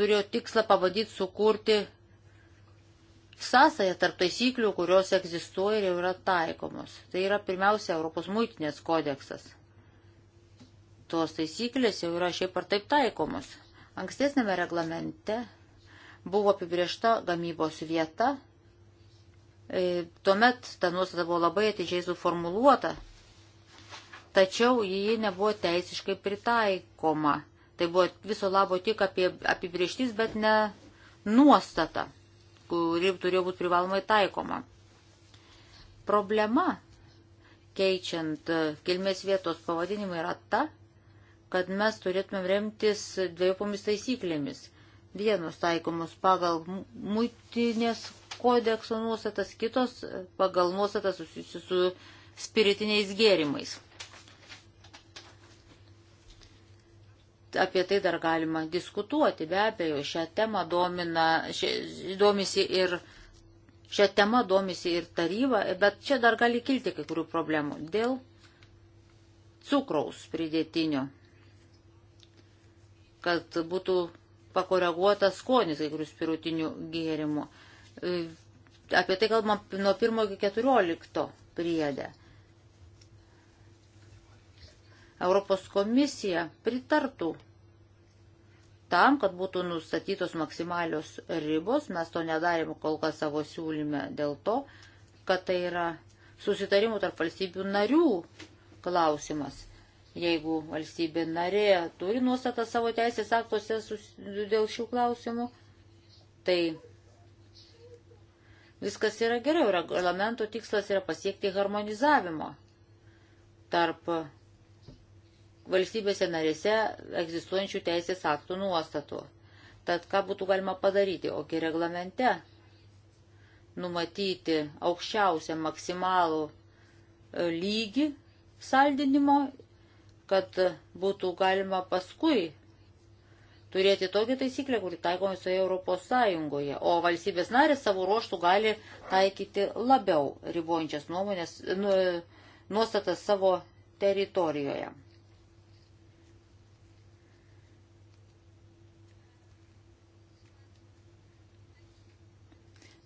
turėjo tikslą pavadyti sukurti sąsąją tarp taisyklių, kurios egzistuoja ir jau yra taikomos. Tai yra pirmiausia Europos muitinės kodeksas. Tuos taisyklės jau yra šiaip ar taip taikomos. Ankstesnėme reglamente buvo apibriešta gamybos vieta. E, tuomet ta nuostata buvo labai atidžiai suformuluota, tačiau ji nebuvo teisiškai pritaikoma. Tai buvo viso labo tik apie apibrieštis, bet ne nuostata, kuri turėjo būti privalomai taikoma. Problema keičiant kilmės vietos pavadinimą yra ta, kad mes turėtumėm remtis dviejopomis taisyklėmis. Vienos taikomos pagal muitinės kodekso nuostatas, kitos pagal nuostatas susijusius su spiritiniais gėrimais. Apie tai dar galima diskutuoti, be abejo, šią temą domina, ši, domisi ir šią temą domisi ir taryba, bet čia dar gali kilti kai kurių problemų dėl cukraus pridėtinio kad būtų pakoreguotas skonis kai kurių spirutinių gėrimų. E, Apie tai kalbam nuo 1 iki 14 priedę. Europos komisija pritartų tam, kad būtų nustatytos maksimalios ribos. Mes to nedarėm kol kas savo siūlyme dėl to, kad tai yra susitarimų tarp valstybių narių klausimas. Jeigu valstybė narė turi nuostatą savo teisės aktuose dėl šių klausimų, tai viskas yra geriau. Reglamento tikslas yra pasiekti harmonizavimo tarp valstybėse narėse egzistuojančių teisės aktų nuostatų. Tad ką būtų galima padaryti? Ogi reglamente numatyti aukščiausią maksimalų e, lygį saldinimo kad būtų galima paskui turėti tokią taisyklę, kuri taikoma visoje Europos Sąjungoje, o valstybės narės savo ruoštų gali taikyti labiau ribojančias nuomonės, nu, nuostatas savo teritorijoje.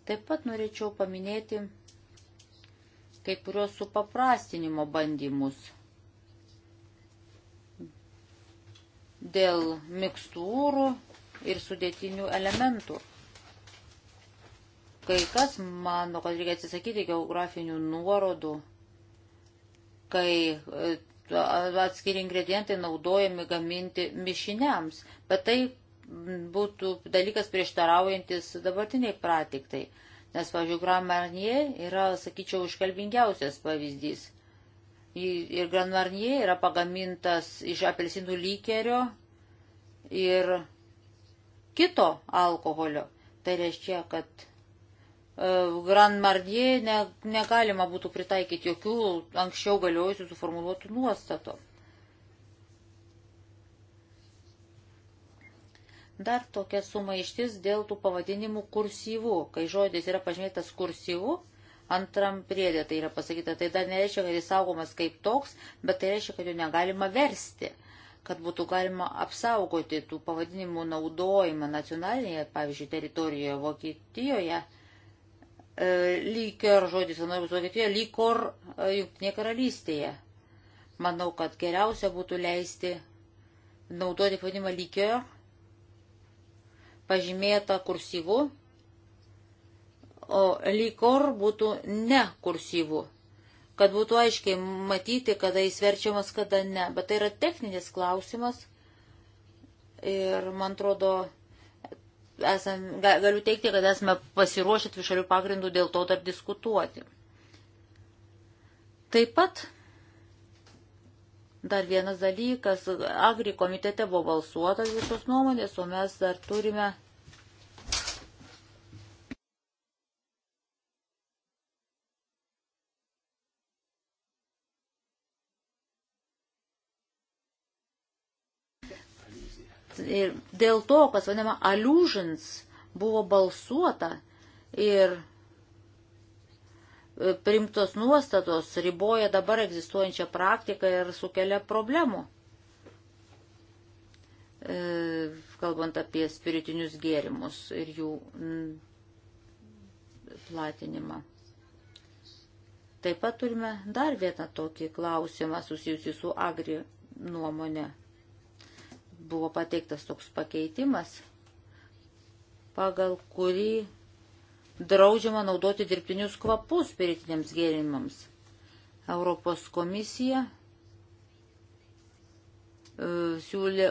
Taip pat norėčiau paminėti kai kurios supaprastinimo bandymus – dėl mikstūrų ir sudėtinių elementų. Kai kas mano, kad reikia atsisakyti geografinių nuorodų, kai e, atskiri ingredientai naudojami gaminti mišiniams, bet tai būtų dalykas prieštaraujantis dabartiniai pratiktai. Nes, pavyzdžiui, Grand Marnier yra, sakyčiau, iškalbingiausias pavyzdys – ir Grand Marnier yra pagamintas iš apelsinų lykerio ir kito alkoholio. Tai reiškia, kad e, Grand Marnier ne, negalima būtų pritaikyti jokių anksčiau galiojusių suformuluotų nuostatų. Dar tokia sumaištis dėl tų pavadinimų kursyvų, kai žodis yra pažymėtas kursyvų, antram priedė tai yra pasakyta. Tai dar nereiškia, kad jis saugomas kaip toks, bet tai reiškia, kad jo negalima versti, kad būtų galima apsaugoti tų pavadinimų naudojimą nacionalinėje, pavyzdžiui, teritorijoje Vokietijoje. E, Lykor žodis, anojus Vokietijoje, lykor e, Junktinėje karalystėje. Manau, kad geriausia būtų leisti naudoti pavadinimą lykor pažymėta kursyvu o lykor būtų ne kursyvų, kad būtų aiškiai matyti, kada jis verčiamas, kada ne. Bet tai yra techninis klausimas ir, man atrodo, esam, galiu teikti, kad esame pasiruošę dvišalių pagrindų dėl to dar diskutuoti. Taip pat Dar vienas dalykas, agri komitete buvo balsuotas visos nuomonės, o mes dar turime Ir dėl to, kas vadinama allusions, buvo balsuota ir e, primtos nuostatos riboja dabar egzistuojančią praktiką ir sukelia problemų. E, kalbant apie spiritinius gėrimus ir jų platinimą. Taip pat turime dar vieną tokį klausimą susijusį su agri nuomonė buvo pateiktas toks pakeitimas, pagal kurį draudžiama naudoti dirbtinius kvapus spiritiniams gėrimams. Europos komisija e, siūlė,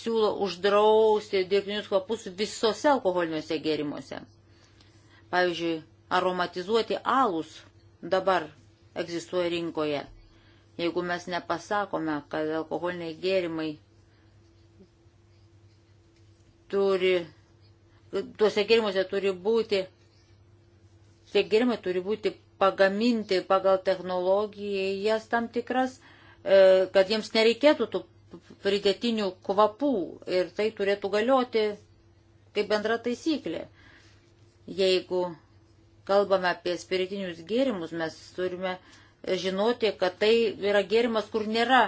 siūlo uždrausti dirbtinius kvapus visose alkoholiniuose gėrimuose. Pavyzdžiui, aromatizuoti alus dabar egzistuoja rinkoje. Jeigu mes nepasakome, kad alkoholiniai gėrimai turi, tuose gėrimuose turi būti, tie gėrimai turi būti pagaminti pagal technologijas tam tikras, e, kad jiems nereikėtų tų pridėtinių kvapų ir tai turėtų galioti kaip bendra taisyklė. Jeigu kalbame apie spiritinius gėrimus, mes turime žinoti, kad tai yra gėrimas, kur nėra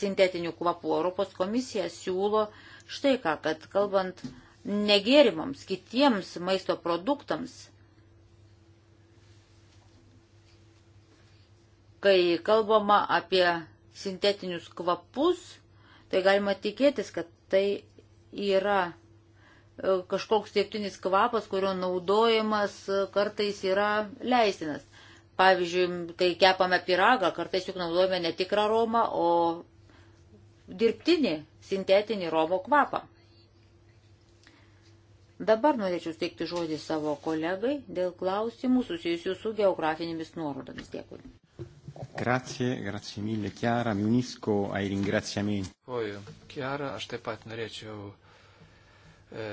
sintetinių kvapų. Europos komisija siūlo uh, štai ką, kad kalbant negėrimams, kitiems maisto produktams, kai kalbama apie sintetinius kvapus, tai galima tikėtis, kad tai yra e, kažkoks dirbtinis kvapas, kurio naudojimas e, kartais yra leistinas. Pavyzdžiui, kai kepame piragą, kartais juk naudojame ne tikrą aromą, o dirbtinį sintetinį robo kvapą. Dabar norėčiau steigti žodį savo kolegai dėl klausimų susijusių su geografinėmis nuorodomis. Dėkui. Grazie, grazie mille, Chiara, minisko ai ringraziamenti. Poi, Chiara, aš taip pat norėčiau e,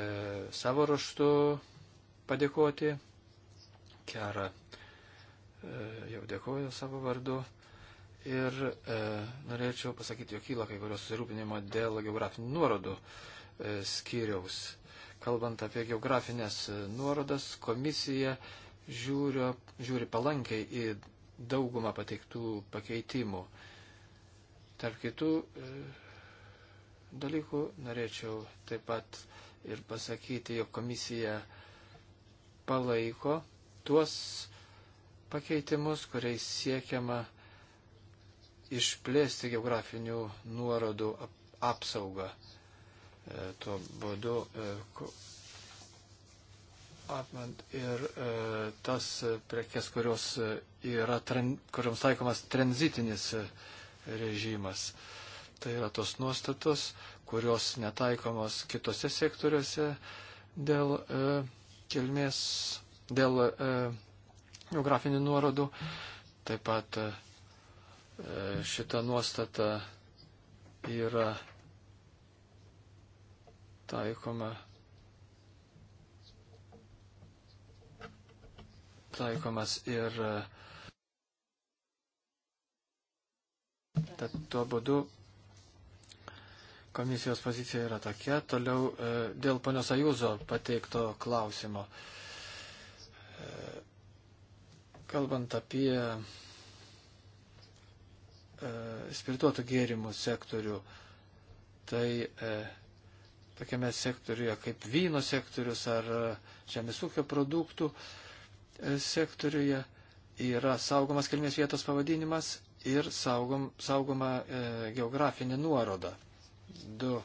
savo ruoštų padėkoti. Chiara e, jau dėkoju savo vardu. E, Ir e, norėčiau pasakyti, jog kyla kai kurios susirūpinimo dėl geografinių nuorodų e, skyriaus. Kalbant apie geografinės e, nuorodas, komisija žiūrio, žiūri palankiai į daugumą pateiktų pakeitimų. Tarp kitų e, dalykų norėčiau taip pat ir pasakyti, jog komisija palaiko tuos pakeitimus, kuriais siekiama išplėsti geografinių nuorodų apsaugą. E, tuo būdu e, apmant ir e, tas prekes, kurios yra, kuriams taikomas tranzitinis režimas. Tai yra tos nuostatos, kurios netaikomos kitose sektoriuose dėl kilmės, dėl geografinių nuorodų. Taip pat uh, šita nuostata yra taikoma, taikomas ir tad tuo būdu komisijos pozicija yra tokia. Toliau e, dėl ponios Ajūzo pateikto klausimo. E, kalbant apie E, spirituotų gėrimų sektorių, tai e, tokiame sektoriuje kaip vyno sektorius ar e, žemės ūkio produktų e, sektoriuje yra saugomas kilmės vietos pavadinimas ir saugom, saugoma e, geografinė nuoroda. Du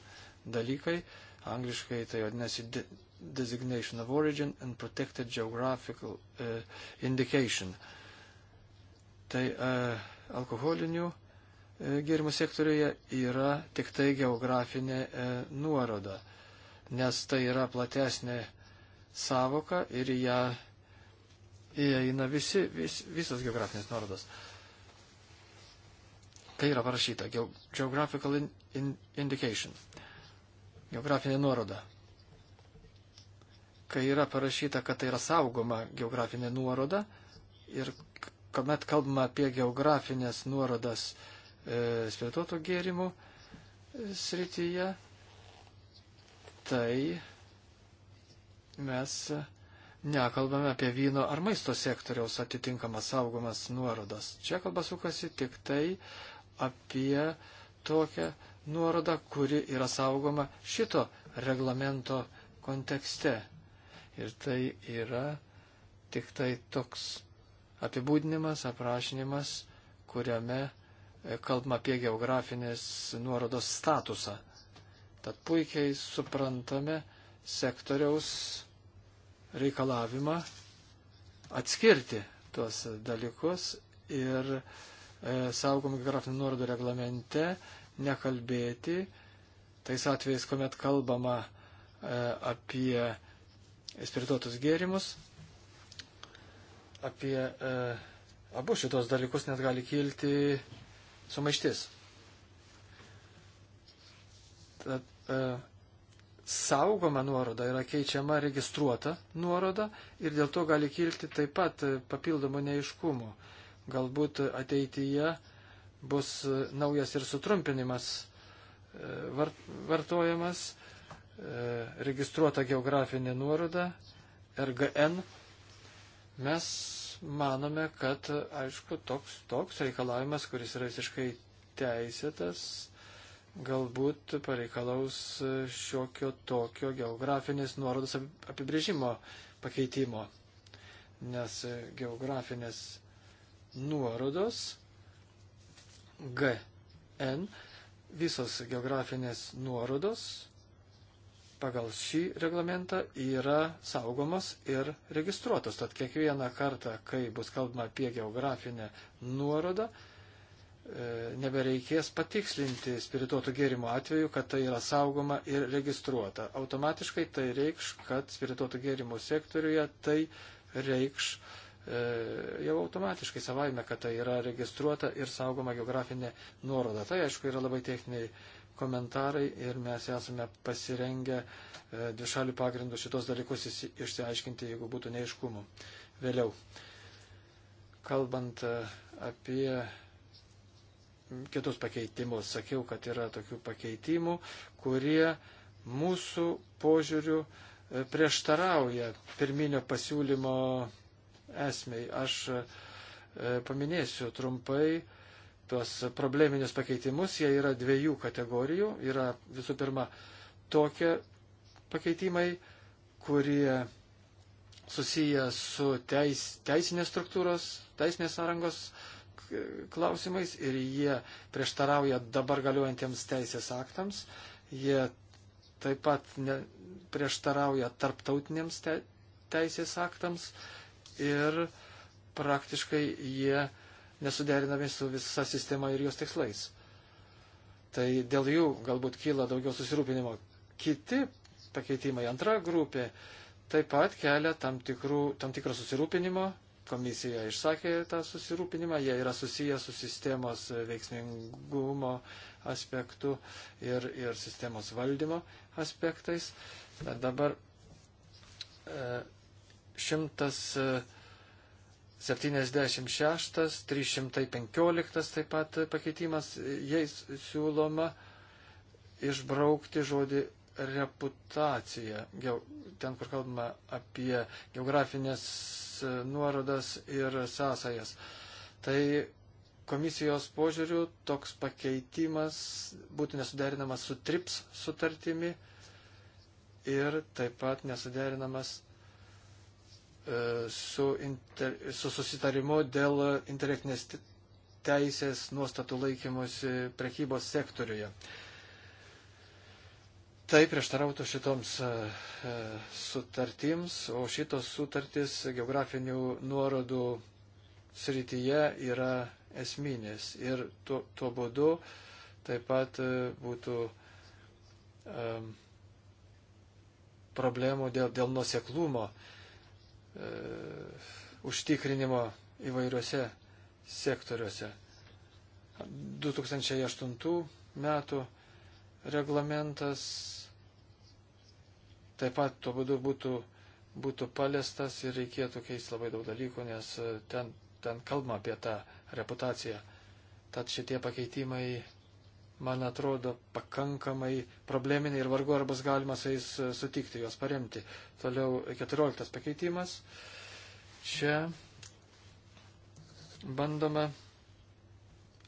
dalykai, angliškai tai vadinasi de, designation of origin and protected geographical e, indication. Tai e, alkoholinių e, E, gėrimų sektoriuje yra tik tai geografinė e, nuoroda, nes tai yra platesnė savoka ir ją įeina visi, vis, visos geografinės nuorodos. Tai yra parašyta geographical in, in, indication, geografinė nuoroda. Kai yra parašyta, kad tai yra saugoma geografinė nuoroda ir kuomet kalbama apie geografinės nuorodas, uh, E, spirituotų gėrimų srityje, tai mes nekalbame apie vyno ar maisto sektoriaus atitinkamas saugomas nuorodas. Čia kalba sukasi tik tai apie tokią nuorodą, kuri yra saugoma šito reglamento kontekste. Ir tai yra tik tai toks apibūdinimas, aprašinimas, kuriame kalbama apie geografinės nuorodos statusą. Tad puikiai suprantame sektoriaus reikalavimą atskirti tuos dalykus ir e, saugomų geografinių nuorodų reglamente nekalbėti tais atvejais, kuomet kalbama e, apie spirituotus gėrimus, apie e, abu šitos dalykus net gali kilti sumaištis. Tad, e, saugoma nuoroda yra keičiama registruota nuoroda ir dėl to gali kilti taip pat e, papildomų neiškumų. Galbūt ateityje bus e, naujas ir sutrumpinimas e, vartojamas, registruota geografinė nuoroda, RGN. Mes manome, kad, aišku, toks, toks reikalavimas, kuris yra visiškai teisėtas, galbūt pareikalaus šiokio tokio geografinės nuorodos apibrėžimo pakeitimo, nes geografinės nuorodos GN, visos geografinės nuorodos pagal šį reglamentą yra saugomos ir registruotos. Tad kiekvieną kartą, kai bus kalbama apie geografinę nuorodą, e, nebereikės patikslinti spirituotų gėrimų atveju, kad tai yra saugoma ir registruota. Automatiškai tai reikš, kad spirituotų gėrimų sektoriuje tai reikš e, jau automatiškai savaime, kad tai yra registruota ir saugoma geografinė nuoroda. Tai aišku yra labai techniniai komentarai ir mes esame pasirengę e, dvišalių pagrindų šitos dalykus išsiaiškinti, jeigu būtų neiškumų. Vėliau, kalbant e, apie kitus pakeitimus, sakiau, kad yra tokių pakeitimų, kurie mūsų požiūrių e, prieštarauja pirminio pasiūlymo esmei. Aš paminėsiu trumpai tuos probleminius pakeitimus. Jie yra dviejų kategorijų. Yra visų pirma tokie pakeitimai, kurie susiję su teis, teisinės struktūros, teisinės sąrangos klausimais ir jie prieštarauja dabar galiuojantiems teisės aktams. Jie taip pat ne, prieštarauja tarptautiniams te, teisės aktams ir praktiškai jie nesuderinami su visa sistema ir jos tikslais. Tai dėl jų galbūt kyla daugiau susirūpinimo. Kiti pakeitimai, antra grupė, taip pat kelia tam, tikrų, tam tikrą susirūpinimo. Komisija išsakė tą susirūpinimą, jie yra susiję su sistemos veiksmingumo aspektu ir, ir sistemos valdymo aspektais. Dabar 100. E, e 76, 315 taip pat pakeitimas, jais siūloma išbraukti žodį reputacija, ten kur kalbama apie geografinės nuorodas ir sąsajas. Tai komisijos požiūrių toks pakeitimas būtų nesuderinamas su TRIPS sutartimi ir taip pat nesuderinamas E, su, inter, su susitarimu dėl intelektinės teisės nuostatų laikymosi prekybos sektoriuje. Tai prieštarautų šitoms e, e, sutartims, o šitos sutartys geografinių nuorodų srityje yra esminės. Ir tuo, tuo būdu taip pat būtų um, problemų dėl, dėl nuseklumo uh, E, užtikrinimo įvairiuose sektoriuose. 2008 metų reglamentas taip pat tuo būdu būtų, būtų paliestas ir reikėtų keisti labai daug dalykų, nes e, ten, ten kalbama apie tą reputaciją. Tad šitie pakeitimai man atrodo, pakankamai probleminiai ir vargu ar bus galima su jais e, sutikti, juos paremti. Toliau 14 pakeitimas. Čia bandoma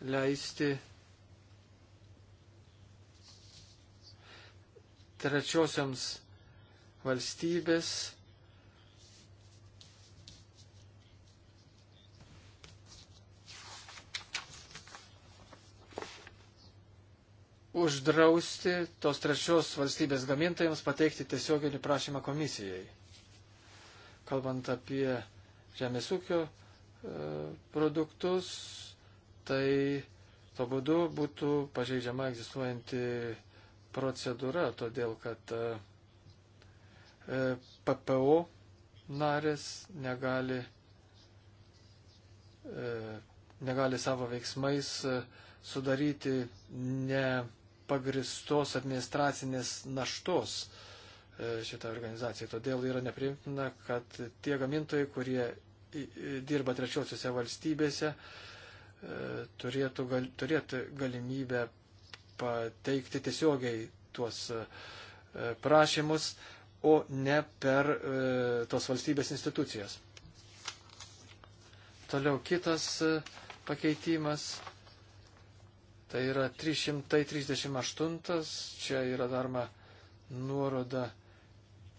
leisti trečiosiams valstybės uždrausti tos trečios valstybės gamintojams pateikti tiesioginį prašymą komisijai. Kalbant apie žemės ūkio e, produktus, tai to būdu būtų pažeidžiama egzistuojanti procedūra, todėl kad e, e, PPO narės negali, negali savo veiksmais sudaryti ne pagristos administracinės naštos e, šitą organizaciją. Todėl yra neprimtina, kad tie gamintojai, kurie dirba trečiosiuose valstybėse, e, turėtų, gal, turėtų galimybę pateikti tiesiogiai tuos e, prašymus, o ne per tos valstybės institucijas. Toliau kitas pakeitimas Tai yra 338, čia yra daroma nuoroda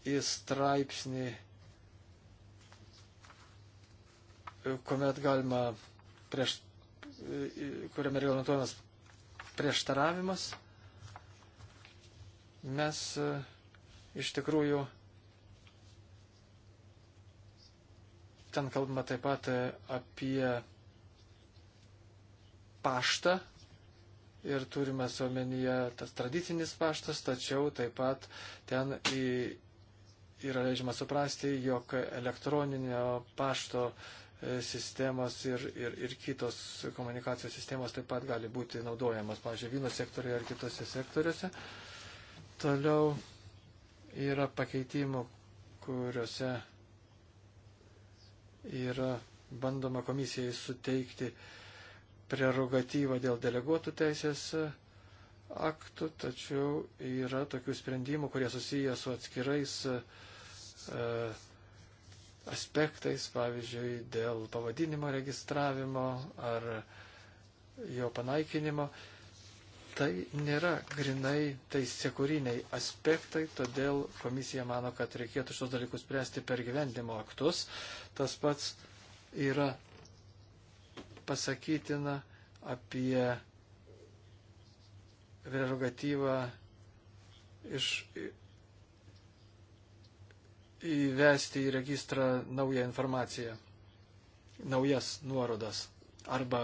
į straipsnį, kuomet galima prieš, kuriame reglamentuojamas prieštaravimas. Mes e, iš tikrųjų ten kalbama taip pat e, apie paštą, ir turime suomenyje tas tradicinis paštas, tačiau taip pat ten į, yra leidžiama suprasti, jog elektroninio pašto e, sistemos ir, ir, ir kitos komunikacijos sistemos taip pat gali būti naudojamas, pavyzdžiui, vyno sektoriuje ar kitose sektoriuose. Toliau yra pakeitimų, kuriuose yra bandoma komisijai suteikti uh, prerogatyvą dėl deleguotų teisės aktų, tačiau yra tokių sprendimų, kurie susiję su atskirais e, aspektais, pavyzdžiui, dėl pavadinimo registravimo ar jo panaikinimo. Tai nėra grinai teisėkūriniai aspektai, todėl komisija mano, kad reikėtų šios dalykus spręsti per gyvendimo aktus. Tas pats yra pasakytina apie prerogatyvą iš įvesti į registrą naują informaciją, naujas nuorodas arba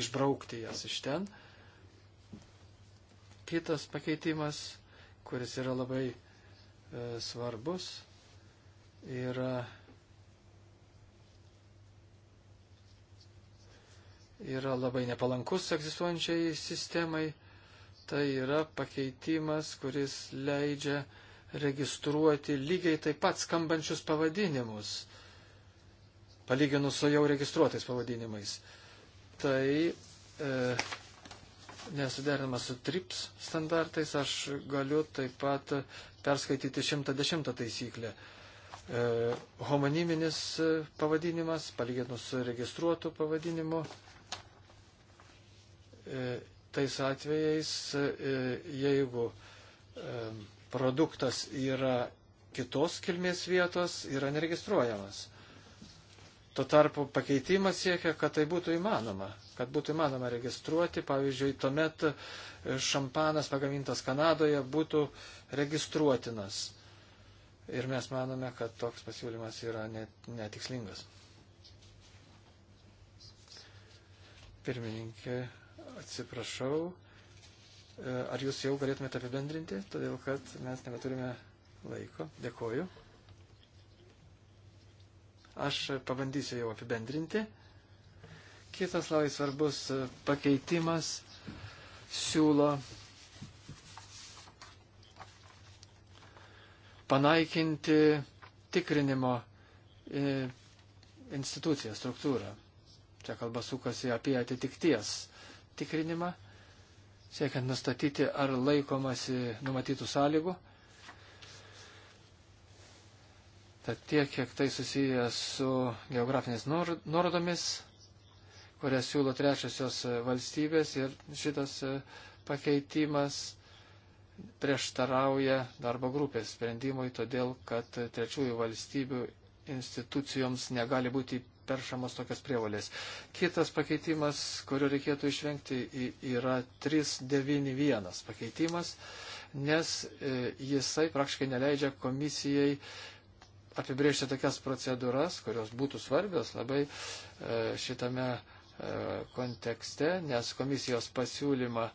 išbraukti jas iš ten. Kitas pakeitimas, kuris yra labai e, svarbus, yra yra labai nepalankus egzistuojančiai sistemai. Tai yra pakeitimas, kuris leidžia registruoti lygiai taip pat skambančius pavadinimus, palyginus su jau registruotais pavadinimais. Tai e, nesuderinama su TRIPS standartais, aš galiu taip pat perskaityti 110 taisyklę e, homoniminis pavadinimas, palyginus su registruotu pavadinimu, E, tais atvejais, e, jeigu e, produktas yra kitos kilmės vietos, yra neregistruojamas. Tuo tarpu pakeitimas siekia, kad tai būtų įmanoma, kad būtų įmanoma registruoti, pavyzdžiui, tuomet šampanas pagamintas Kanadoje būtų registruotinas. Ir mes manome, kad toks pasiūlymas yra net, netikslingas. Pirmininkė, atsiprašau. E, ar jūs jau galėtumėte apibendrinti, todėl kad mes nebeturime laiko. Dėkoju. Aš pabandysiu jau apibendrinti. Kitas labai svarbus pakeitimas siūlo panaikinti tikrinimo e, instituciją, struktūrą. Čia kalba sukasi apie atitikties tikrinimą, siekiant nustatyti, ar laikomasi numatytų sąlygų. Tad tiek, kiek tai susijęs su geografinės nuorodomis, kurias siūlo trečiosios valstybės ir šitas e, pakeitimas prieštarauja darbo grupės sprendimui, todėl kad trečiųjų valstybių institucijoms negali būti peršamos tokios prievalės. Kitas pakeitimas, kurio reikėtų išvengti, yra 391 pakeitimas, nes e, jisai praktiškai neleidžia komisijai apibriežti tokias procedūras, kurios būtų svarbios labai e, šitame e, kontekste, nes komisijos pasiūlymą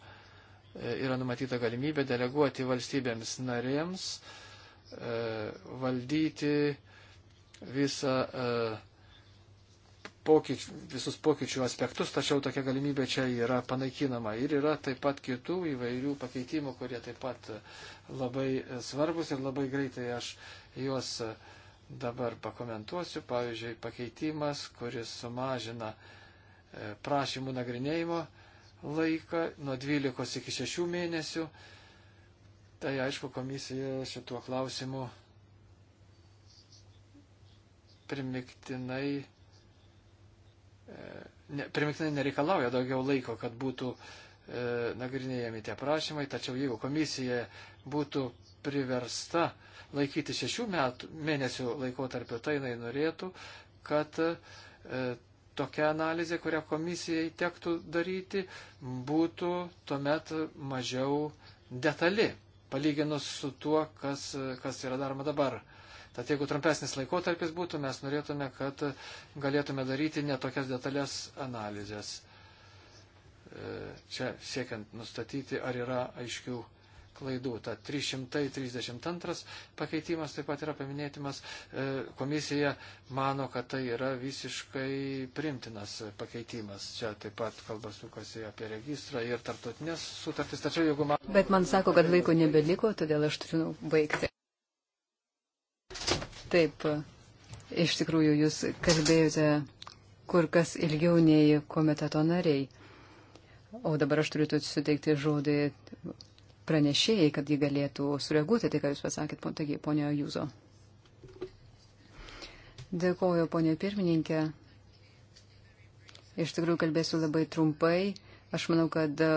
yra numatyta galimybė deleguoti valstybėms narėms valdyti visą pokyč, visus pokyčių aspektus, tačiau tokia galimybė čia yra panaikinama. Ir yra taip pat kitų įvairių pakeitimų, kurie taip pat labai svarbus ir labai greitai aš juos dabar pakomentuosiu. Pavyzdžiui, pakeitimas, kuris sumažina e, prašymų nagrinėjimo laiką nuo 12 iki 6 mėnesių. Tai aišku, komisija šituo klausimu primiktinai E, ne, primiktinai nereikalauja daugiau laiko, kad būtų e, nagrinėjami tie prašymai, tačiau jeigu komisija būtų priversta laikyti šešių metų, mėnesių laikotarpio, tai jinai norėtų, kad e, tokia analizė, kurią komisijai tektų daryti, būtų tuomet mažiau detali, palyginus su tuo, kas, kas yra daroma dabar. Tad jeigu trumpesnis laikotarpis būtų, mes norėtume, kad galėtume daryti netokias detalės analizės. E, čia siekiant nustatyti, ar yra aiškių klaidų. Ta 332 pakeitimas taip pat yra paminėtimas. E, komisija mano, kad tai yra visiškai primtinas pakeitimas. Čia taip pat kalba sukasi apie registrą ir tarptautinės sutartys. Tačiau jeigu man. Bet man sako, kad laiko nebeliko, todėl aš turiu baigti. Taip, iš tikrųjų jūs kalbėjote kur kas ilgiau nei komiteto nariai. O dabar aš turiu suteikti žodį pranešėjai, kad ji galėtų sureaguoti tai, ką jūs pasakėt, taigi, ponia Jūzo. Dėkoju, ponia pirmininkė. Iš tikrųjų kalbėsiu labai trumpai. Aš manau, kad e,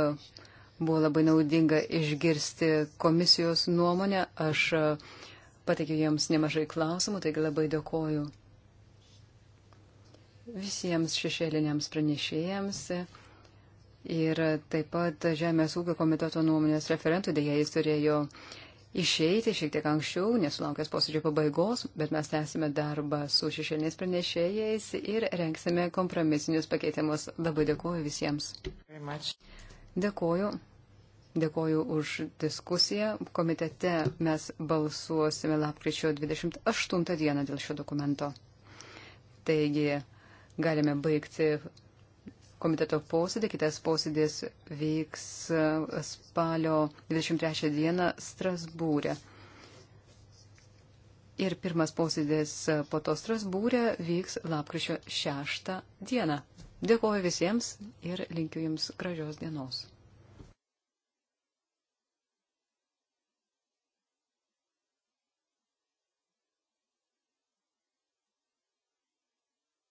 buvo labai naudinga išgirsti komisijos nuomonę. Aš uh, pateikiau jiems nemažai klausimų, taigi labai dėkoju visiems šešėliniams pranešėjams. Ir taip pat Žemės ūkio komiteto nuomonės referentų dėja jis turėjo išeiti šiek tiek anksčiau, nesulaukęs posėdžio pabaigos, bet mes tęsime darbą su šešėliniais pranešėjais ir renksime kompromisinius pakeitimus. Labai dėkuoju visiems. Dėkuoju. Dėkoju už diskusiją. Komitete mes balsuosime lapkričio 28 dieną dėl šio dokumento. Taigi galime baigti komiteto posėdį. Kitas posėdis vyks spalio 23 dieną Strasbūrė. Ir pirmas posėdis po to Strasbūrė vyks lapkričio 6 dieną. Dėkoju visiems ir linkiu Jums gražios dienos.